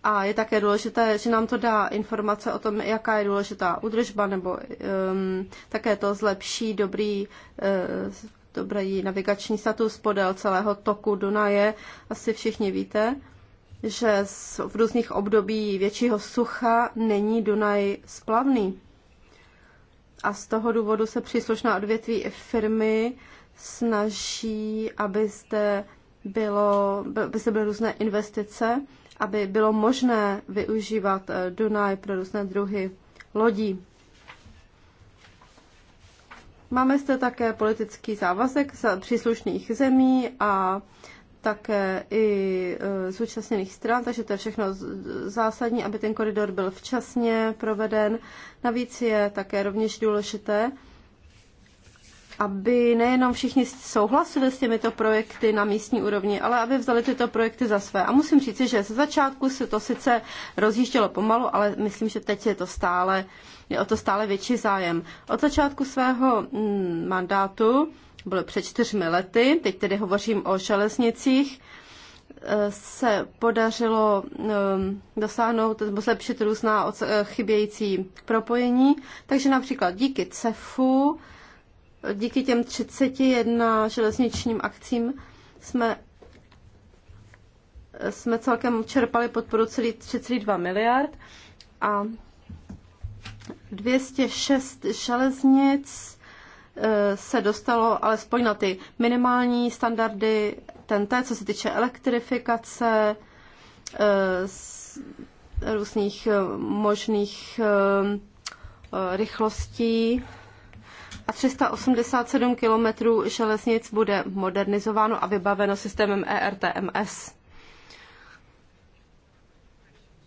A je také důležité, že nám to dá informace o tom, jaká je důležitá udržba, nebo um, také to zlepší dobrý, uh, dobrý navigační status podél celého toku Dunaje. Asi všichni víte, že v různých období většího sucha není Dunaj splavný. A z toho důvodu se příslušná odvětví i firmy uh, snaží, abyste bylo, by se byly různé investice, aby bylo možné využívat eh, Dunaj pro různé druhy lodí. Máme zde také politický závazek za příslušných zemí a také i eh, zúčastněných stran, takže to je všechno zásadní, aby ten koridor byl včasně proveden. Navíc je také rovněž důležité, aby nejenom všichni souhlasili s těmito projekty na místní úrovni, ale aby vzali tyto projekty za své. A musím říct, že ze začátku se to sice rozjíždělo pomalu, ale myslím, že teď je to stále, je o to stále větší zájem. Od začátku svého mm, mandátu, bylo před čtyřmi lety, teď tedy hovořím o železnicích, eh, se podařilo mm, dosáhnout nebo zlepšit různá eh, chybějící propojení. Takže například díky CEFu díky těm 31 železničním akcím jsme, jsme celkem čerpali podporu celý 3,2 miliard a 206 železnic eh, se dostalo alespoň na ty minimální standardy TNT, co se týče elektrifikace, eh, různých eh, možných rychlostí a 387 km železnic bude modernizováno a vybaveno systémem ERTMS.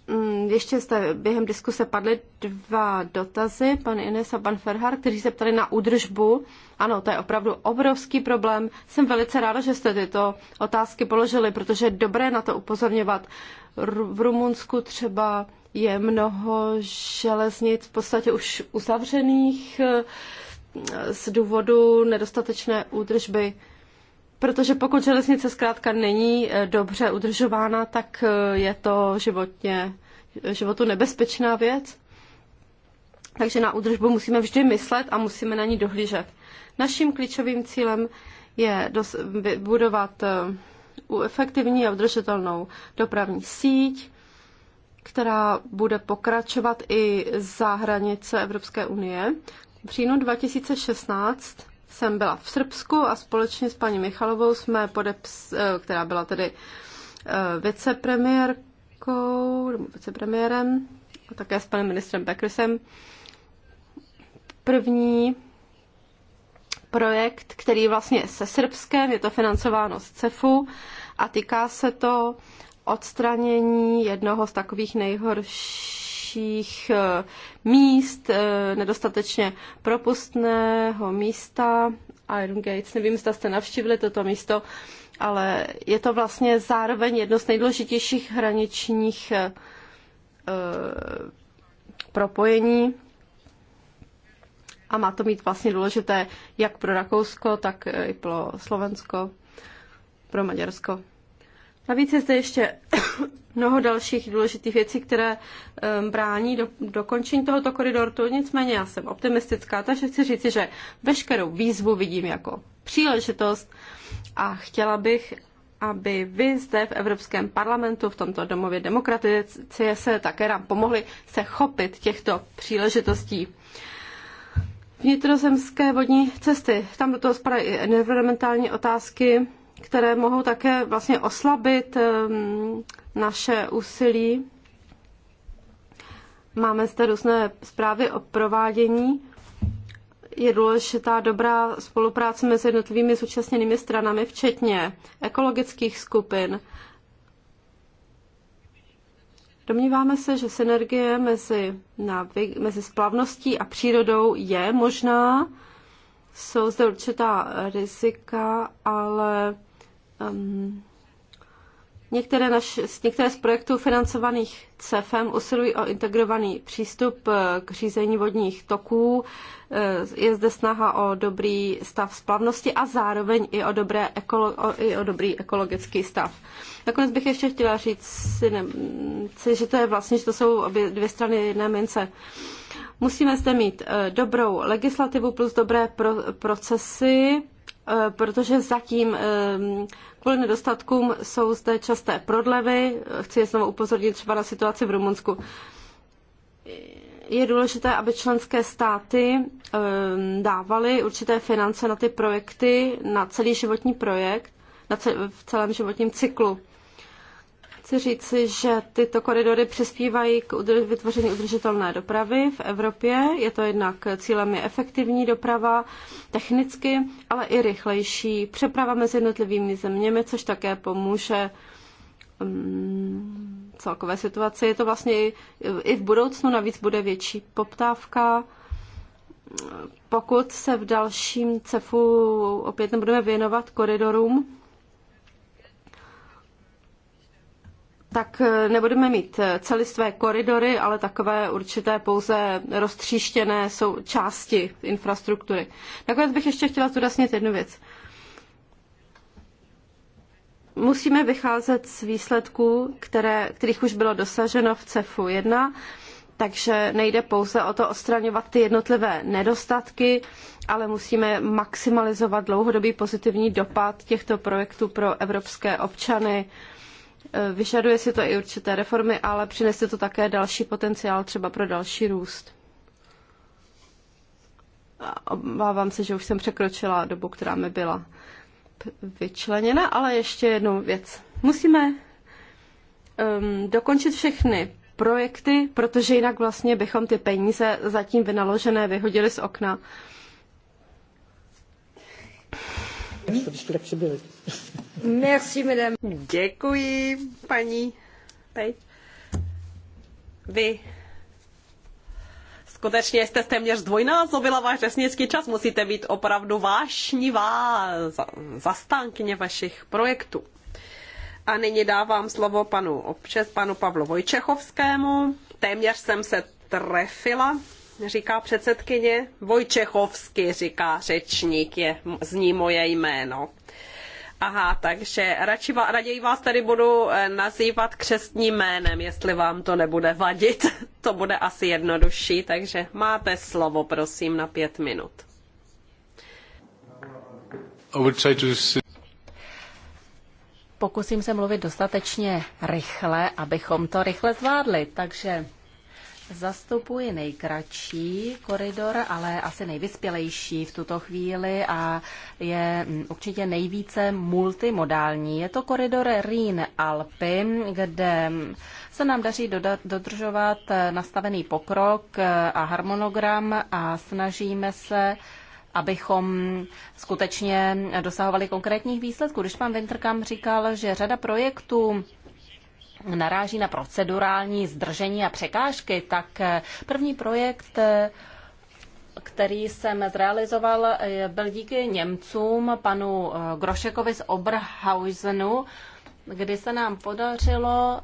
Mm, ještě jste během diskuse padly dva dotazy, pan Ines a pan Ferhar, kteří se ptali na údržbu. Ano, to je opravdu obrovský problém. Jsem velice ráda, že jste tyto otázky položili, protože je dobré na to upozorňovat. V Rumunsku třeba je mnoho železnic v podstatě už uzavřených z důvodu nedostatečné údržby. Protože pokud železnice zkrátka není eh, dobře udržována, tak eh, je to životně, životu nebezpečná věc. Takže na údržbu musíme vždy myslet a musíme na ní dohlížet. Naším klíčovým cílem je dos- budovat eh, efektivní a udržitelnou dopravní síť, která bude pokračovat i za hranice Evropské unie. V říjnu 2016 jsem byla v Srbsku a společně s paní Michalovou jsme podeps, eh, která byla tedy eh, vicepremiérkou, nebo vicepremiérem, a také s panem ministrem Beckersem, první projekt, který vlastně je se Srbskem, je to financováno z CEFu a týká se to odstranění jednoho z takových nejhorších nejrůznějších eh, míst, eh, nedostatečně propustného místa. Iron Gates, nevím, zda jste navštívili toto místo, ale je to vlastně zároveň jedno z nejdůležitějších hraničních eh, propojení a má to mít vlastně důležité jak pro Rakousko, tak i pro Slovensko, pro Maďarsko. Navíc je zde ještě (coughs) mnoho dalších důležitých věcí, které brání do, dokončení tohoto koridoru. Nicméně já jsem optimistická, takže chci říci, že veškerou výzvu vidím jako příležitost a chtěla bych, aby vy zde v Evropském parlamentu, v tomto domově demokratice se také nám pomohli se chopit těchto příležitostí. Vnitrozemské vodní cesty, tam do toho spadají i environmentální otázky, které mohou také vlastně oslabit ehm, naše úsilí. Máme zde různé zprávy o provádění. Je důležitá dobrá spolupráce mezi jednotlivými zúčastněnými stranami, včetně ekologických skupin. Domníváme se, že synergie mezi, na, mezi splavností a přírodou je možná. Jsou zde určitá rizika, ale Um, Některé, naš, některé z projektů financovaných CEFem usilují o integrovaný přístup eh, k řízení vodních toků. Eh, je zde snaha o dobrý stav splavnosti a zároveň i o, dobré ekolo, o, i o dobrý ekologický stav. Nakonec bych ještě chtěla říct, si, ne, si, že to je vlastně, že to jsou obě dvě strany jedné mince. Musíme zde mít eh, dobrou legislativu plus dobré pro, procesy, protože zatím Kvůli nedostatkům jsou zde časté prodlevy. Chci je znovu upozornit třeba na situaci v Rumunsku. Je důležité, aby členské státy ehm, dávaly určité finance na ty projekty, na celý životní projekt, na v celém životním cyklu chci říci, že tyto koridory přispívají k vytvoření udržitelné dopravy v Evropě. Je to jednak eh, cílem je efektivní doprava technicky, ale i rychlejší přeprava mezi jednotlivými zeměmi, což také pomůže mm, celkové situaci. Je to vlastně i, i v budoucnu, navíc bude větší poptávka. Pokud se v dalším CEFu opět nebudeme věnovat koridorům, tak eh, nebudeme mít eh, celistvé koridory, ale takové určité pouze roztříštěné jsou části infrastruktury. Nakonec bych ještě chtěla zdůraznit jednu věc. Musíme vycházet z výsledků, které, kterých už bylo dosaženo v CEFu 1, takže nejde pouze o to odstraňovat ty jednotlivé nedostatky, ale musíme maximalizovat dlouhodobý pozitivní dopad těchto projektů pro evropské občany, Eh, vyžaduje si to i určité reformy, ale přinese to také další potenciál třeba pro další růst. Obávám se, že už jsem překročila dobu, která mi byla vyčleněna, ale ještě jednu věc. Musíme um, dokončit všechny projekty, protože jinak vlastně bychom ty peníze zatím vynaložené vyhodili z okna. Merci, madame. Děkuji, paní. Teď. Vy skutečně jste téměř zdvojnásobila váš řesnický čas. Musíte být opravdu vášnivá zastánkyně vašich projektů. A nyní dávám slovo panu občas, panu Pavlu Vojčechovskému. Téměř jsem se trefila říká předsedkyně. Vojčechovsky, říká řečník, je, zní moje jméno. Aha, takže radši, raději vás tady budu eh, nazývat křestním jménem, jestli vám to nebude vadit. (laughs) To bude asi jednodušší, takže máte slovo, prosím, na pět minut. Pokusím se mluvit dostatečně rychle, abychom to rychle zvládli, takže zastupuji nejkratší koridor, ale asi nejvyspělejší v tuto chvíli a je mm, určitě nejvíce multimodální. Je to koridor Rýn-Alpy, kde mm, se nám daří dodat, dodržovat eh, nastavený pokrok eh, a harmonogram a snažíme se abychom skutečně dosahovali konkrétních výsledků. Když pan Winterkam říkal, že řada projektů naráží na procedurální zdržení a překážky, tak eh, první projekt eh, který jsem zrealizoval, eh, byl díky Němcům, panu Grošekovi z Oberhausenu, kdy se nám podařilo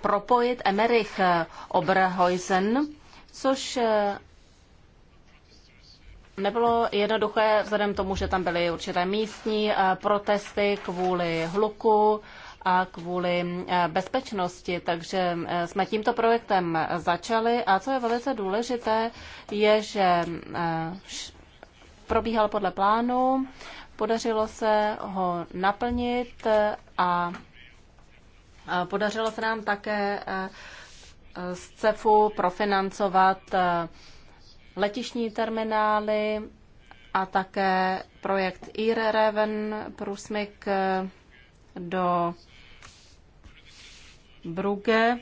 propojit Emerich Oberhausen, což nebylo jednoduché vzhledem tomu, že tam byly určité místní protesty kvůli hluku, a kvůli eh, bezpečnosti. Takže eh, jsme tímto projektem začali a co je velice důležité, je, že eh, probíhal podle plánu, podařilo se ho naplnit a podařilo se nám také z CEFu profinancovat letišní terminály a také projekt Irreven Prusmik do Brugge,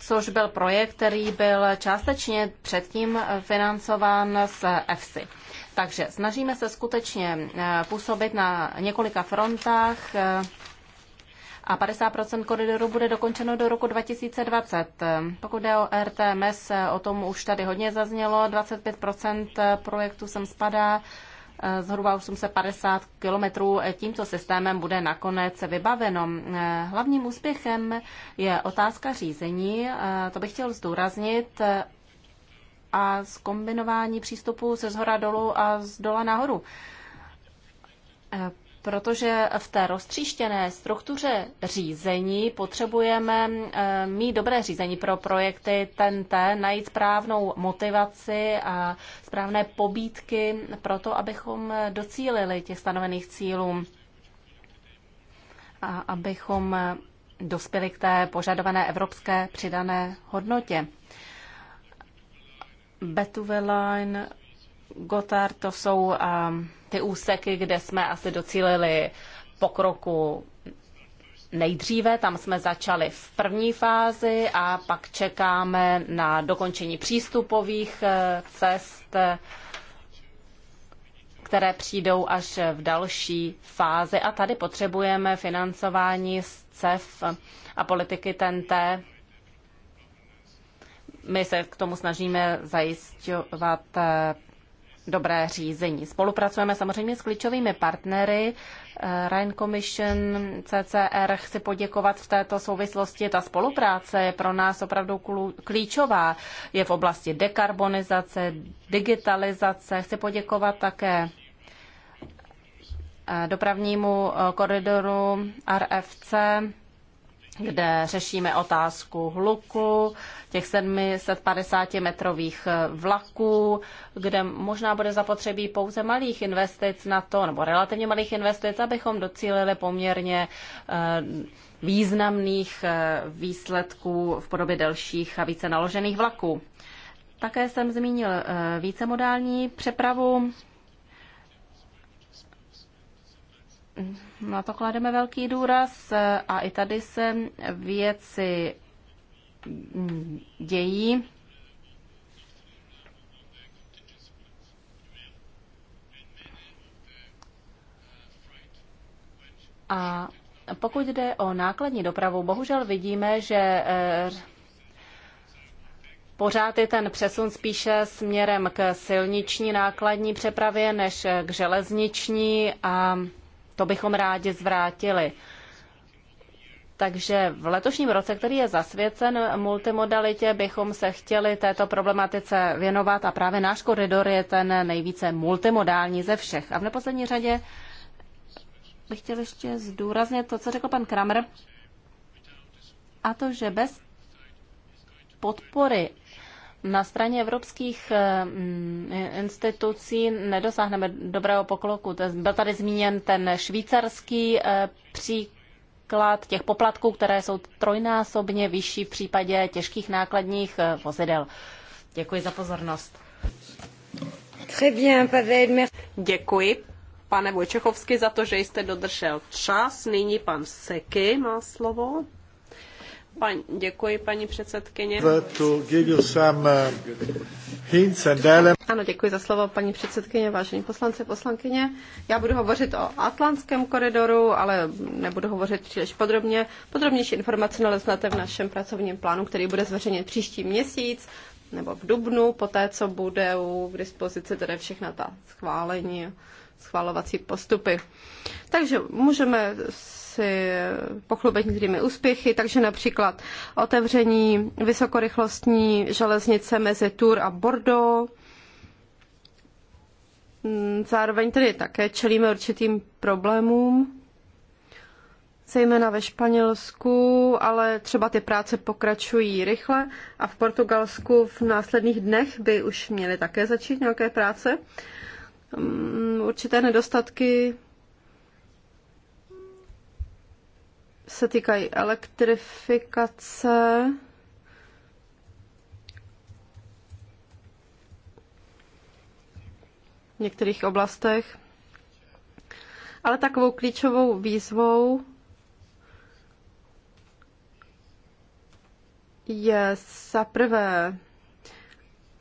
což byl projekt, který byl částečně předtím financován z EFSI. Takže snažíme se skutečně eh, působit na několika frontách eh, a 50 koridoru bude dokončeno do roku 2020. Pokud jde o RTMS, eh, o tom už tady hodně zaznělo, 25 projektu sem spadá Eh, zhruba 850 kilometrů eh, tímto systémem bude nakonec vybaveno. Eh, hlavním úspěchem je otázka řízení. To bych chtěl zdůraznit a zkombinování přístupu ze zhora dolů a z dola nahoru protože v té roztříštěné struktuře řízení potřebujeme eh, mít dobré řízení pro projekty TNT, najít správnou motivaci a správné pobídky pro to, abychom docílili těch stanovených cílů a abychom dospěli k té požadované evropské přidané hodnotě. Betuveline, Gotthard, to jsou um, ty úseky, kde jsme asi docílili pokroku nejdříve, tam jsme začali v první fázi a pak čekáme na dokončení přístupových eh, cest, eh, které přijdou až v další fázi. A tady potřebujeme financování z CEF a politiky TNT. My se k tomu snažíme zajišťovat eh, dobré řízení. Spolupracujeme samozřejmě s klíčovými partnery. Eh, Ryan Commission, CCR, chci poděkovat v této souvislosti. Ta spolupráce je pro nás opravdu klíčová. Je v oblasti dekarbonizace, digitalizace. Chci poděkovat také eh, dopravnímu eh, koridoru RFC, kde řešíme otázku hluku, těch 750 metrových eh, vlaků, kde možná bude zapotřebí pouze malých investic na to, nebo relativně malých investic, abychom docílili poměrně eh, významných eh, výsledků v podobě delších a více naložených vlaků. Také jsem zmínil vícemodální přepravu na to klademe velký důraz eh, a i tady se věci mm, dějí. A pokud jde o nákladní dopravu, bohužel vidíme, že eh, pořád je ten přesun spíše směrem k silniční nákladní přepravě než k železniční a to bychom rádi zvrátili. Takže v letošním roce, který je zasvěcen multimodalitě, bychom se chtěli této problematice věnovat a právě náš koridor je ten nejvíce multimodální ze všech. A v neposlední řadě bych chtěl ještě zdůraznit to, co řekl pan Kramer, a to, že bez podpory na straně evropských eh, institucí nedosáhneme dobrého pokloku. Byl tady zmíněn ten švýcarský eh, příklad těch poplatků, které jsou trojnásobně vyšší v případě těžkých nákladních eh, vozidel. Děkuji za pozornost. Děkuji, pane Vojčechovsky, za to, že jste dodržel čas. Nyní pan Seky má slovo děkuji, paní předsedkyně. Eh, ano, děkuji za slovo, paní předsedkyně, vážení poslanci, poslankyně. Já budu hovořit o Atlantském koridoru, ale nebudu hovořit příliš podrobně. Podrobnější informace naleznete v našem pracovním plánu, který bude zveřejněn příští měsíc nebo v Dubnu, poté co bude k dispozici tedy všechna ta schválení, schvalovací postupy. Takže můžeme si pochlubit některými úspěchy, takže například otevření vysokorychlostní železnice mezi Tour a Bordeaux. Mm, zároveň tedy také čelíme určitým problémům, zejména ve Španělsku, ale třeba ty práce pokračují rychle a v Portugalsku v následných dnech by už měly také začít nějaké práce. Mm, určité nedostatky se týkají elektrifikace. V některých oblastech. Ale takovou klíčovou výzvou je za prvé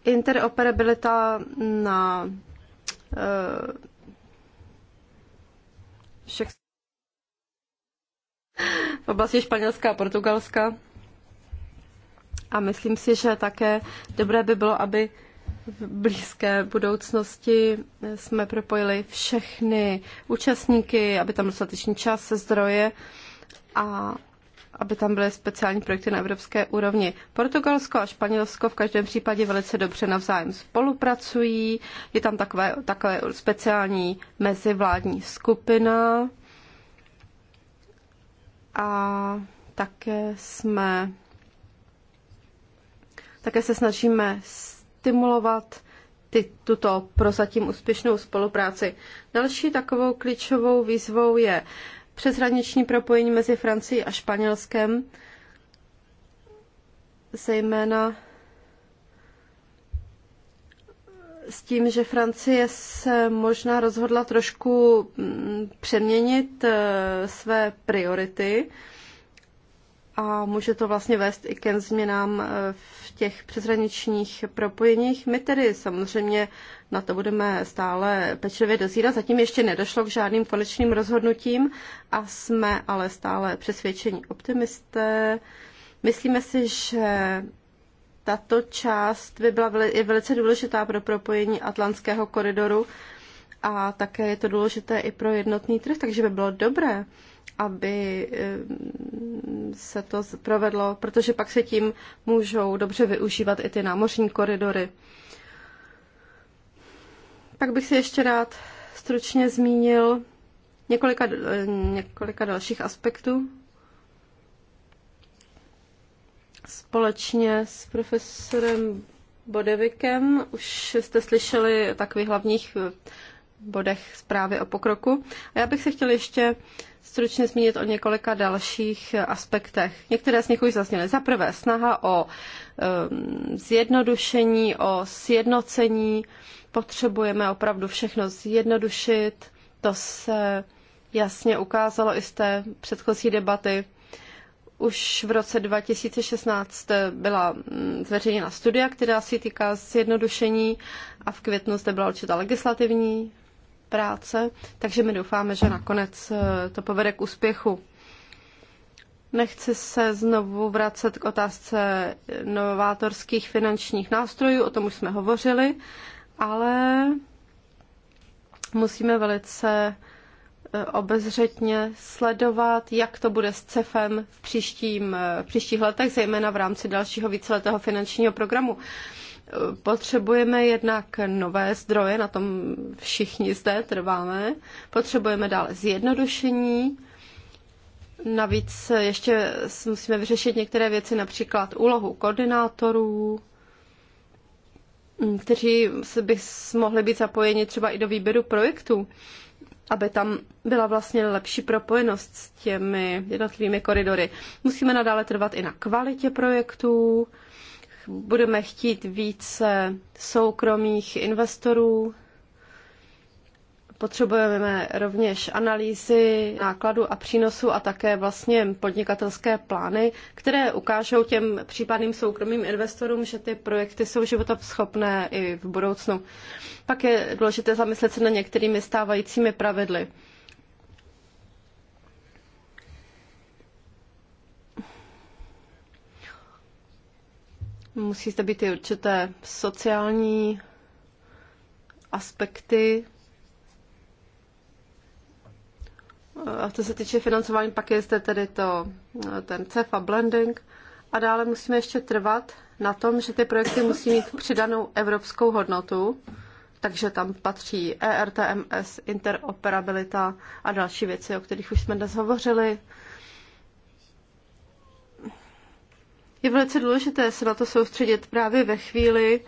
interoperabilita na eh, všech v oblasti Španělska a Portugalska. A myslím si, že také dobré by bylo, aby v blízké budoucnosti jsme propojili všechny účastníky, aby tam byl dostatečný čas, zdroje a aby tam byly speciální projekty na evropské úrovni. Portugalsko a Španělsko v každém případě velice dobře navzájem spolupracují. Je tam takové, takové speciální mezivládní skupina, a také jsme také se snažíme stimulovat ty, tuto prozatím úspěšnou spolupráci. Další takovou klíčovou výzvou je přeshraniční propojení mezi Francií a Španělskem, zejména s tím, že Francie se možná rozhodla trošku mm, přeměnit eh, své priority a může to vlastně vést i ke změnám eh, v těch přeshraničních propojeních. My tedy samozřejmě na to budeme stále pečlivě dozírat. Zatím ještě nedošlo k žádným konečným rozhodnutím a jsme ale stále přesvědčení optimisté. Myslíme si, že tato část by byla, je velice důležitá pro propojení Atlantského koridoru a také je to důležité i pro jednotný trh, takže by bylo dobré, aby eh, se to provedlo, protože pak se tím můžou dobře využívat i ty námořní koridory. Pak bych si ještě rád stručně zmínil několika, eh, několika dalších aspektů. společně s profesorem Bodevikem. Už jste slyšeli o takových hlavních eh, bodech zprávy o pokroku. A já bych se chtěla ještě stručně zmínit o několika dalších eh, aspektech. Některé z nich už zazněly. Za prvé snaha o um, zjednodušení, o sjednocení. Potřebujeme opravdu všechno zjednodušit. To se jasně ukázalo i z té předchozí debaty. Už v roce 2016 byla mm, zveřejněna studia, která si týká zjednodušení a v květnu zde byla určitá legislativní práce, takže my doufáme, že nakonec eh, to povede k úspěchu. Nechci se znovu vracet k otázce eh, novátorských finančních nástrojů, o tom už jsme hovořili, ale musíme velice Eh, obezřetně sledovat, jak to bude s CEFem v, příštím, eh, v příštích letech, zejména v rámci dalšího víceletého finančního programu. Eh, potřebujeme jednak nové zdroje, na tom všichni zde trváme. Potřebujeme dále zjednodušení. Navíc ještě musíme vyřešit některé věci, například úlohu koordinátorů, kteří by mohli být zapojeni třeba i do výběru projektů aby tam byla vlastně lepší propojenost s těmi jednotlivými koridory. Musíme nadále trvat i na kvalitě projektů, budeme chtít více soukromých investorů, Potřebujeme rovněž analýzy nákladu a přínosu a také vlastně podnikatelské plány, které ukážou těm případným soukromým investorům, že ty projekty jsou životoschopné i v budoucnu. Pak je důležité zamyslet se na některými stávajícími pravidly. Musí zde být i určité sociální aspekty A co se týče financování, pak je zde tedy to, ten CEFA blending. A dále musíme ještě trvat na tom, že ty projekty musí mít přidanou evropskou hodnotu, takže tam patří ERTMS, interoperabilita a další věci, o kterých už jsme dnes hovořili. Je velice důležité se na to soustředit právě ve chvíli,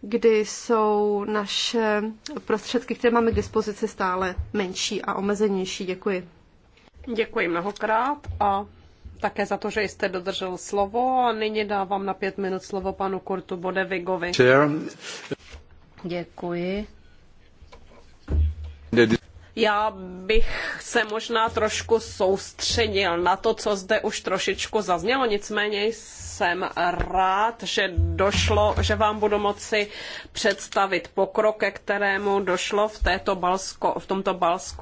kdy jsou naše prostředky, které máme k dispozici, stále menší a omezenější. Děkuji. Děkuji mnohokrát a také za to, že jste dodržel slovo a nyní dávám na pět minut slovo panu Kurtu Bodevigovi. Děkuji. Já bych se možná trošku soustředil na to, co zde už trošičku zaznělo, nicméně jsem rád, že došlo, že vám budu moci představit pokrok, ke kterému došlo v, této Balsko, v tomto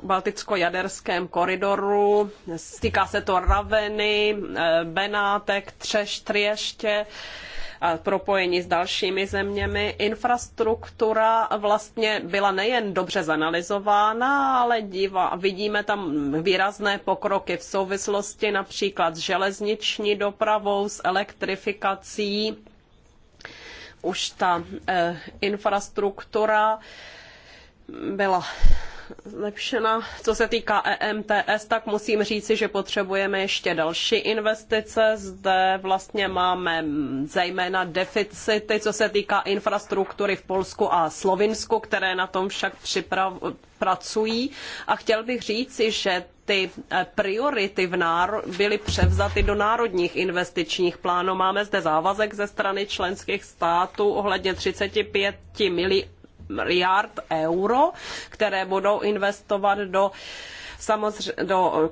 Balticko-Jaderském koridoru. Stýká se to Raveny, eh, Benátek, Třeš, Triještě propojeni s dalšími zeměmi. Infrastruktura vlastně byla nejen dobře zanalizována, ale díva, vidíme tam výrazné pokroky v souvislosti například s železniční dopravou, s elektrifikací. Už ta eh, infrastruktura byla zlepšena. Co se týká EMTS, tak musím říci, že potřebujeme ještě další investice. Zde vlastně máme zejména deficity, co se týká infrastruktury v Polsku a Slovinsku, které na tom však pracují. A chtěl bych říci, že ty eh, priority v náro... byly převzaty do národních investičních plánů. Máme zde závazek ze strany členských států ohledně 35 mili miliard euro, které budou investovat do samozřejmě, do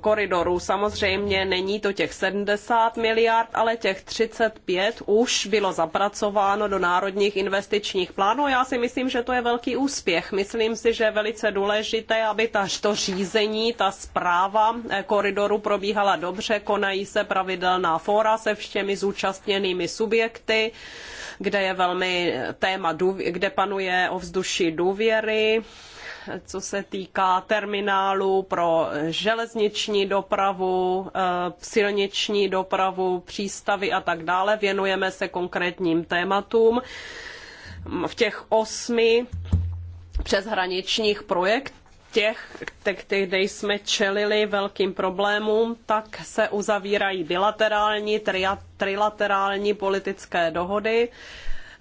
Samozřejmě není to těch 70 miliard, ale těch 35 už bylo zapracováno do národních investičních plánů. Já si myslím, že to je velký úspěch. Myslím si, že je velice důležité, aby ta, to řízení, ta zpráva eh, koridoru probíhala dobře. Konají se pravidelná fóra se všemi zúčastněnými subjekty kde je velmi téma, kde panuje ovzduší důvěry, co se týká terminálu pro železniční dopravu, eh, silniční dopravu, přístavy a tak dále. Věnujeme se konkrétním tématům. V těch osmi přeshraničních projektů těch, kde jsme čelili velkým problémům, tak se uzavírají bilaterální, trilaterální politické dohody.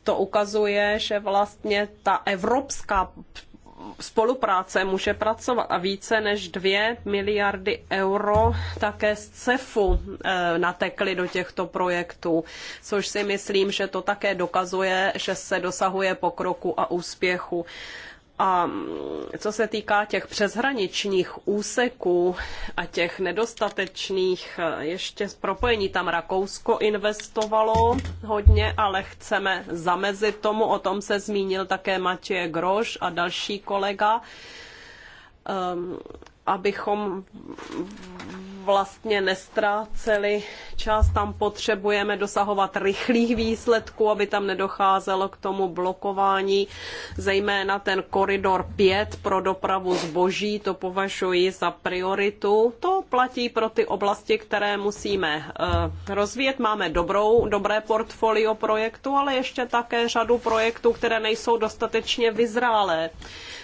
To ukazuje, že vlastně ta evropská spolupráce může pracovat a více než 2 miliardy euro také z CEFu eh, natekly do těchto projektů, což si myslím, že to také dokazuje, že se dosahuje pokroku a úspěchu. A co se týká těch přeshraničních úseků a těch nedostatečných ještě propojení, tam Rakousko investovalo hodně, ale chceme zamezit tomu, o tom se zmínil také Matěj Groš a další kolega. Um, abychom vlastně nestráceli čas, tam potřebujeme dosahovat rychlých výsledků, aby tam nedocházelo k tomu blokování, zejména ten koridor 5 pro dopravu zboží, to považuji za prioritu. To platí pro ty oblasti, které musíme eh, rozvíjet. Máme dobrou, dobré portfolio projektů, ale ještě také řadu projektů, které nejsou dostatečně vyzrálé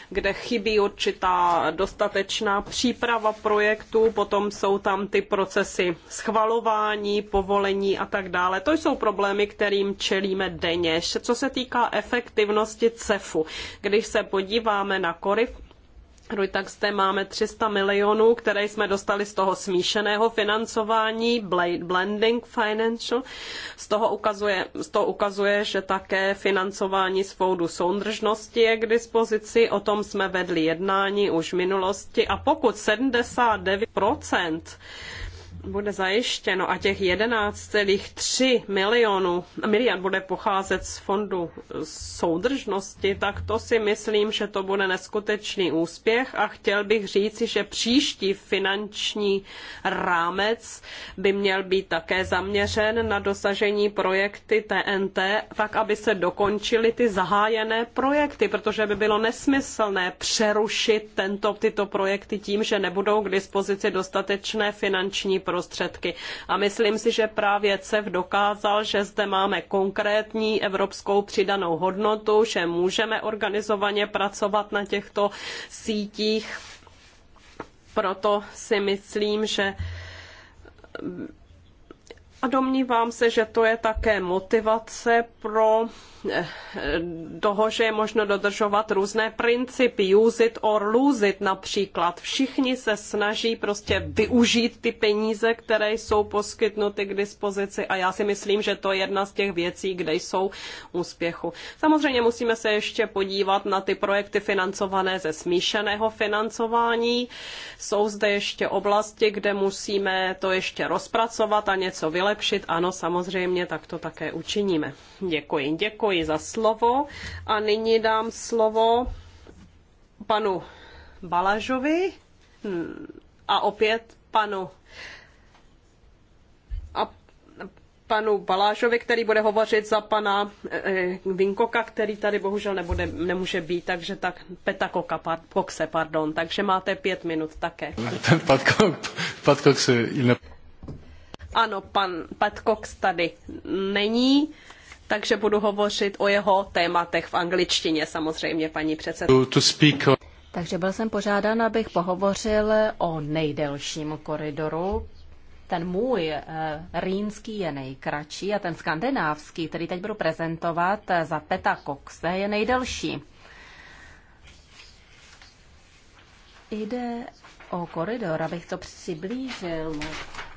kde chybí určitá dostatečná příprava projektů, potom jsou tam ty procesy schvalování, povolení a tak dále. To jsou problémy, kterým čelíme denně. Co se týká efektivnosti CEFu, když se podíváme na korif, tak zde máme 300 milionů, které jsme dostali z toho smíšeného financování, blending financial. Z toho ukazuje, z toho ukazuje že také financování z fondu soudržnosti je k dispozici. O tom jsme vedli jednání už v minulosti. A pokud 79 bude zajištěno a těch 11,3 milionů miliard bude pocházet z fondu soudržnosti, tak to si myslím, že to bude neskutečný úspěch a chtěl bych říci, že příští finanční rámec by měl být také zaměřen na dosažení projekty TNT, tak aby se dokončily ty zahájené projekty, protože by bylo nesmyslné přerušit tento, tyto projekty tím, že nebudou k dispozici dostatečné finanční prostředky. A myslím si, že právě CEF dokázal, že zde máme konkrétní evropskou přidanou hodnotu, že můžeme organizovaně pracovat na těchto sítích. Proto si myslím, že a domnívám se, že to je také motivace pro toho, že je možno dodržovat různé principy, use it or lose it například. Všichni se snaží prostě využít ty peníze, které jsou poskytnuty k dispozici a já si myslím, že to je jedna z těch věcí, kde jsou úspěchu. Samozřejmě musíme se ještě podívat na ty projekty financované ze smíšeného financování. Jsou zde ještě oblasti, kde musíme to ještě rozpracovat a něco vylepšit. Ano, samozřejmě, tak to také učiníme. Děkuji, děkuji Děkuji za slovo a nyní dám slovo panu Balažovi hm, a opět panu a panu Balážovi, který bude hovořit za pana eh, Vinkoka, který tady bohužel nebude, nemůže být, takže tak Peta par, Kokse, pardon, takže máte pět minut také. (laughs) Ano, pan Pat tady není, takže budu hovořit o jeho tématech v angličtině samozřejmě, paní předsedkyně. Takže byl jsem požádán, abych pohovořil o nejdelším koridoru. Ten můj eh, rýnský je nejkratší a ten skandinávský, který teď budu prezentovat eh, za Peta Coxe, je nejdelší. Jde o koridor, abych to přiblížil,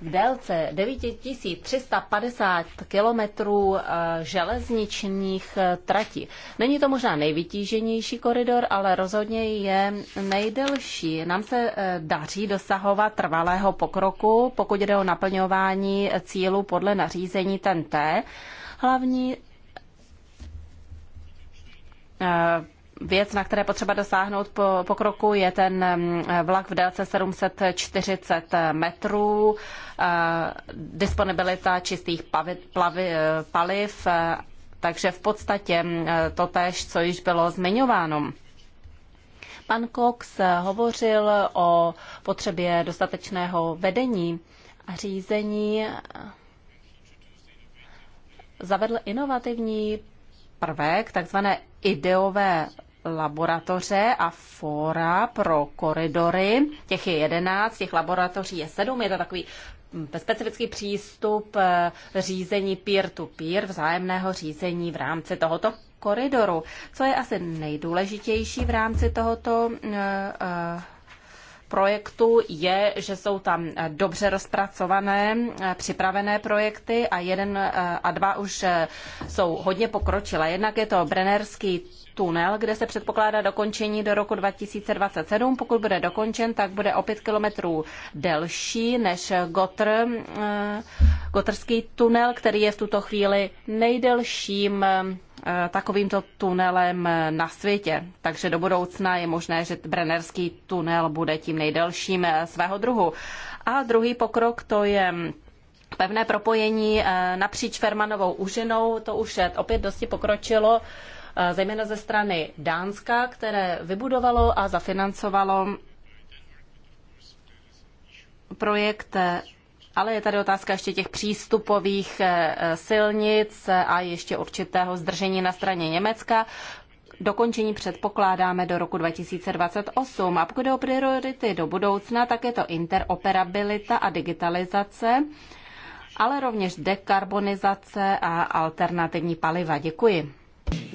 v délce 9350 kilometrů eh, železničních eh, tratí. Není to možná nejvytíženější koridor, ale rozhodně je nejdelší. Nám se eh, daří dosahovat trvalého pokroku, pokud jde o naplňování cílu podle nařízení TNT. Hlavní věc, na které potřeba dosáhnout po pokroku, je ten mm, vlak v délce 740 metrů, eh, disponibilita čistých pavi, plavi, eh, paliv, eh, takže v podstatě mm, to tež, co již bylo zmiňováno. Pan Cox hovořil o potřebě dostatečného vedení a řízení. Zavedl inovativní prvek, takzvané ideové laboratoře a fóra pro koridory. Těch je jedenáct těch laboratoří je sedm. Je to takový hm, specifický přístup eh, řízení peer-to-peer, -peer, vzájemného řízení v rámci tohoto koridoru. Co je asi nejdůležitější v rámci tohoto eh, eh, projektu je, že jsou tam dobře rozpracované, připravené projekty a jeden a dva už jsou hodně pokročilé. Jednak je to Brennerský tunel, kde se předpokládá dokončení do roku 2027. Pokud bude dokončen, tak bude o 5 kilometrů delší než Gotr, eh, Gotrský tunel, který je v tuto chvíli nejdelším eh, takovýmto tunelem na světě. Takže do budoucna je možné, že Brennerský tunel bude tím nejdelším eh, svého druhu. A druhý pokrok to je pevné propojení napříč Fermanovou úžinou, to už opět dosti pokročilo. Eh, zejména ze strany Dánska, které vybudovalo a zafinancovalo projekt eh, ale je tady otázka ještě těch přístupových eh, silnic a ještě určitého zdržení na straně Německa. Dokončení předpokládáme do roku 2028. A pokud jde o priority do budoucna, tak je to interoperabilita a digitalizace, ale rovněž dekarbonizace a alternativní paliva. Děkuji.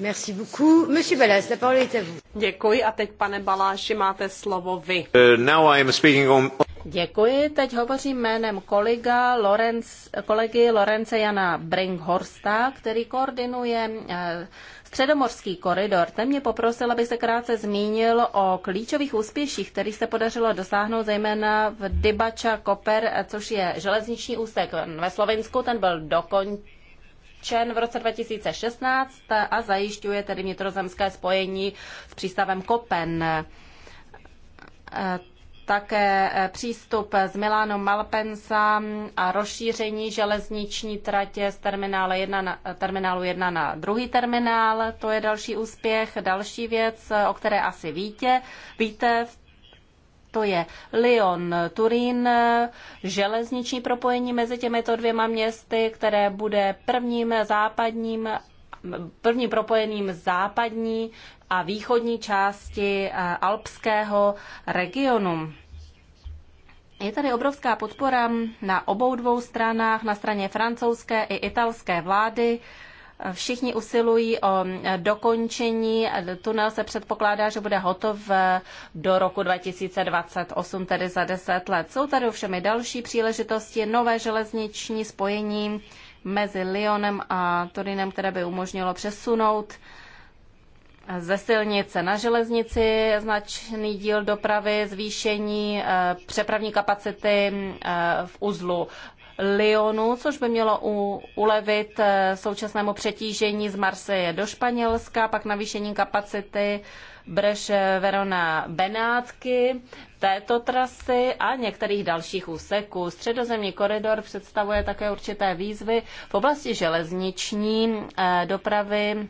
Merci beaucoup. Monsieur Balas, la parole est à vous. Děkuji a teď, pane Baláši, máte slovo vy. Uh, now I am speaking on... Děkuji. Teď hovořím jménem kolega Lorenz, kolegy Lorence Jana Brinkhorsta, který koordinuje eh, Středomorský koridor. Ten mě poprosil, aby se krátce zmínil o klíčových úspěších, který se podařilo dosáhnout zejména v Dybača Koper, eh, což je železniční úsek ve Slovensku. Ten byl dokončen Čen v roce 2016 a zajišťuje tedy vnitrozemské spojení s přístavem Kopen. E, také e, přístup z Milánu Malpensa a rozšíření železniční tratě z terminálu 1 na, terminálu 1 na druhý terminál, to je další úspěch. Další věc, o které asi víte, víte v to je Lyon, Turín, železniční propojení mezi těmito dvěma městy, které bude prvním západním prvním propojeným západní a východní části eh, alpského regionu. Je tady obrovská podpora na obou dvou stranách, na straně francouzské i italské vlády, Všichni usilují o dokončení. Tunel se předpokládá, že bude hotov do roku 2028, tedy za 10 let. Jsou tady ovšem i další příležitosti, nové železniční spojení mezi Lyonem a Turinem, které by umožnilo přesunout ze silnice na železnici značný díl dopravy, zvýšení eh, přepravní kapacity eh, v uzlu Lyonu, což by mělo ulevit eh, současnému přetížení z Marseje do Španělska, pak navýšení kapacity Breš eh, Verona Benátky, této trasy a některých dalších úseků. Středozemní koridor představuje také určité výzvy v oblasti železniční eh, dopravy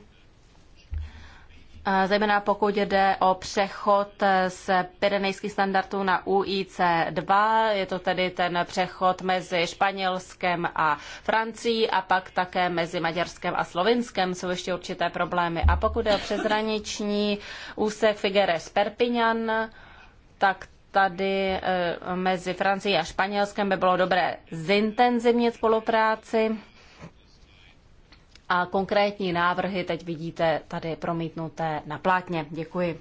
zejména pokud jde o přechod z pyrenejských standardů na UIC2, je to tedy ten přechod mezi Španělskem a Francií a pak také mezi Maďarskem a Slovinskem jsou ještě určité problémy. A pokud jde o přezraniční úsek Figueres Perpignan, tak tady eh, mezi Francií a Španělskem by bylo dobré zintenzivnit spolupráci a konkrétní návrhy teď vidíte tady promítnuté na plátně. Děkuji.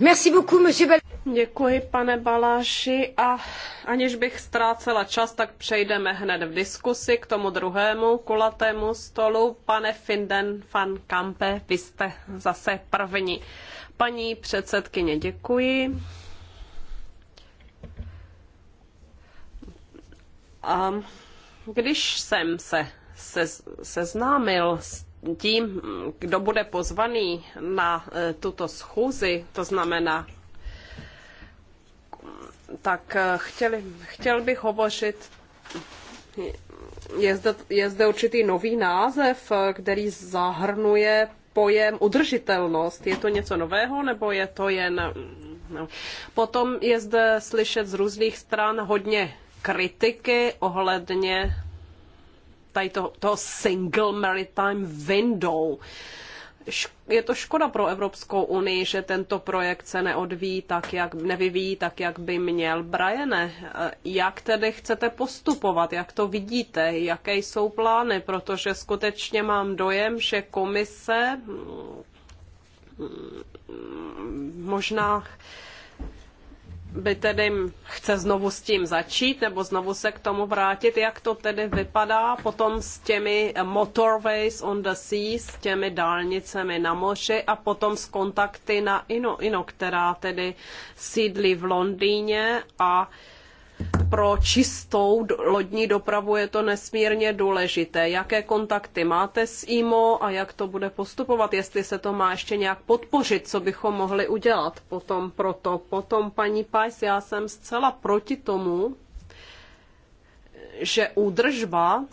Merci beaucoup, monsieur Bel... Děkuji, pane Baláši. A aniž bych ztrácela čas, tak přejdeme hned v diskusi k tomu druhému kulatému stolu. Pane Finden van Kampe, vy jste zase první. Paní předsedkyně, děkuji. A když jsem se se, seznámil s tím, kdo bude pozvaný na e, tuto schůzi, to znamená, tak e, chtěli, chtěl bych hovořit je zde, je zde určitý nový název, e, který zahrnuje pojem udržitelnost. Je to něco nového, nebo je to jen... No. Potom je zde slyšet z různých stran hodně kritiky ohledně tady to, toho single maritime window. Je to škoda pro Evropskou unii, že tento projekt se neodvíjí tak, jak nevyvíjí tak, jak by měl. Brajene, eh, jak tedy chcete postupovat, jak to vidíte, jaké jsou plány, protože skutečně mám dojem, že komise mm, mm, možná by tedy chce znovu s tím začít nebo znovu se k tomu vrátit, jak to tedy vypadá potom s těmi motorways on the sea, s těmi dálnicemi na moři a potom s kontakty na Ino, Ino která tedy sídlí v Londýně a uh, pro čistou lodní dopravu je to nesmírně důležité. Jaké kontakty máte s IMO a jak to bude postupovat, jestli se to má ještě nějak podpořit, co bychom mohli udělat potom proto. Potom, paní Pajs, já jsem zcela proti tomu, že údržba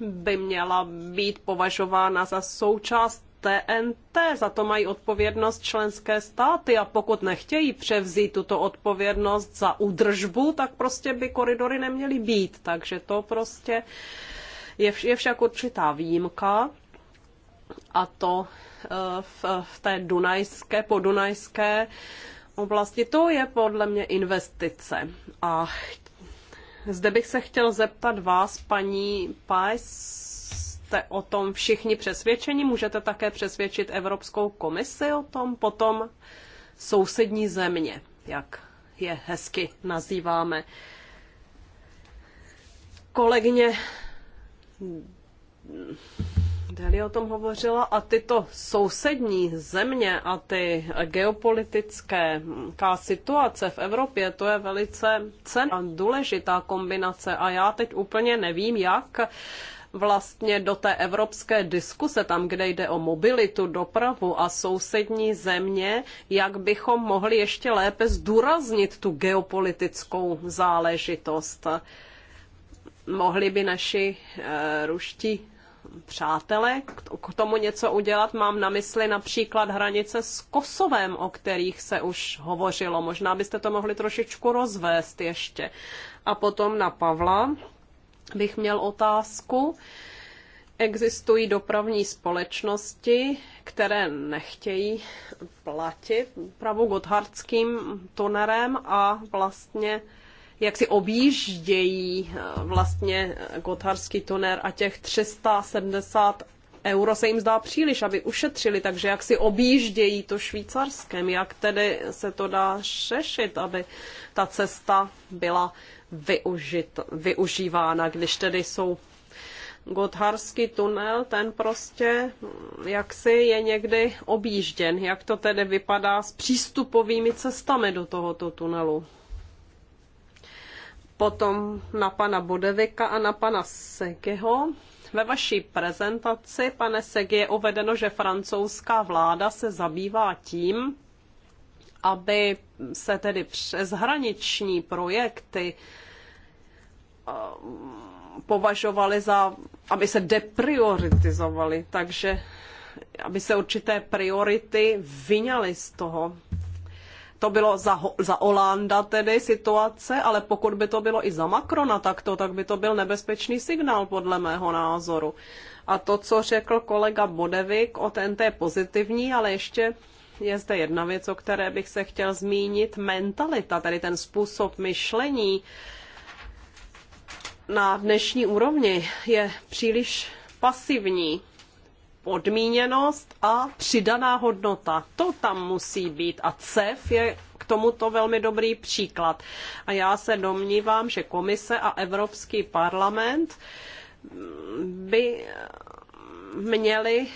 by měla být považována za součást TNT. Za to mají odpovědnost členské státy a pokud nechtějí převzít tuto odpovědnost za údržbu, tak prostě by koridory neměly být. Takže to prostě je, je však určitá výjimka a to eh, v, v té dunajské, podunajské oblasti. To je podle mě investice. A zde bych se chtěl zeptat vás, paní Pajs, jste o tom všichni přesvědčeni? Můžete také přesvědčit Evropskou komisi o tom? Potom sousední země, jak je hezky nazýváme. Kolegyně Deli o tom hovořila a tyto sousední země a ty geopolitické situace v Evropě, to je velice cená důležitá kombinace a já teď úplně nevím, jak vlastně do té evropské diskuse, tam, kde jde o mobilitu, dopravu a sousední země, jak bychom mohli ještě lépe zdůraznit tu geopolitickou záležitost. Mohli by naši e, ruští přátelé k tomu něco udělat. Mám na mysli například hranice s Kosovem, o kterých se už hovořilo. Možná byste to mohli trošičku rozvést ještě. A potom na Pavla bych měl otázku. Existují dopravní společnosti, které nechtějí platit pravou gotthardským tunerem a vlastně jak si objíždějí eh, vlastně gotthardský tuner a těch 370 euro se jim zdá příliš, aby ušetřili, takže jak si objíždějí to švýcarském, jak tedy se to dá řešit, aby ta cesta byla využit, využívána, když tedy jsou Gotharský tunel, ten prostě jaksi je někdy objížděn. Jak to tedy vypadá s přístupovými cestami do tohoto tunelu? Potom na pana Bodevika a na pana Segeho. Ve vaší prezentaci, pane Segi, je uvedeno, že francouzská vláda se zabývá tím, aby se tedy přeshraniční projekty eh, považovaly za, aby se deprioritizovaly, takže aby se určité priority vyňaly z toho. To bylo za, za Olanda tedy situace, ale pokud by to bylo i za Macrona takto, tak by to byl nebezpečný signál podle mého názoru. A to, co řekl kolega Bodevik o TNT pozitivní, ale ještě je zde jedna věc, o které bych se chtěl zmínit, mentalita, tedy ten způsob myšlení na dnešní úrovni je příliš pasivní podmíněnost a přidaná hodnota. To tam musí být a CEF je k tomuto velmi dobrý příklad. A já se domnívám, že komise a Evropský parlament by měli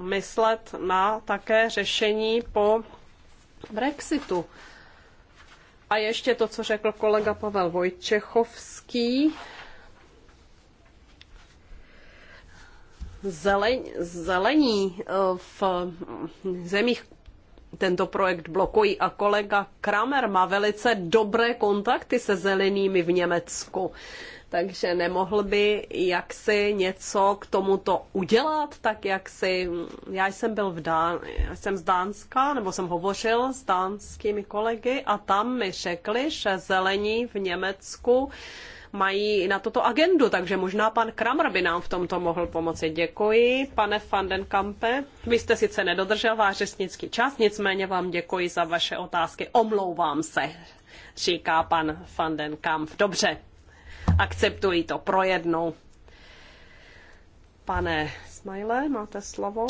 myslet na také řešení po Brexitu. A ještě to, co řekl kolega Pavel Vojčechovský. Zeleň, zelení eh, v zemích tento projekt blokují a kolega Kramer má velice dobré kontakty se zelenými v Německu takže nemohl by jaksi něco k tomuto udělat, tak jak si, já jsem byl v Dán, já jsem z Dánska, nebo jsem hovořil s dánskými kolegy a tam mi řekli, že zelení v Německu mají na toto agendu, takže možná pan Kramer by nám v tomto mohl pomoci. Děkuji, pane Fandenkampe. Vy jste sice nedodržel váš řesnický čas, nicméně vám děkuji za vaše otázky. Omlouvám se, říká pan Fandenkamp. Dobře, Akceptuji to pro jednou. Pane Smajle, máte slovo.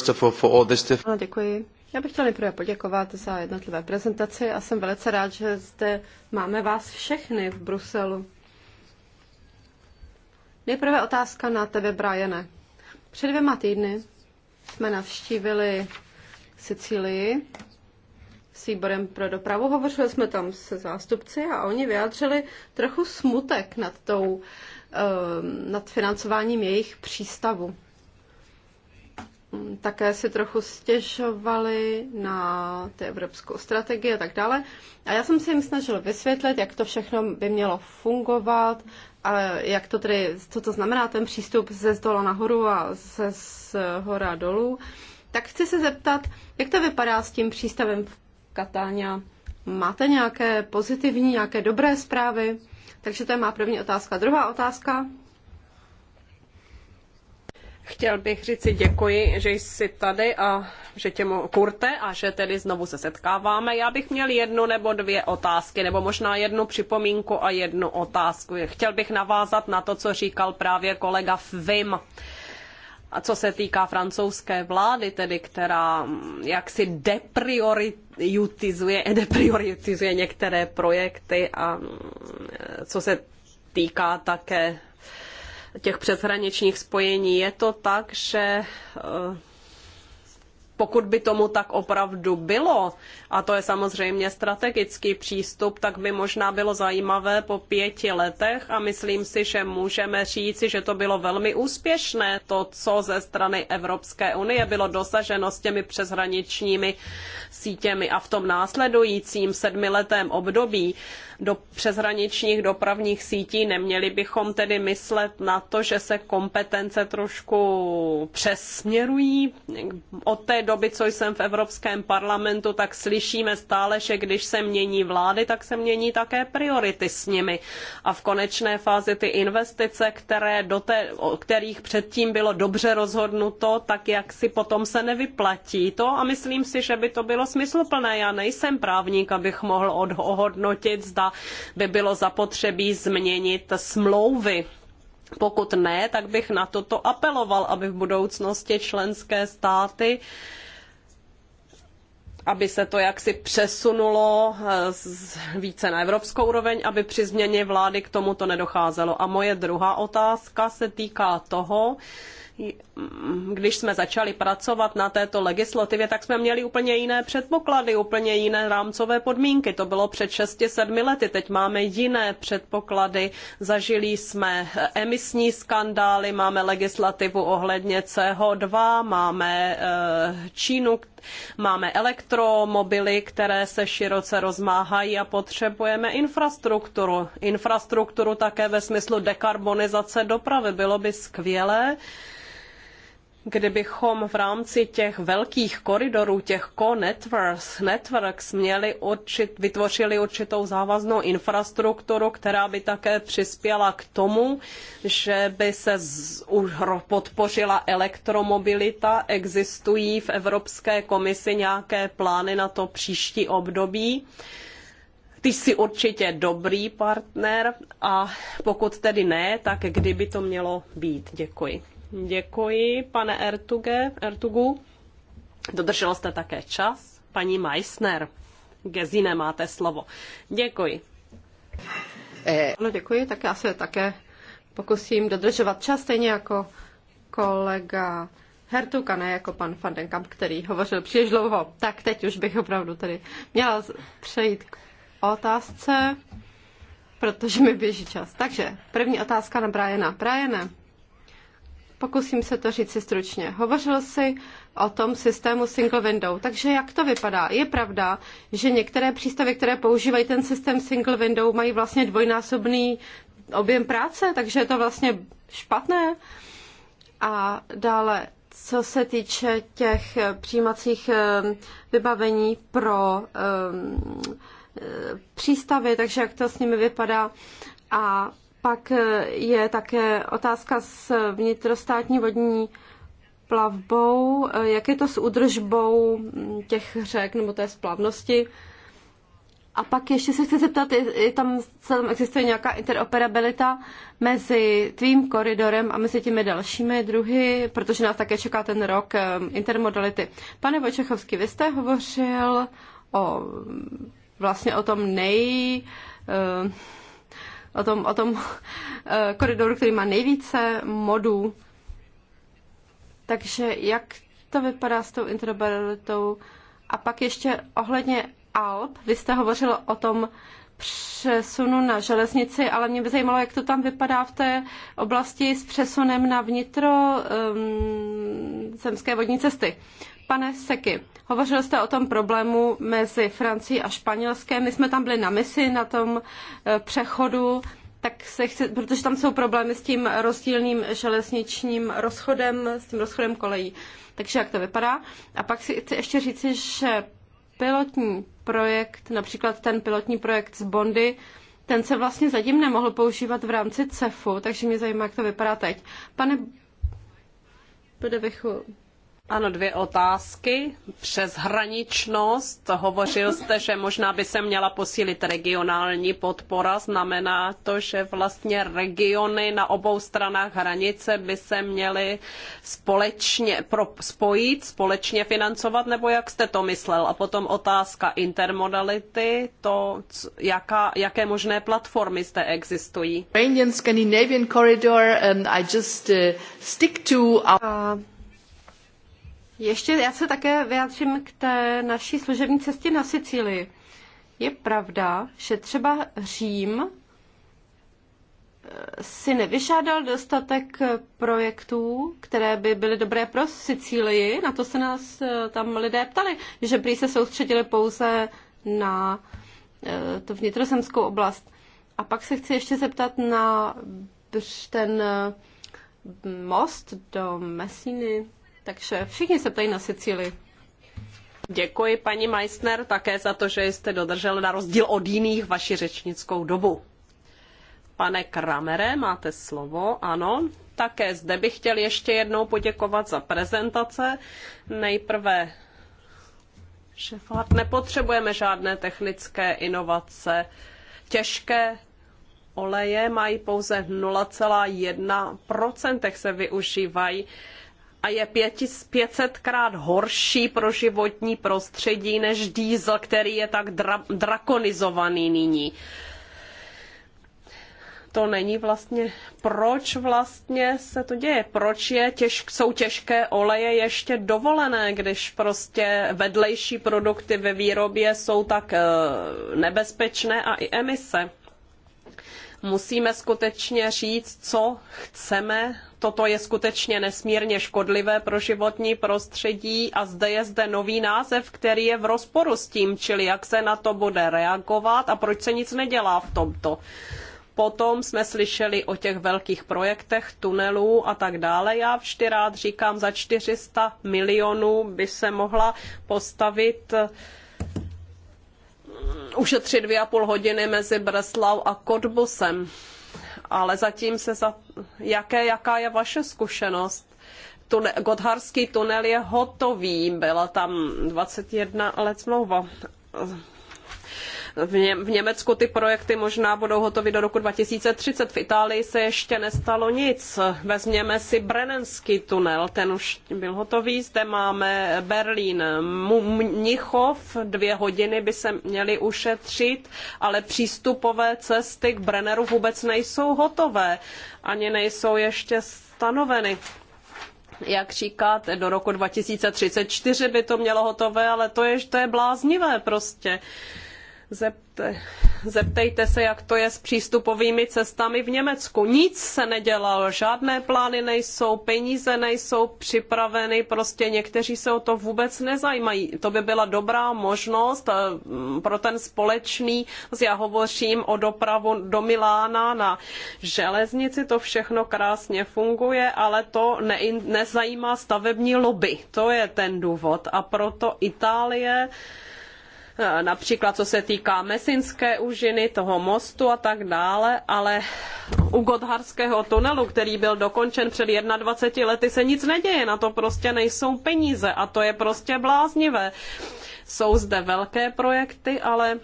No, děkuji. Já bych chtěla nejprve poděkovat za jednotlivé prezentaci a jsem velice rád, že zde máme vás všechny v Bruselu. Nejprve otázka na tebe, Briane. Před dvěma týdny jsme navštívili Sicílii s výborem pro dopravu. Hovořili jsme tam se zástupci a oni vyjádřili trochu smutek nad, tou, ehm, nad financováním jejich přístavu. Mm, také si trochu stěžovali na té evropskou strategii a tak dále. A já jsem si jim snažil vysvětlit, jak to všechno by mělo fungovat, a jak to tedy, co to znamená ten přístup ze zdola nahoru a ze z hora dolů. Tak chci se zeptat, jak to vypadá s tím přístavem v Katáňa. Máte nějaké pozitivní, nějaké dobré zprávy? Takže to je má první otázka. Druhá otázka. Chtěl bych říct si děkuji, že jsi tady a že tě mu kurte a že tedy znovu se setkáváme. Já bych měl jednu nebo dvě otázky, nebo možná jednu připomínku a jednu otázku. Chtěl bych navázat na to, co říkal právě kolega Vim. Uh, a co se týká francouzské vlády, tedy která jaksi deprioritizuje, (laughs) deprioritizuje některé projekty a mm, co se týká také těch přeshraničních spojení, je to tak, že eh, pokud by tomu tak opravdu bylo, a to je samozřejmě strategický přístup, tak by možná bylo zajímavé po pěti letech a myslím si, že můžeme říci, že to bylo velmi úspěšné, to, co ze strany Evropské unie bylo dosaženo s těmi přeshraničními sítěmi a v tom následujícím sedmiletém období do přeshraničních dopravních sítí. Neměli bychom tedy myslet na to, že se kompetence trošku přesměrují. Od té doby, co jsem v Evropském parlamentu, tak slyšíme stále, že když se mění vlády, tak se mění také priority s nimi. A v konečné fázi ty investice, které do té, o kterých předtím bylo dobře rozhodnuto, tak jak si potom se nevyplatí to a myslím si, že by to bylo smysluplné. Já nejsem právník, abych mohl ohodnotit, zda by bylo zapotřebí změnit smlouvy pokud ne, tak bych na toto apeloval, aby v budoucnosti členské státy aby se to jaksi přesunulo eh, více na evropskou úroveň, aby při změně vlády k tomuto nedocházelo. A moje druhá otázka se týká toho, když jsme začali pracovat na této legislativě, tak jsme měli úplně jiné předpoklady, úplně jiné rámcové podmínky. To bylo před 6-7 lety, teď máme jiné předpoklady. Zažili jsme emisní skandály, máme legislativu ohledně CO2, máme eh, Čínu, máme elektromobily, které se široce rozmáhají a potřebujeme infrastrukturu. Infrastrukturu také ve smyslu dekarbonizace dopravy. Bylo by skvělé, kdybychom v rámci těch velkých koridorů, těch co-networks, networks měli určit, vytvořili určitou závaznou infrastrukturu, která by také přispěla k tomu, že by se už podpořila elektromobilita. Existují v Evropské komisi nějaké plány na to příští období. Ty jsi určitě dobrý partner a pokud tedy ne, tak kdyby to mělo být. Děkuji. Děkuji, pane Ertuge, Ertugu. Dodržel jste také čas. Paní Meissner, Gezine, máte slovo. Děkuji. Eh. Ano, děkuji, tak já se také pokusím dodržovat čas, stejně jako kolega Hertuk a ne jako pan Fandenkamp, který hovořil příliš dlouho. Tak teď už bych opravdu tady měla přejít k otázce, protože mi běží čas. Takže první otázka na Briana. Briane, Pokusím se to říct si stručně. Hovořil jsi o tom systému single window. Takže jak to vypadá? Je pravda, že některé přístavy, které používají ten systém single window, mají vlastně dvojnásobný objem práce, takže je to vlastně špatné. A dále, co se týče těch eh, přijímacích eh, vybavení pro eh, přístavy, takže jak to s nimi vypadá. A pak eh, je také otázka s vnitrostátní vodní plavbou, eh, jak je to s údržbou mm, těch řek nebo té splavnosti. A pak ještě se chci zeptat, je, tam, tam existuje nějaká interoperabilita mezi tvým koridorem a mezi těmi dalšími druhy, protože nás také čeká ten rok eh, intermodality. Pane Vojčechovský, vy jste hovořil o mm, vlastně o tom nej... Uh, o tom, o tom (laughs) eh, koridoru, který má nejvíce modů. Takže jak to vypadá s tou interoperabilitou? A pak ještě ohledně Alp. Vy jste hovořil o tom přesunu na železnici, ale mě by zajímalo, jak to tam vypadá v té oblasti s přesunem na vnitro um, zemské vodní cesty. Uh, Pane Seky, hovořil jste o tom problému mezi Francií a Španělskem. My jsme tam byli na misi na tom e, přechodu, tak se chci, protože tam jsou problémy s tím rozdílným železničním rozchodem, s tím rozchodem kolejí. Takže jak to vypadá? A pak si chci ještě říci, že pilotní projekt, například ten pilotní projekt z Bondy, ten se vlastně zatím nemohl používat v rámci CEFu, takže mě zajímá, jak to vypadá teď. Pane Podevichu, ano, dvě otázky. Přeshraničnost. Hovořil jste, že možná by se měla posílit regionální podpora. Znamená to, že vlastně regiony na obou stranách hranice by se měly společně pro, spojit, společně financovat, nebo jak jste to myslel? A potom otázka intermodality, to, jaká, jaké možné platformy zde existují. Scandinavian corridor, um, I just uh, stick to... Our... Uh ještě já se také vyjádřím k té naší služební cestě na Sicílii. Je pravda, že třeba Řím eh, si nevyžádal dostatek projektů, které by byly dobré pro Sicílii. Na to se nás eh, tam lidé ptali, že prý se soustředili pouze na eh, tu vnitrozemskou oblast. A pak se chci ještě zeptat na ten most do Messiny takže všichni se tady na Sicílii. Děkuji paní Meissner také za to, že jste dodržel na rozdíl od jiných vaši řečnickou dobu. Pane Kramere, máte slovo, ano. Také zde bych chtěl ještě jednou poděkovat za prezentace. Nejprve šefát, nepotřebujeme žádné technické inovace. Těžké oleje mají pouze 0,1% se využívají a je 500 krát horší pro životní prostředí než diesel, který je tak dra drakonizovaný nyní to není vlastně, proč vlastně se to děje, proč je těž, jsou těžké oleje ještě dovolené, když prostě vedlejší produkty ve výrobě jsou tak e, nebezpečné a i emise. Musíme skutečně říct, co chceme. Toto je skutečně nesmírně škodlivé pro životní prostředí a zde je zde nový název, který je v rozporu s tím, čili jak se na to bude reagovat a proč se nic nedělá v tomto. Potom jsme slyšeli o těch velkých projektech, tunelů a tak dále. Já vždy rád říkám, za 400 milionů by se mohla postavit ušetřit dvě a půl hodiny mezi Breslau a Kodbusem. Ale zatím se za... Jaké, jaká je vaše zkušenost? Tune, Godharský tunel je hotový, byla tam 21 let smlouva v, Ně- v Německu ty projekty možná budou hotovy do roku 2030, v Itálii se ještě nestalo nic. Vezměme si Brennenský tunel, ten už byl hotový, zde máme Berlín, Mnichov, dvě hodiny by se měly ušetřit, ale přístupové cesty k Brenneru vůbec nejsou hotové, ani nejsou ještě stanoveny jak říkáte, do roku 2034 by to mělo hotové, ale to je, to je bláznivé prostě. Zepte, zeptejte se, jak to je s přístupovými cestami v Německu. Nic se nedělalo, žádné plány nejsou, peníze nejsou připraveny, prostě někteří se o to vůbec nezajímají. To by byla dobrá možnost eh, pro ten společný, já hovořím o dopravu do Milána na železnici, to všechno krásně funguje, ale to ne, nezajímá stavební lobby. To je ten důvod. A proto Itálie Eh, například co se týká Mesinské úžiny, toho mostu a tak dále, ale u Godharského tunelu, který byl dokončen před 21 lety, se nic neděje, na to prostě nejsou peníze a to je prostě bláznivé. Jsou zde velké projekty, ale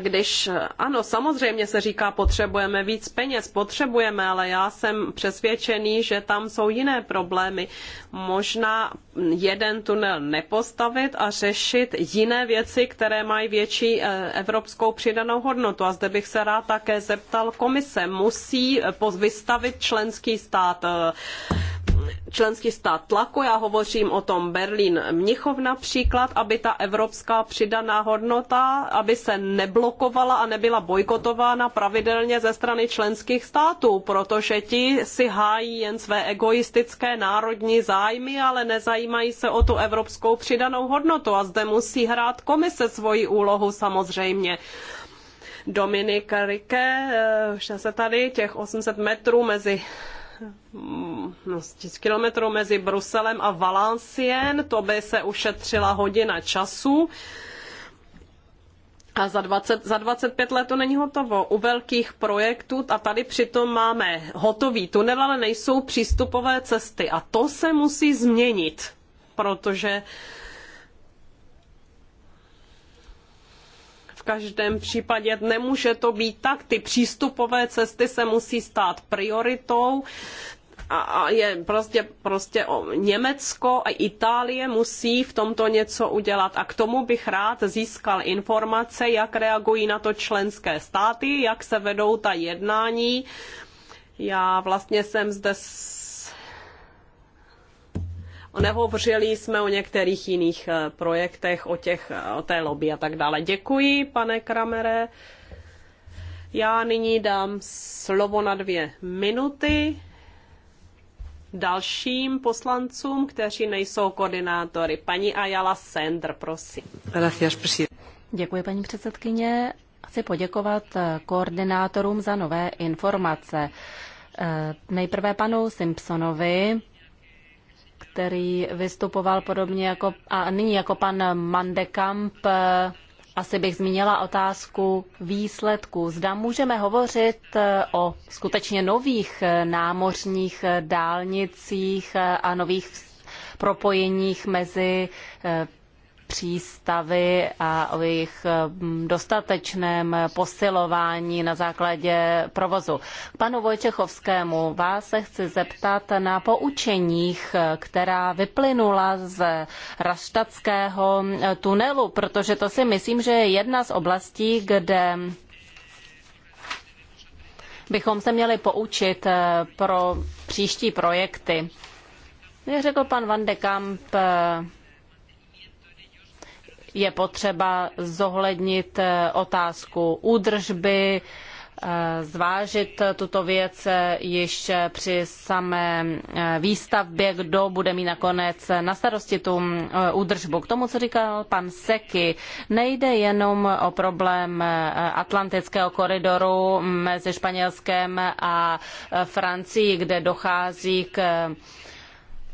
když, ano, samozřejmě se říká, potřebujeme víc peněz, potřebujeme, ale já jsem přesvědčený, že tam jsou jiné problémy. Možná jeden tunel nepostavit a řešit jiné věci, které mají větší eh, evropskou přidanou hodnotu. A zde bych se rád také zeptal komise. Musí eh, vystavit členský stát eh, členský stát tlaku, já hovořím o tom Berlín Mnichov například, aby ta evropská přidaná hodnota, aby se neblokovala neblokovala a nebyla bojkotována pravidelně ze strany členských států, protože ti si hájí jen své egoistické národní zájmy, ale nezajímají se o tu evropskou přidanou hodnotu a zde musí hrát komise svoji úlohu samozřejmě. Dominik Rike, eh, že se tady těch 800 metrů mezi mm, no, kilometrů mezi Bruselem a Valencien, to by se ušetřila hodina času a za, 20, za 25 let to není hotovo. U velkých projektů a tady přitom máme hotový tunel, ale nejsou přístupové cesty. A to se musí změnit, protože v každém případě nemůže to být tak. Ty přístupové cesty se musí stát prioritou a, a je prostě, prostě o Německo a Itálie musí v tomto něco udělat. A k tomu bych rád získal informace, jak reagují na to členské státy, jak se vedou ta jednání. Já vlastně jsem zde s... nehovořili jsme o některých jiných eh, projektech, o, těch, eh, o té lobby a tak dále. Děkuji, pane Kramere. Já nyní dám slovo na dvě minuty dalším poslancům, kteří nejsou koordinátory. Paní Ayala Sender, prosím. Děkuji, paní předsedkyně. Chci poděkovat eh, koordinátorům za nové informace. Eh, nejprve panu Simpsonovi, který vystupoval podobně jako a nyní jako pan Mandekamp eh, asi bych zmínila otázku výsledků. Zda můžeme hovořit eh, o skutečně nových eh, námořních eh, dálnicích a nových propojeních mezi přístavy a o jejich mm, dostatečném posilování na základě provozu. K panu Vojčechovskému vás se chci zeptat na poučeních, která vyplynula z Raštatského tunelu, protože to si myslím, že je jedna z oblastí, kde bychom se měli poučit eh, pro příští projekty. Jak řekl pan Van de Kamp, eh, je potřeba zohlednit eh, otázku údržby, eh, zvážit tuto věc již při samé eh, výstavbě, kdo bude mít nakonec na starosti tu údržbu. K tomu, co říkal pan Seky, nejde jenom o problém atlantického koridoru mezi Španělskem a Francií, kde dochází k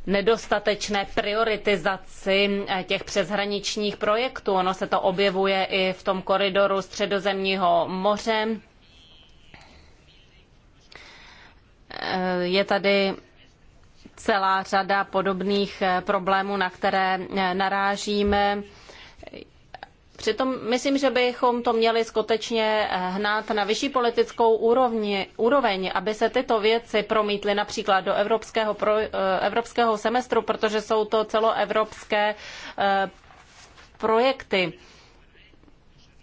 nedostatečné prioritizaci eh, těch přeshraničních projektů. Ono se to objevuje i v tom koridoru Středozemního moře. Eh, je tady celá řada podobných eh, problémů, na které narážíme Přitom myslím, že bychom to měli skutečně hnát na vyšší politickou úrovni, úroveň, aby se tyto věci promítly například do evropského, pro, eh, evropského semestru, protože jsou to celoevropské eh, projekty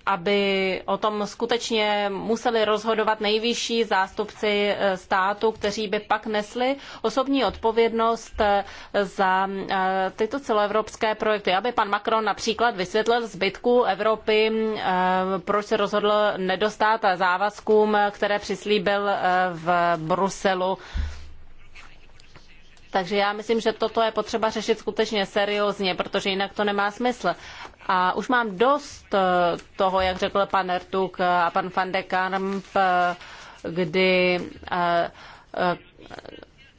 aby o tom skutečně museli rozhodovat nejvyšší zástupci eh, státu, kteří by pak nesli osobní odpovědnost eh, za eh, tyto celoevropské projekty. Aby pan Macron například vysvětlil zbytku Evropy, proč se rozhodl nedostat závazkům, které přislíbil v Bruselu takže já myslím, že toto je potřeba řešit skutečně seriózně, protože jinak to nemá smysl. A už mám dost eh, toho, jak řekl pan Ertuk a pan van de Kamp, eh, kdy eh,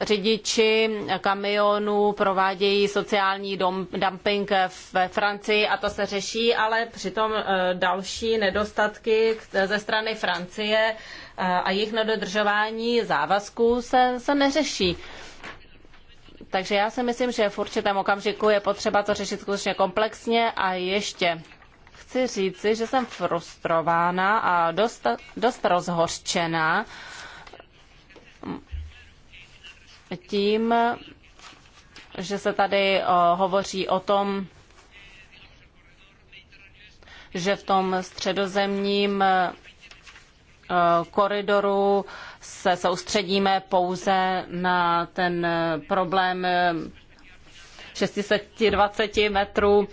řidiči kamionů provádějí sociální dumping ve Francii a to se řeší, ale přitom další nedostatky ze strany Francie a jejich nedodržování závazků se, se neřeší. Takže já si myslím, že v určitém okamžiku je potřeba to řešit skutečně komplexně a ještě chci říci, že jsem frustrována a dost, dost rozhořčená tím, že se tady hovoří o tom, že v tom středozemním koridoru se soustředíme pouze na ten problém 620 metrů,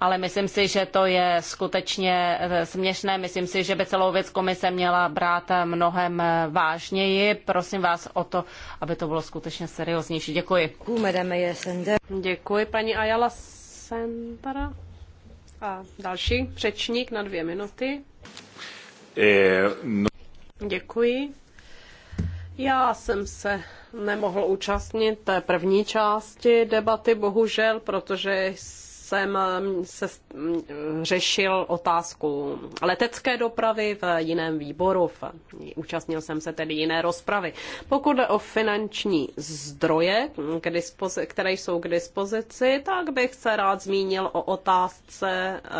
ale myslím si, že to je skutečně směšné. Myslím si, že by celou věc komise měla brát mnohem vážněji. Prosím vás o to, aby to bylo skutečně serióznější. Děkuji. Děkuji, paní Ayala Sendera. A další řečník na dvě minuty. Eh, no- Děkuji. Já jsem se nemohl účastnit té první části debaty, bohužel, protože jsem jsem mm, se mm, řešil otázku letecké dopravy v jiném výboru. účastnil jsem se tedy jiné rozpravy. Pokud jde o finanční zdroje, které jsou k dispozici, tak bych se rád zmínil o otázce eh,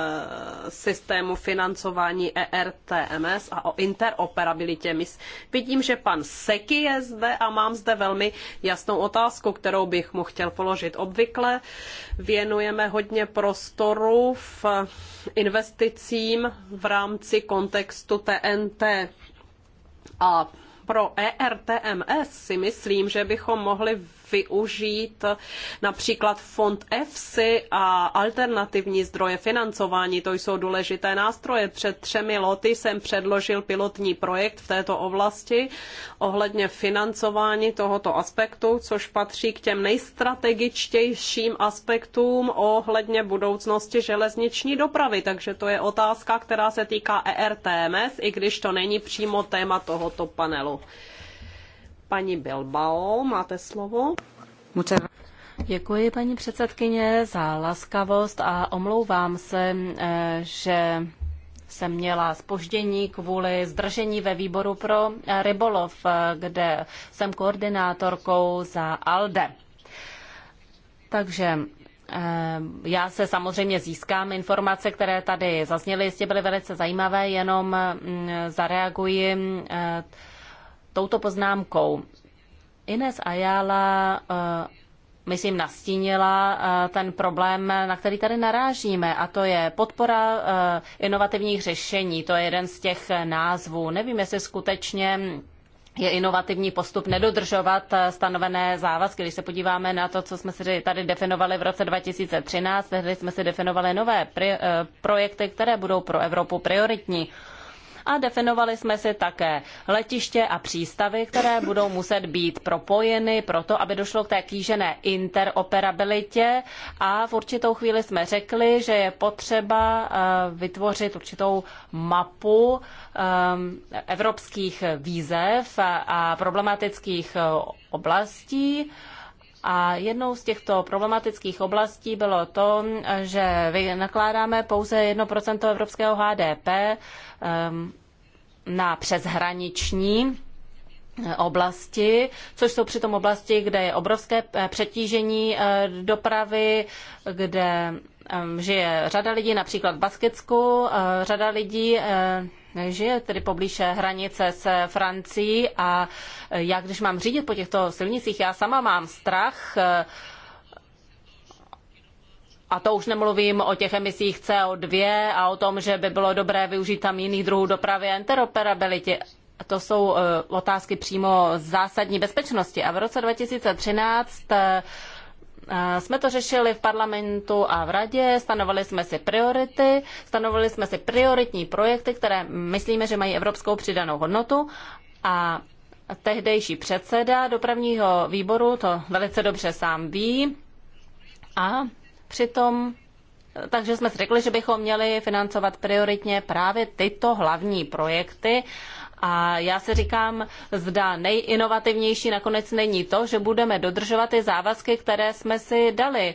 systému financování ERTMS a o interoperabilitě. Vidím, že pan Seky je zde a mám zde velmi jasnou otázku, kterou bych mu chtěl položit. Obvykle věnujeme hodně hodně prostoru v investicím v rámci kontextu TNT. A pro ERTMS si myslím, že bychom mohli využít například fond EFSI a alternativní zdroje financování. To jsou důležité nástroje. Před třemi lety jsem předložil pilotní projekt v této oblasti ohledně financování tohoto aspektu, což patří k těm nejstrategičtějším aspektům ohledně budoucnosti železniční dopravy. Takže to je otázka, která se týká ERTMS, i když to není přímo téma tohoto panelu. Paní Bilbao, máte slovo. Děkuji, paní předsedkyně, za laskavost a omlouvám se, eh, že jsem měla spoždění kvůli zdržení ve výboru pro eh, rybolov, eh, kde jsem koordinátorkou za ALDE. Takže já se samozřejmě získám informace, které tady zazněly, jistě byly velice zajímavé, jenom mm, zareaguji touto poznámkou. Ines Ayala eh, myslím, nastínila eh, ten problém, na který tady narážíme, a to je podpora eh, inovativních řešení. To je jeden z těch názvů. Nevím, jestli skutečně je inovativní postup nedodržovat stanovené závazky. Když se podíváme na to, co jsme si tady definovali v roce 2013, tehdy jsme si definovali nové projekty, které budou pro Evropu prioritní a definovali jsme si také letiště a přístavy, které budou muset být propojeny proto, aby došlo k té kýžené interoperabilitě a v určitou chvíli jsme řekli, že je potřeba eh, vytvořit určitou mapu eh, evropských výzev a problematických eh, oblastí, a jednou z těchto problematických oblastí bylo to, že nakládáme pouze 1% evropského HDP ehm, na přeshraniční eh, oblasti, což jsou přitom oblasti, kde je obrovské eh, přetížení eh, dopravy, kde ehm, žije řada lidí, například v Baskicku, řada lidí žije tedy poblíže hranice s Francií a já, když mám řídit po těchto silnicích, já sama mám strach, a to už nemluvím o těch emisích CO2 a o tom, že by bylo dobré využít tam jiných druhů dopravy a interoperability. To jsou eh, otázky přímo zásadní bezpečnosti. A v roce 2013 jsme to řešili v parlamentu a v radě, stanovili jsme si priority, stanovili jsme si prioritní projekty, které myslíme, že mají evropskou přidanou hodnotu a tehdejší předseda dopravního výboru to velice dobře sám ví a přitom takže jsme si řekli, že bychom měli financovat prioritně právě tyto hlavní projekty a já si říkám, zda nejinovativnější nakonec není to, že budeme dodržovat ty závazky, které jsme si dali.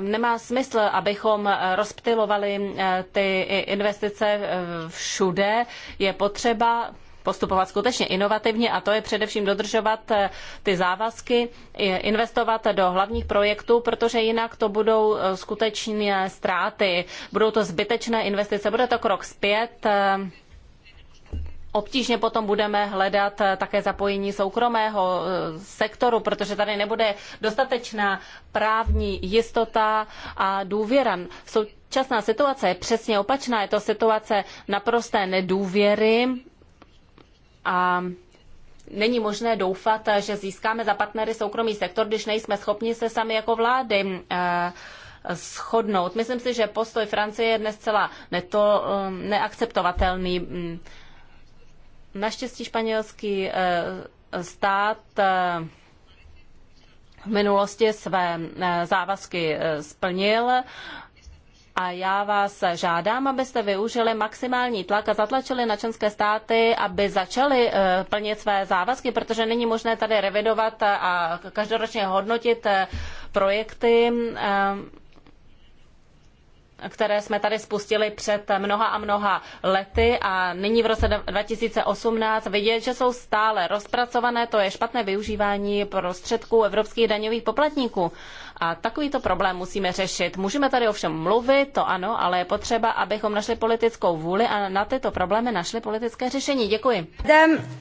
Nemá smysl, abychom rozptilovali e, ty investice e, všude. Je potřeba postupovat skutečně inovativně a to je především dodržovat e, ty závazky, investovat do hlavních projektů, protože jinak to budou skutečně ztráty, budou to zbytečné investice, bude to krok zpět Obtížně potom budeme hledat eh, také zapojení soukromého eh, sektoru, protože tady nebude dostatečná právní jistota a důvěra. Současná situace je přesně opačná, je to situace naprosté nedůvěry a není možné doufat, eh, že získáme za partnery soukromý sektor, když nejsme schopni se sami jako vlády shodnout. Myslím si, že postoj Francie je dnes celá neto, neakceptovatelný. Mm. Naštěstí španělský eh, stát eh, v minulosti své eh, závazky splnil a já vás žádám, abyste využili maximální tlak a zatlačili na členské státy, aby začaly plnit své závazky, protože není možné tady revidovat a každoročně hodnotit projekty které jsme tady spustili před mnoha a mnoha lety a nyní v roce 2018 vidět, že jsou stále rozpracované, to je špatné využívání prostředků evropských daňových poplatníků. A takovýto problém musíme řešit. Můžeme tady ovšem mluvit, to ano, ale je potřeba, abychom našli politickou vůli a na tyto problémy našli politické řešení. Děkuji. Dem.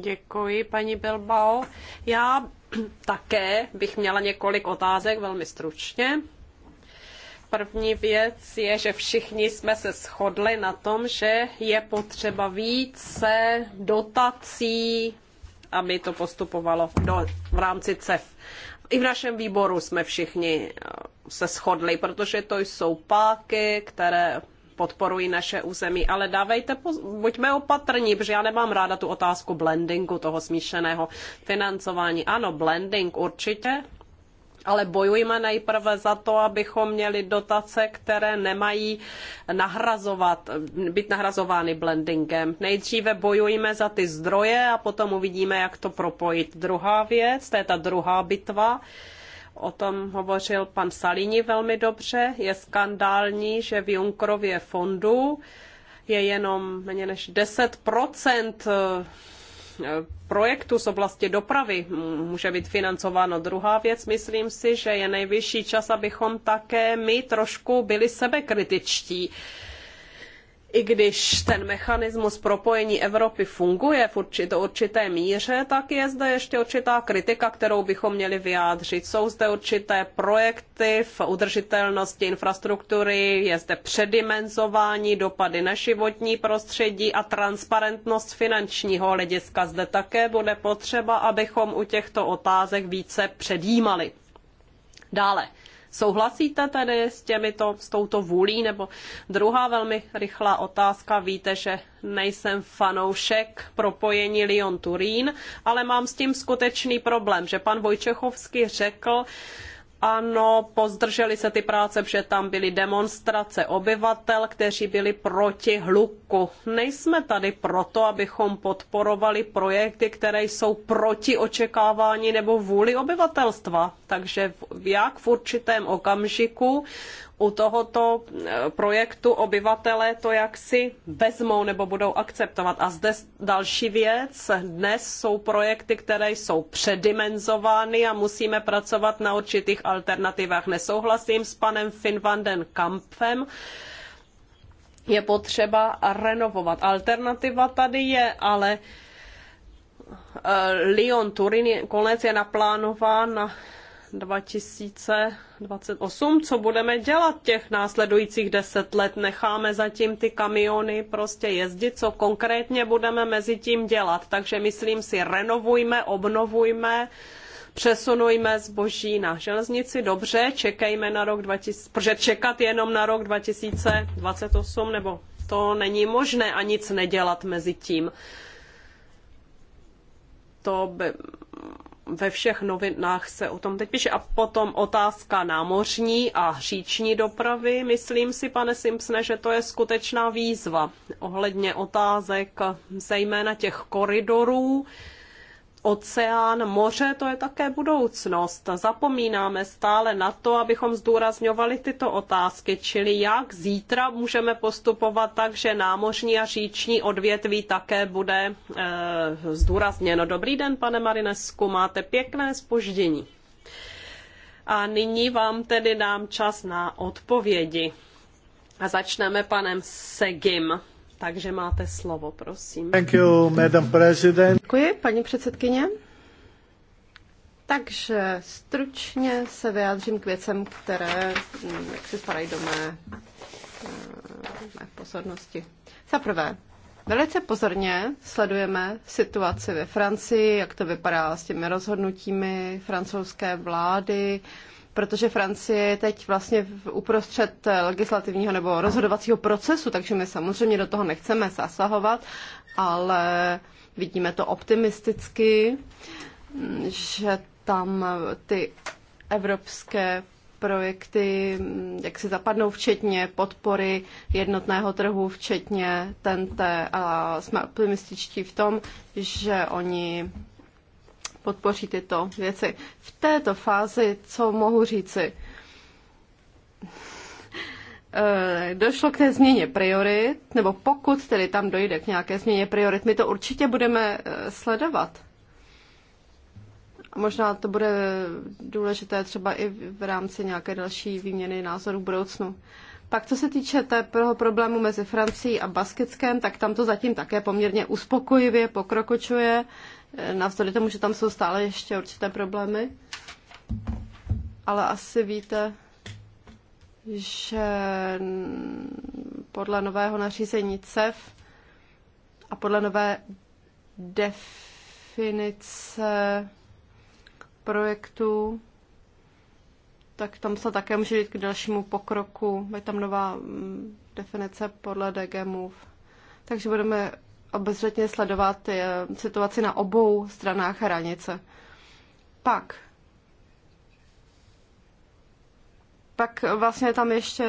Děkuji, paní Bilbao. Já (clears throat) také bych měla několik otázek velmi stručně. První věc je, že všichni jsme se shodli na tom, že je potřeba více dotací, aby to postupovalo do, v rámci CEF. I v našem výboru jsme všichni eh, se shodli, protože to jsou páky, které podporují naše území, ale dávejte, buďme opatrní, protože já nemám ráda tu otázku blendingu, toho smíšeného financování. Ano, blending určitě, ale bojujme nejprve za to, abychom měli dotace, které nemají nahrazovat, být nahrazovány blendingem. Nejdříve bojujme za ty zdroje a potom uvidíme, jak to propojit. Druhá věc, to je ta druhá bitva, O tom hovořil pan Salini velmi dobře. Je skandální, že v Junkrově fondu je jenom méně než 10 projektů z oblasti dopravy může být financováno. Druhá věc, myslím si, že je nejvyšší čas, abychom také my trošku byli sebekritičtí i když ten mechanismus propojení Evropy funguje v určité, určité míře, tak je zde ještě určitá kritika, kterou bychom měli vyjádřit. Jsou zde určité projekty v udržitelnosti infrastruktury, je zde předimenzování, dopady na životní prostředí a transparentnost finančního hlediska. Zde také bude potřeba, abychom u těchto otázek více předjímali. Dále Souhlasíte tedy s, těmito, s touto vůlí? Nebo druhá velmi rychlá otázka. Víte, že nejsem fanoušek propojení Lyon-Turín, ale mám s tím skutečný problém, že pan Vojčechovský řekl, ano, pozdrželi se ty práce, protože tam byly demonstrace obyvatel, kteří byli proti hluku. Nejsme tady proto, abychom podporovali projekty, které jsou proti očekávání nebo vůli obyvatelstva. Takže jak v určitém okamžiku u tohoto e, projektu obyvatele to jaksi vezmou nebo budou akceptovat. A zde další věc. Dnes jsou projekty, které jsou předimenzovány a musíme pracovat na určitých alternativách. Nesouhlasím s panem Finn van den Kampfem, je potřeba renovovat. Alternativa tady je, ale e, Lyon Turin konec je naplánován na 2028, co budeme dělat těch následujících deset let? Necháme zatím ty kamiony prostě jezdit, co konkrétně budeme mezi tím dělat? Takže myslím si, renovujme, obnovujme, přesunujme zboží na železnici, dobře, čekejme na rok 2000, protože čekat jenom na rok 2028 nebo to není možné a nic nedělat mezi tím. To by, ve všech novinách se o tom teď píše. A potom otázka námořní a říční dopravy. Myslím si, pane Simpsone, že to je skutečná výzva ohledně otázek, zejména těch koridorů, oceán, moře, to je také budoucnost. Zapomínáme stále na to, abychom zdůrazňovali tyto otázky, čili jak zítra můžeme postupovat tak, že námořní a říční odvětví také bude e, zdůrazněno. Dobrý den, pane Marinesku, máte pěkné spoždění. A nyní vám tedy dám čas na odpovědi. A začneme panem Segim takže máte slovo, prosím. Thank you, Madam President. Děkuji, paní předsedkyně. Takže stručně se vyjádřím k věcem, které mm, jak si spadají do mé, eh, mé pozornosti. Za prvé, velice pozorně sledujeme situaci ve Francii, jak to vypadá s těmi rozhodnutími francouzské vlády, protože Francie je teď vlastně v uprostřed eh, legislativního nebo rozhodovacího procesu, takže my samozřejmě do toho nechceme zasahovat, ale vidíme to optimisticky, mm, že tam eh, ty evropské projekty, mm, jak si zapadnou, včetně podpory jednotného trhu, včetně TNT a jsme optimističtí v tom, že oni podpoří tyto věci. V této fázi, co mohu říci, eh, došlo k té změně priorit, nebo pokud tedy tam dojde k nějaké změně priorit, my to určitě budeme eh, sledovat. A možná to bude důležité třeba i v rámci nějaké další výměny názorů v budoucnu. Pak co se týče toho problému mezi Francií a Baskickem, tak tam to zatím také poměrně uspokojivě pokrokočuje. Eh, navzdory tomu, že tam jsou stále ještě určité problémy. Ale asi víte, že podle nového nařízení CEF a podle nové definice projektu, tak tam se také může jít k dalšímu pokroku. Je tam nová mm, definice podle DG Takže budeme obezřetně sledovat eh, situaci na obou stranách hranice. Pak pak vlastně tam ještě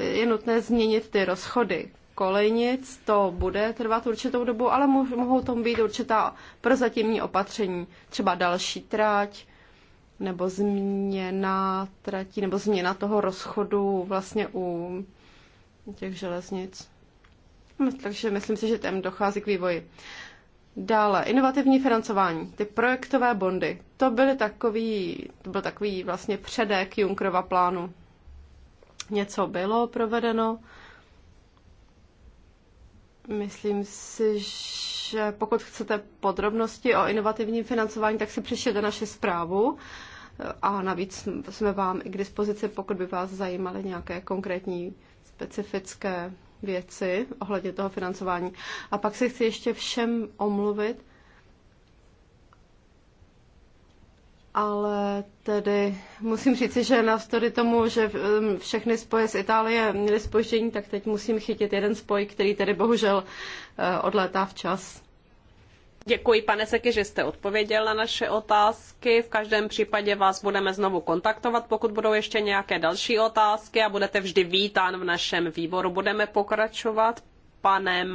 je nutné změnit ty rozchody kolejnic, to bude trvat určitou dobu, ale mohou tomu být určitá prozatímní opatření, třeba další tráť, nebo změna tratí, nebo změna toho rozchodu vlastně u těch železnic. Hm, takže myslím si, že tam dochází k vývoji. Dále, inovativní financování, ty projektové bondy, to, byly takový, to byl takový vlastně předek Junkrova plánu. Něco bylo provedeno. Myslím si, že pokud chcete podrobnosti o inovativním financování, tak si přečtěte naši zprávu a navíc jsme vám i k dispozici, pokud by vás zajímaly nějaké konkrétní specifické věci ohledně toho financování. A pak se chci ještě všem omluvit, ale tedy musím říci, že na story tomu, že um, všechny spoje z Itálie měly spoždění, tak teď musím chytit jeden spoj, který tedy bohužel uh, odlétá včas. Děkuji, pane Seky, že jste odpověděl na naše otázky. V každém případě vás budeme znovu kontaktovat, pokud budou ještě nějaké další otázky a budete vždy vítán v našem výboru. Budeme pokračovat panem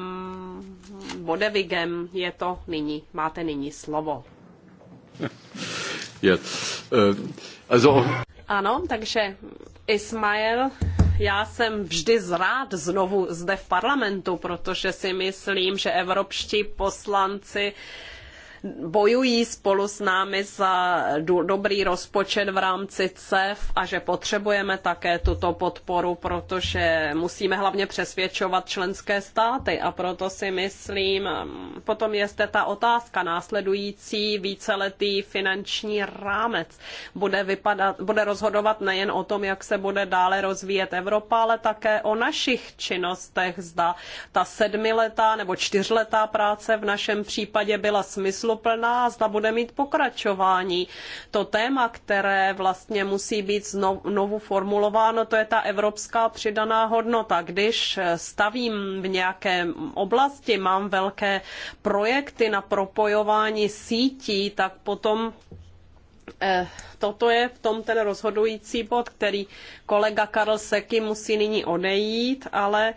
Bodevigem. Je to nyní, máte nyní slovo. Uh, (laughs) also... Ano, takže Ismail já jsem vždy rád znovu zde v parlamentu, protože si myslím, že evropští poslanci bojují spolu s námi za dobrý rozpočet v rámci CEF a že potřebujeme také tuto podporu, protože musíme hlavně přesvědčovat členské státy a proto si myslím, mm, potom je zde ta otázka následující víceletý finanční rámec. Bude, vypadat, bude rozhodovat nejen o tom, jak se bude dále rozvíjet Evropa, ale také o našich činnostech, zda ta sedmiletá nebo čtyřletá práce v našem případě byla smyslu smysluplná, zda bude mít pokračování. To téma, které vlastně musí být znovu formulováno, to je ta evropská přidaná hodnota. Když stavím v nějaké oblasti, mám velké projekty na propojování sítí, tak potom eh, toto je v tom ten rozhodující bod, který kolega Karl Seky musí nyní odejít, ale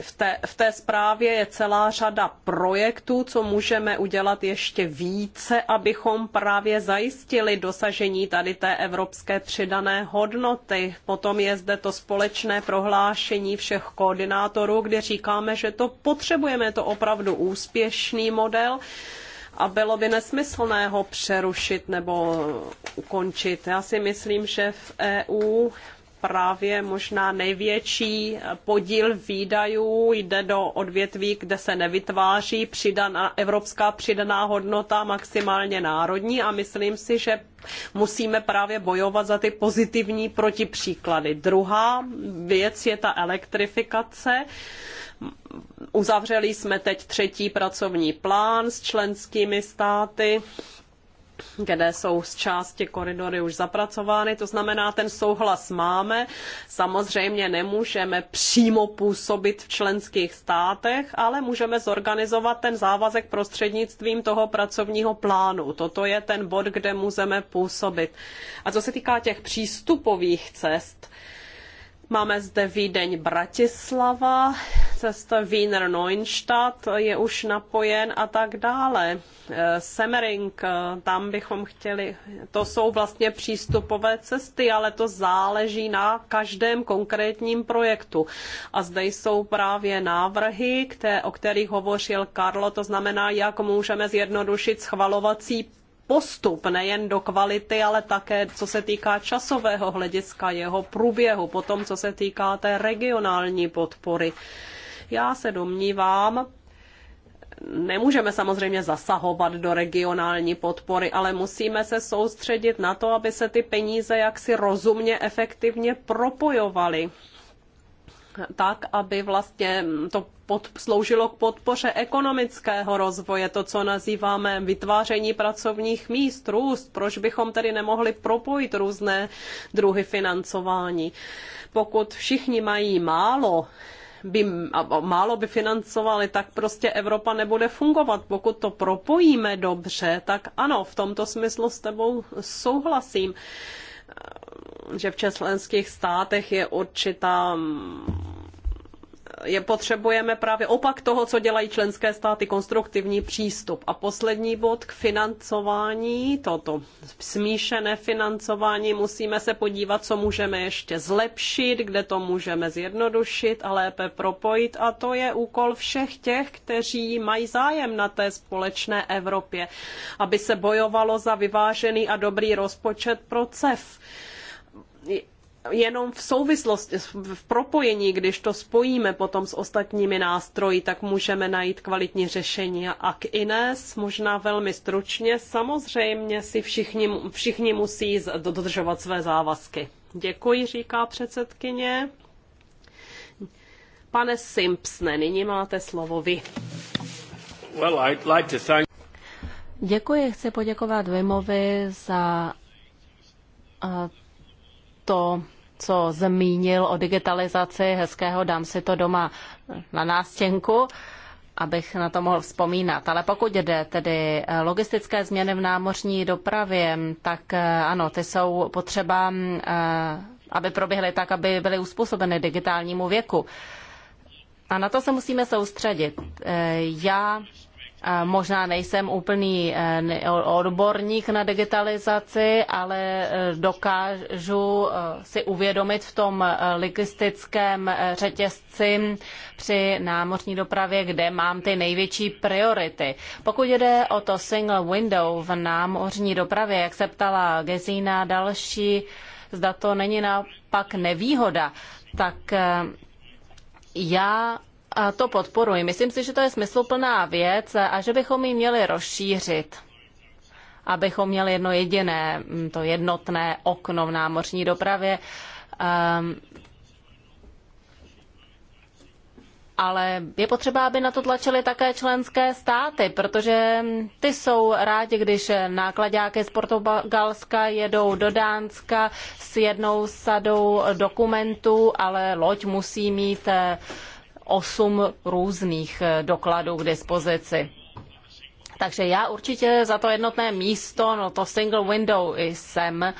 v té, v té zprávě je celá řada projektů, co můžeme udělat ještě více, abychom právě zajistili dosažení tady té evropské přidané hodnoty. Potom je zde to společné prohlášení všech koordinátorů, kde říkáme, že to potřebujeme, je to opravdu úspěšný model a bylo by nesmyslné ho přerušit nebo ukončit. Já si myslím, že v EU právě možná největší podíl výdajů jde do odvětví, kde se nevytváří přidaná, evropská přidaná hodnota maximálně národní a myslím si, že musíme právě bojovat za ty pozitivní protipříklady. Druhá věc je ta elektrifikace. Uzavřeli jsme teď třetí pracovní plán s členskými státy kde jsou z části koridory už zapracovány. To znamená, ten souhlas máme. Samozřejmě nemůžeme přímo působit v členských státech, ale můžeme zorganizovat ten závazek prostřednictvím toho pracovního plánu. Toto je ten bod, kde můžeme působit. A co se týká těch přístupových cest, Máme zde Vídeň Bratislava, cesta Wiener Neustadt je už napojen a tak dále. E, Semmering, e, tam bychom chtěli, to jsou vlastně přístupové cesty, ale to záleží na každém konkrétním projektu. A zde jsou právě návrhy, které, o kterých hovořil Karlo, to znamená, jak můžeme zjednodušit schvalovací postup nejen do kvality, ale také co se týká časového hlediska, jeho průběhu, potom co se týká té regionální podpory. Já se domnívám, nemůžeme samozřejmě zasahovat do regionální podpory, ale musíme se soustředit na to, aby se ty peníze jaksi rozumně, efektivně propojovaly tak, aby vlastně to pod, sloužilo k podpoře ekonomického rozvoje, to, co nazýváme vytváření pracovních míst, růst. Proč bychom tedy nemohli propojit různé druhy financování? Pokud všichni mají málo, by, málo by financovali, tak prostě Evropa nebude fungovat. Pokud to propojíme dobře, tak ano, v tomto smyslu s tebou souhlasím že v členských státech je určitá je potřebujeme právě opak toho, co dělají členské státy, konstruktivní přístup. A poslední bod k financování, toto smíšené financování, musíme se podívat, co můžeme ještě zlepšit, kde to můžeme zjednodušit a lépe propojit. A to je úkol všech těch, kteří mají zájem na té společné Evropě, aby se bojovalo za vyvážený a dobrý rozpočet pro CEF jenom v souvislosti, v propojení, když to spojíme potom s ostatními nástroji, tak můžeme najít kvalitní řešení. A k Ines možná velmi stručně, samozřejmě si všichni, všichni musí dodržovat své závazky. Děkuji, říká předsedkyně. Pane Simpsone, nyní máte slovo vy. Well, I'd like to thank... Děkuji, chci poděkovat Vimovi za to, co zmínil o digitalizaci hezkého, dám si to doma na nástěnku abych na to mohl vzpomínat. Ale pokud jde tedy eh, logistické změny v námořní dopravě, tak eh, ano, ty jsou potřeba, eh, aby proběhly tak, aby byly uspůsobeny digitálnímu věku. A na to se musíme soustředit. Já Možná nejsem úplný eh, odborník na digitalizaci, ale eh, dokážu eh, si uvědomit v tom logistickém řetězci při námořní dopravě, kde mám ty největší priority. Pokud jde o to single window v námořní dopravě, jak se ptala Gezína další, zda to není naopak nevýhoda, tak já a to podporuji. Myslím si, že to je smysluplná věc a že bychom ji měli rozšířit abychom měli jedno jediné, mm, to jednotné okno v námořní dopravě. Um, ale je potřeba, aby na to tlačily také členské státy, protože mm, ty jsou rádi, když nákladáky z Portugalska jedou do Dánska s jednou sadou dokumentů, ale loď musí mít eh, osm různých eh, dokladů k dispozici. Takže já určitě za to jednotné místo, no to single window jsem,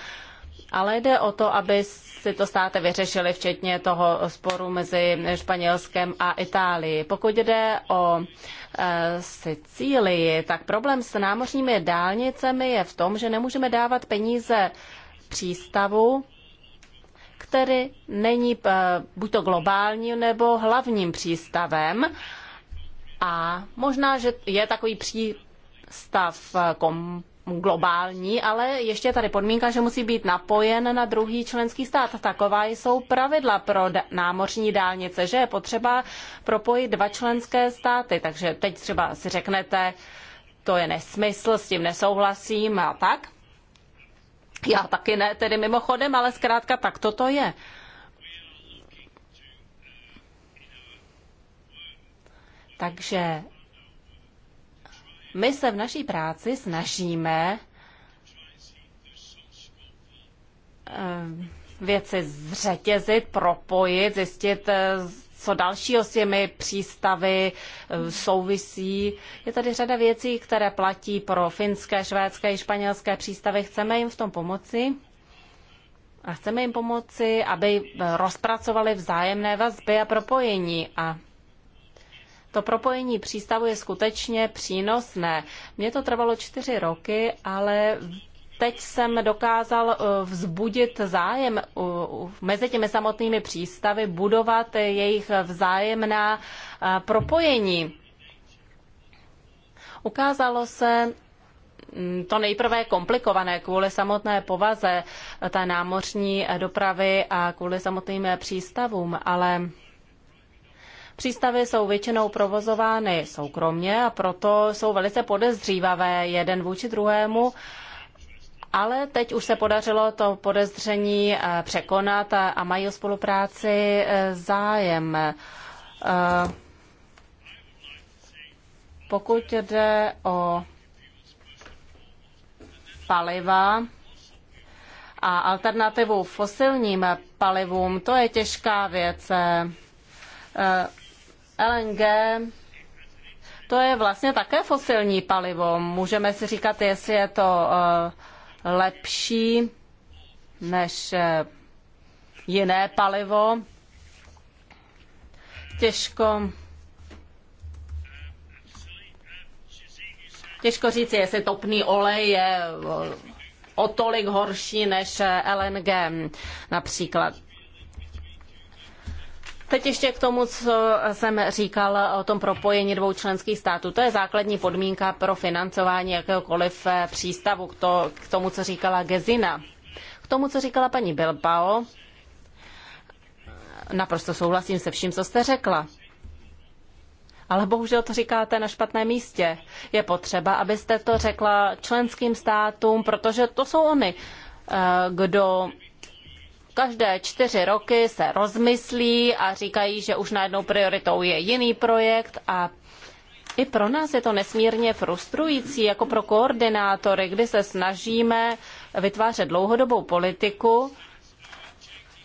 ale jde o to, aby si to státy vyřešili, včetně toho sporu mezi Španělskem a Itálií. Pokud jde o e, Sicílii, tak problém s námořními dálnicemi je v tom, že nemůžeme dávat peníze přístavu, který není eh, buď to globální nebo hlavním přístavem. A možná, že je takový přístav eh, kom globální, ale ještě tady podmínka, že musí být napojen na druhý členský stát. Taková jsou pravidla pro námořní dálnice, že je potřeba propojit dva členské státy. Takže teď třeba si řeknete, to je nesmysl, s tím nesouhlasím a tak. Já taky ne, tedy mimochodem, ale zkrátka tak toto je. Takže my se v naší práci snažíme eh, věci zřetězit, propojit, zjistit, eh, co dalšího s těmi přístavy eh, souvisí. Je tady řada věcí, které platí pro finské, švédské i španělské přístavy. Chceme jim v tom pomoci a chceme jim pomoci, aby eh, rozpracovali vzájemné vazby a propojení. A to propojení přístavu je skutečně přínosné. Mně to trvalo čtyři roky, ale teď jsem dokázal eh, vzbudit zájem eh, mezi těmi samotnými přístavy, budovat jejich vzájemná eh, propojení. Ukázalo se, mm, to nejprve je komplikované kvůli samotné povaze té námořní dopravy a kvůli samotným přístavům, ale Přístavy jsou většinou provozovány soukromně a proto jsou velice podezřívavé jeden vůči druhému ale teď už se podařilo to podezření eh, překonat a mají o spolupráci eh, zájem. Eh, pokud jde o paliva a alternativu fosilním palivům, to je těžká věc. LNG to je vlastně také fosilní palivo. Můžeme si říkat, jestli je to uh, lepší než eh, jiné palivo. Těžko Těžko říct, jestli topný olej je o tolik horší než eh, LNG například. Teď ještě k tomu, co jsem říkal o tom propojení dvou členských států. To je základní podmínka pro financování jakéhokoliv eh, přístavu k, to, k tomu, co říkala Gezina. K tomu, co říkala paní Bilbao, naprosto souhlasím se vším, co jste řekla. Ale bohužel to říkáte na špatném místě. Je potřeba, abyste to řekla členským státům, protože to jsou oni, eh, kdo každé čtyři roky se rozmyslí a říkají, že už najednou prioritou je jiný projekt a i pro nás je to nesmírně frustrující, jako pro koordinátory, kdy se snažíme vytvářet dlouhodobou politiku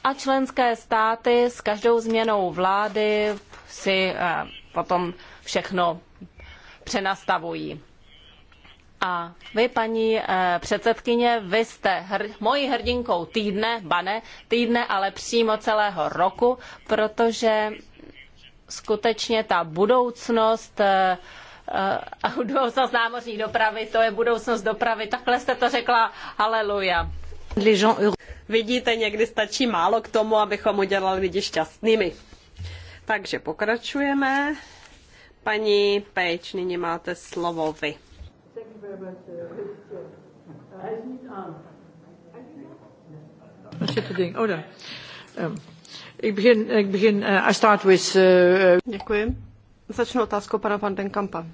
a členské státy s každou změnou vlády si eh, potom všechno přenastavují. A vy, paní eh, předsedkyně, vy jste hr- mojí hrdinkou týdne, bane, týdne, ale přímo celého roku, protože skutečně ta budoucnost eh, eh, a (laughs) budoucnost námořní dopravy, to je budoucnost dopravy. Takhle jste to řekla, haleluja. Vidíte, někdy stačí málo k tomu, abychom udělali lidi šťastnými. Takže pokračujeme. Paní Pejč, nyní máte slovo vy. Thank you very much, uh, Mr. Chair. Uh, hij is niet aan. Oh, um, ik begin, ik begin, uh, I start with... Uh, uh, Děkuji. Začnu otázkou pana Van den Kampa.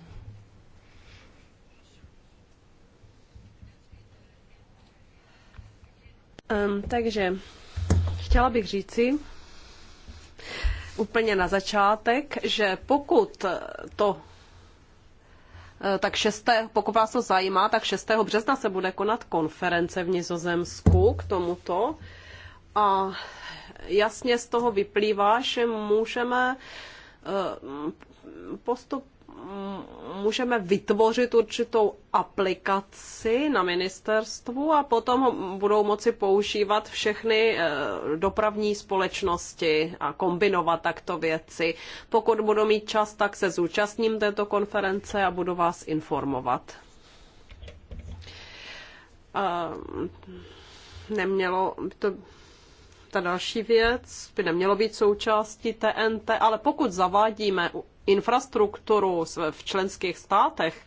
Um, takže chtěla bych říci úplně na začátek, že pokud to Eh, tak 6. pokud vás to zajímá, tak 6. března se bude konat konference v Nizozemsku k tomuto. A jasně z toho vyplývá, že můžeme eh, postup můžeme vytvořit určitou aplikaci na ministerstvu a potom budou moci používat všechny eh, dopravní společnosti a kombinovat takto věci. Pokud budu mít čas, tak se zúčastním této konference a budu vás informovat. Eh, nemělo to ta další věc by nemělo být součástí TNT, ale pokud zavádíme infrastrukturu v členských státech,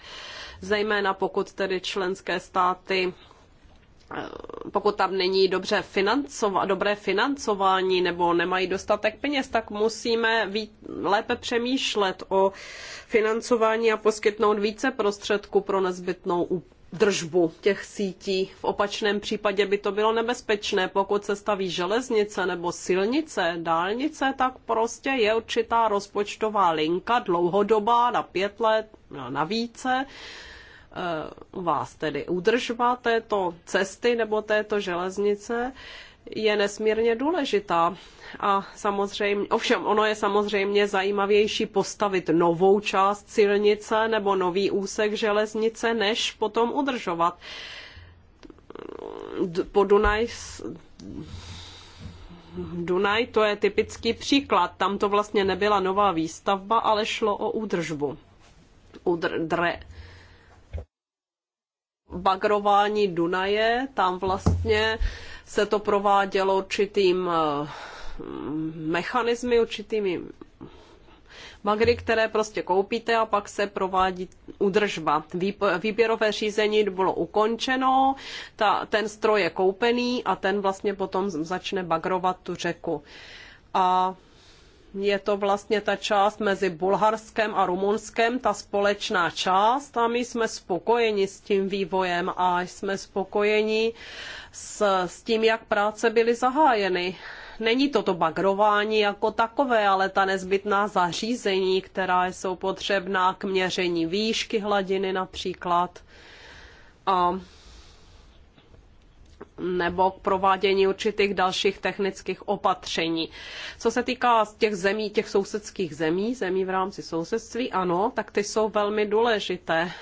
zejména pokud tedy členské státy eh, pokud tam není dobře financova, dobré financování nebo nemají dostatek peněz, tak musíme víc, lépe přemýšlet o financování a poskytnout více prostředků pro nezbytnou držbu těch sítí. V opačném případě by to bylo nebezpečné. Pokud se staví železnice nebo silnice, dálnice, tak prostě je určitá rozpočtová linka dlouhodobá na pět let, no, na více eh, vás tedy udržba této cesty nebo této železnice je nesmírně důležitá. A samozřejmě, ovšem, ono je samozřejmě zajímavější postavit novou část silnice nebo nový úsek železnice, než potom udržovat. Po Dunaj, Dunaj to je typický příklad. Tam to vlastně nebyla nová výstavba, ale šlo o údržbu. Udr, dre, bagrování Dunaje, tam vlastně uh, se to provádělo určitým eh, mechanismy, určitými magry, které prostě koupíte a pak se provádí udržba. Výběrové řízení bylo ukončeno, ta, ten stroj je koupený a ten vlastně potom začne bagrovat tu řeku. A je to vlastně ta část mezi Bulharskem a Rumunskem, ta společná část a my jsme spokojeni s tím vývojem a jsme spokojeni s, s tím, jak práce byly zahájeny. Není to to bagrování jako takové, ale ta nezbytná zařízení, která jsou potřebná k měření výšky hladiny například. A nebo k provádění určitých dalších technických opatření. Co se týká těch zemí, těch sousedských zemí, zemí v rámci sousedství, ano, tak ty jsou velmi důležité.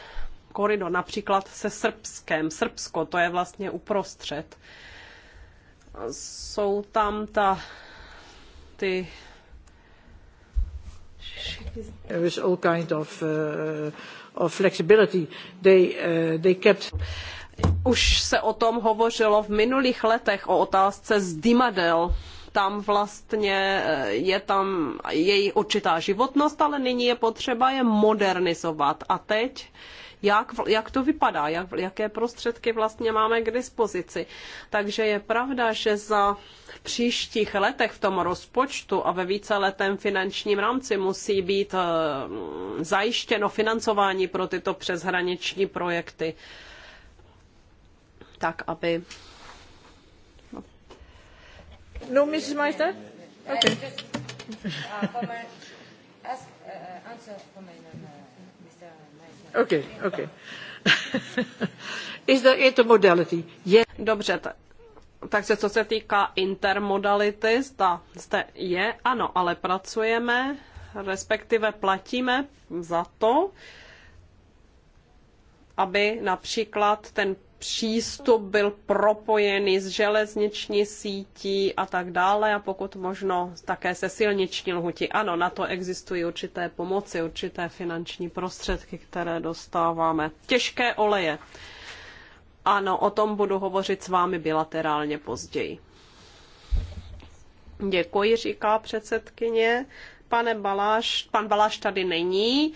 Koridor například se Srbskem. Srbsko, to je vlastně uprostřed. Jsou tam ta, ty There is all kind of, uh, of flexibility. They, uh, they kept už se o tom hovořilo v minulých letech o otázce zdymadel. Tam vlastně eh, je tam její určitá životnost, ale nyní je potřeba je modernizovat. A teď jak, jak to vypadá, jak, jaké prostředky vlastně máme k dispozici. Takže je pravda, že za příštích letech v tom rozpočtu a ve víceletém finančním rámci musí být eh, zajištěno financování pro tyto přeshraniční projekty. Uh, tak aby... No, Mrs. Meister? Uh, uh, uh, okay. Okay, okay. (laughs) Is there intermodality? Yes. Dobře, takže co se týká intermodality, zda zde je, ano, ale pracujeme, respektive platíme za to, aby například ten přístup byl propojený s železniční sítí a tak dále a pokud možno také se silniční lhuti. Ano, na to existují určité pomoci, určité finanční prostředky, které dostáváme. Těžké oleje. Ano, o tom budu hovořit s vámi bilaterálně později. Děkuji, říká předsedkyně. Pane Baláš, pan Baláš tady není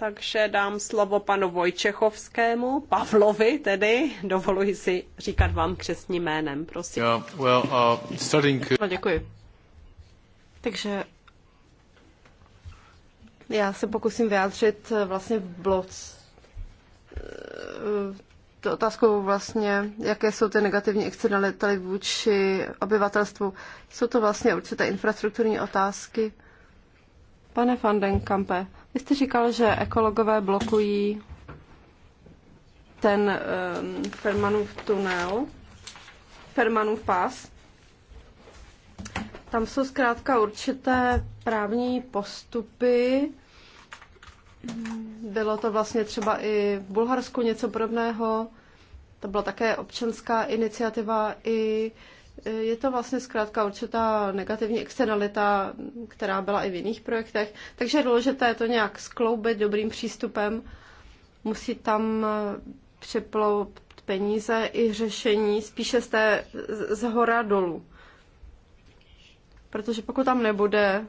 takže dám slovo panu Vojčechovskému, Pavlovi tedy, dovoluji si říkat vám křesním jménem, prosím. Yeah, well, uh, starting... no, děkuji. Takže já se pokusím vyjádřit eh, vlastně v bloc eh, to otázkou vlastně, jaké jsou ty negativní externality vůči obyvatelstvu. Jsou to vlastně určité infrastrukturní otázky, Pane van den Kampe, vy jste říkal, že ekologové blokují ten um, Fermanův tunel, Fermanův pás. Tam jsou zkrátka určité právní postupy. Bylo to vlastně třeba i v Bulharsku něco podobného. To byla také občanská iniciativa i uh, je to vlastně zkrátka určitá negativní externalita, která byla i v jiných projektech, takže je důležité to nějak skloubit dobrým přístupem. Musí tam eh, přeplout peníze i řešení spíše z té z hora dolů. Protože pokud tam nebude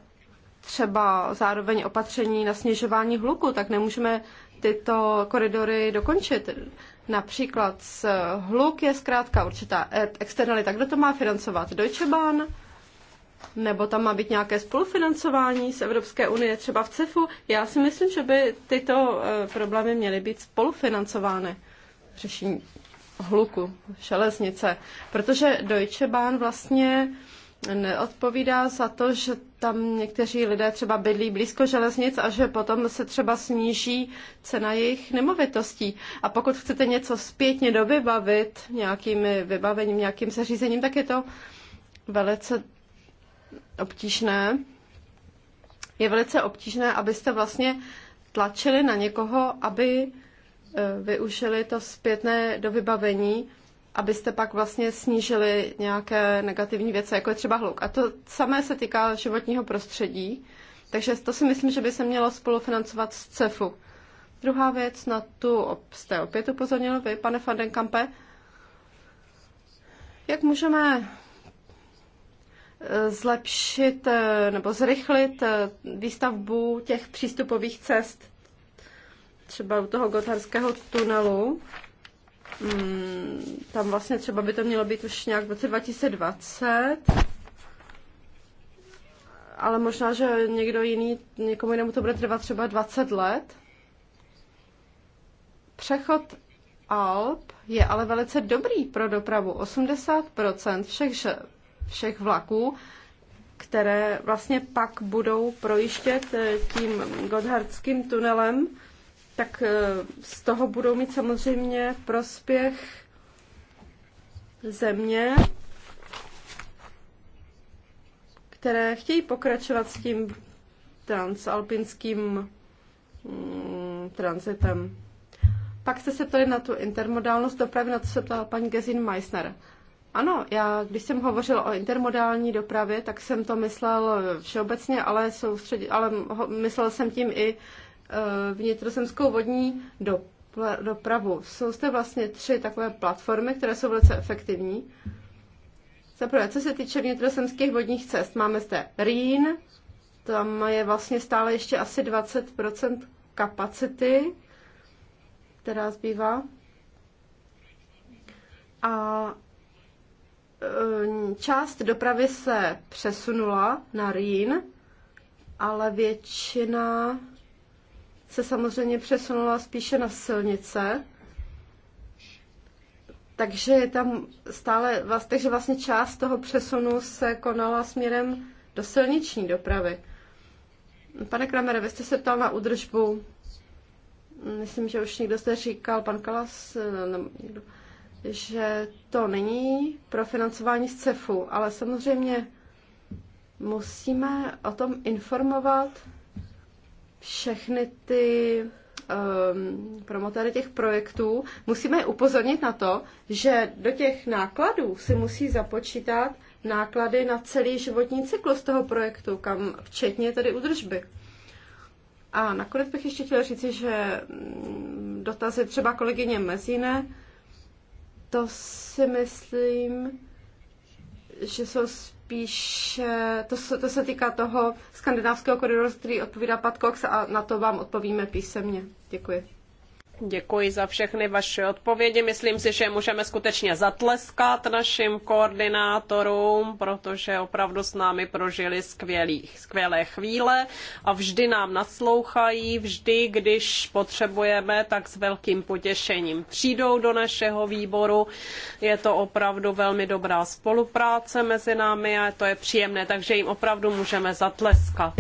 třeba zároveň opatření na snižování hluku, tak nemůžeme tyto koridory dokončit. Například hluk je zkrátka určitá e- externalita. Kdo to má financovat? Deutsche Bahn? Nebo tam má být nějaké spolufinancování z Evropské unie, třeba v CEFu? Já si myslím, že by tyto e, problémy měly být spolufinancovány. Řešení hluku, šeleznice. Protože Deutsche Bahn vlastně neodpovídá za to, že tam někteří lidé třeba bydlí blízko železnic a že potom se třeba sníží cena jejich nemovitostí. A pokud chcete něco zpětně dovybavit nějakým vybavením, nějakým zařízením, tak je to velice obtížné. Je velice obtížné, abyste vlastně tlačili na někoho, aby eh, využili to zpětné dovybavení, abyste pak vlastně snížili nějaké negativní věci, jako je třeba hluk. A to samé se týká životního prostředí, takže to si myslím, že by se mělo spolufinancovat z CEFu. Druhá věc, na tu jste opět upozornil vy, pane Fandenkampe, jak můžeme eh, zlepšit eh, nebo zrychlit eh, výstavbu těch přístupových cest, třeba u toho gotarského tunelu, Hmm, tam vlastně třeba by to mělo být už nějak v roce 2020, ale možná, že někdo jiný, někomu jinému to bude trvat třeba 20 let. Přechod Alp je ale velice dobrý pro dopravu. 80% všech, všech vlaků, které vlastně pak budou projíždět eh, tím Godhardským tunelem, tak eh, z toho budou mít samozřejmě prospěch země, které chtějí pokračovat s tím transalpinským mm, transitem. Pak jste se ptali na tu intermodálnost dopravy, na to se ptala paní Gezin Meissner. Ano, já když jsem hovořil o intermodální dopravě, tak jsem to myslel všeobecně, ale, soustředil, ale myslel jsem tím i Eh, vnitrozemskou vodní dopravu. Jsou zde vlastně tři takové platformy, které jsou velice efektivní. Za prvé, co se týče vnitrozemských vodních cest, máme zde Rýn, tam je vlastně stále ještě asi 20% kapacity, která zbývá. A eh, část dopravy se přesunula na Rýn, ale většina se samozřejmě přesunula spíše na silnice, takže je tam stále, takže vlastně část toho přesunu se konala směrem do silniční dopravy. Pane Kramere, vy jste se ptal na údržbu. Myslím, že už někdo zde říkal, pan Kalas, eh, nebo někdo, že to není pro financování z CEFu, ale samozřejmě musíme o tom informovat všechny ty um, ehm, promotory těch projektů, musíme je upozornit na to, že do těch nákladů si musí započítat náklady na celý životní cyklus toho projektu, kam včetně tedy údržby. A nakonec bych ještě chtěla říci, že mm, dotazy třeba kolegyně Mezíne, to si myslím, že jsou spíš, to, se, to se týká toho skandinávského koridoru, který odpovídá Patkox a na to vám odpovíme písemně. Děkuji. Děkuji za všechny vaše odpovědi. Myslím si, že můžeme skutečně zatleskat našim koordinátorům, protože opravdu s námi prožili skvělý, skvělé chvíle a vždy nám naslouchají, vždy, když potřebujeme, tak s velkým potěšením přijdou do našeho výboru. Je to opravdu velmi dobrá spolupráce mezi námi a to je příjemné, takže jim opravdu můžeme zatleskat.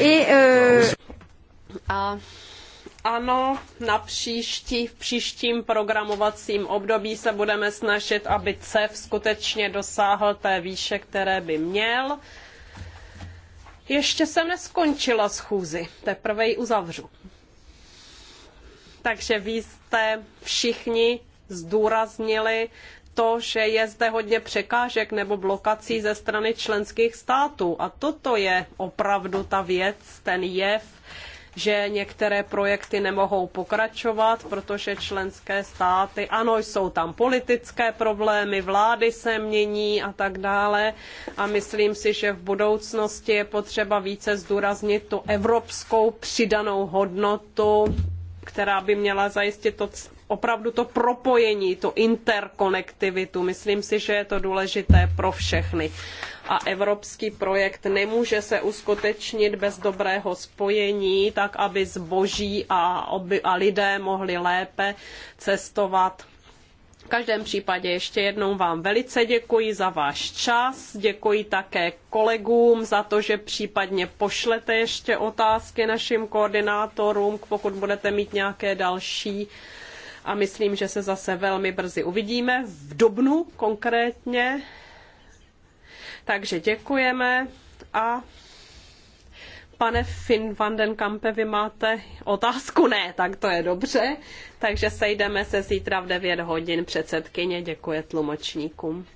I, uh... A ano, na příští, v příštím programovacím období se budeme snažit, aby CEF skutečně dosáhl té výše, které by měl. Ještě jsem neskončila schůzi, teprve ji uzavřu. Takže vy jste všichni zdůraznili to, že je zde hodně překážek nebo blokací ze strany členských států. A toto je opravdu ta věc, ten jev, že některé projekty nemohou pokračovat, protože členské státy, ano, jsou tam politické problémy, vlády se mění a tak dále. A myslím si, že v budoucnosti je potřeba více zdůraznit tu evropskou přidanou hodnotu která by měla zajistit to opravdu to propojení, tu interkonektivitu. Myslím si, že je to důležité pro všechny. A evropský projekt nemůže se uskutečnit bez dobrého spojení, tak aby zboží a, oby, a lidé mohli lépe cestovat v každém případě ještě jednou vám velice děkuji za váš čas, děkuji také kolegům za to, že případně pošlete ještě otázky našim koordinátorům, pokud budete mít nějaké další a myslím, že se zase velmi brzy uvidíme, v dubnu konkrétně. Takže děkujeme a pane Finn van den Kampe, vy máte otázku? Ne, tak to je dobře. Takže sejdeme se zítra v 9 hodin. Předsedkyně děkuje tlumočníkům.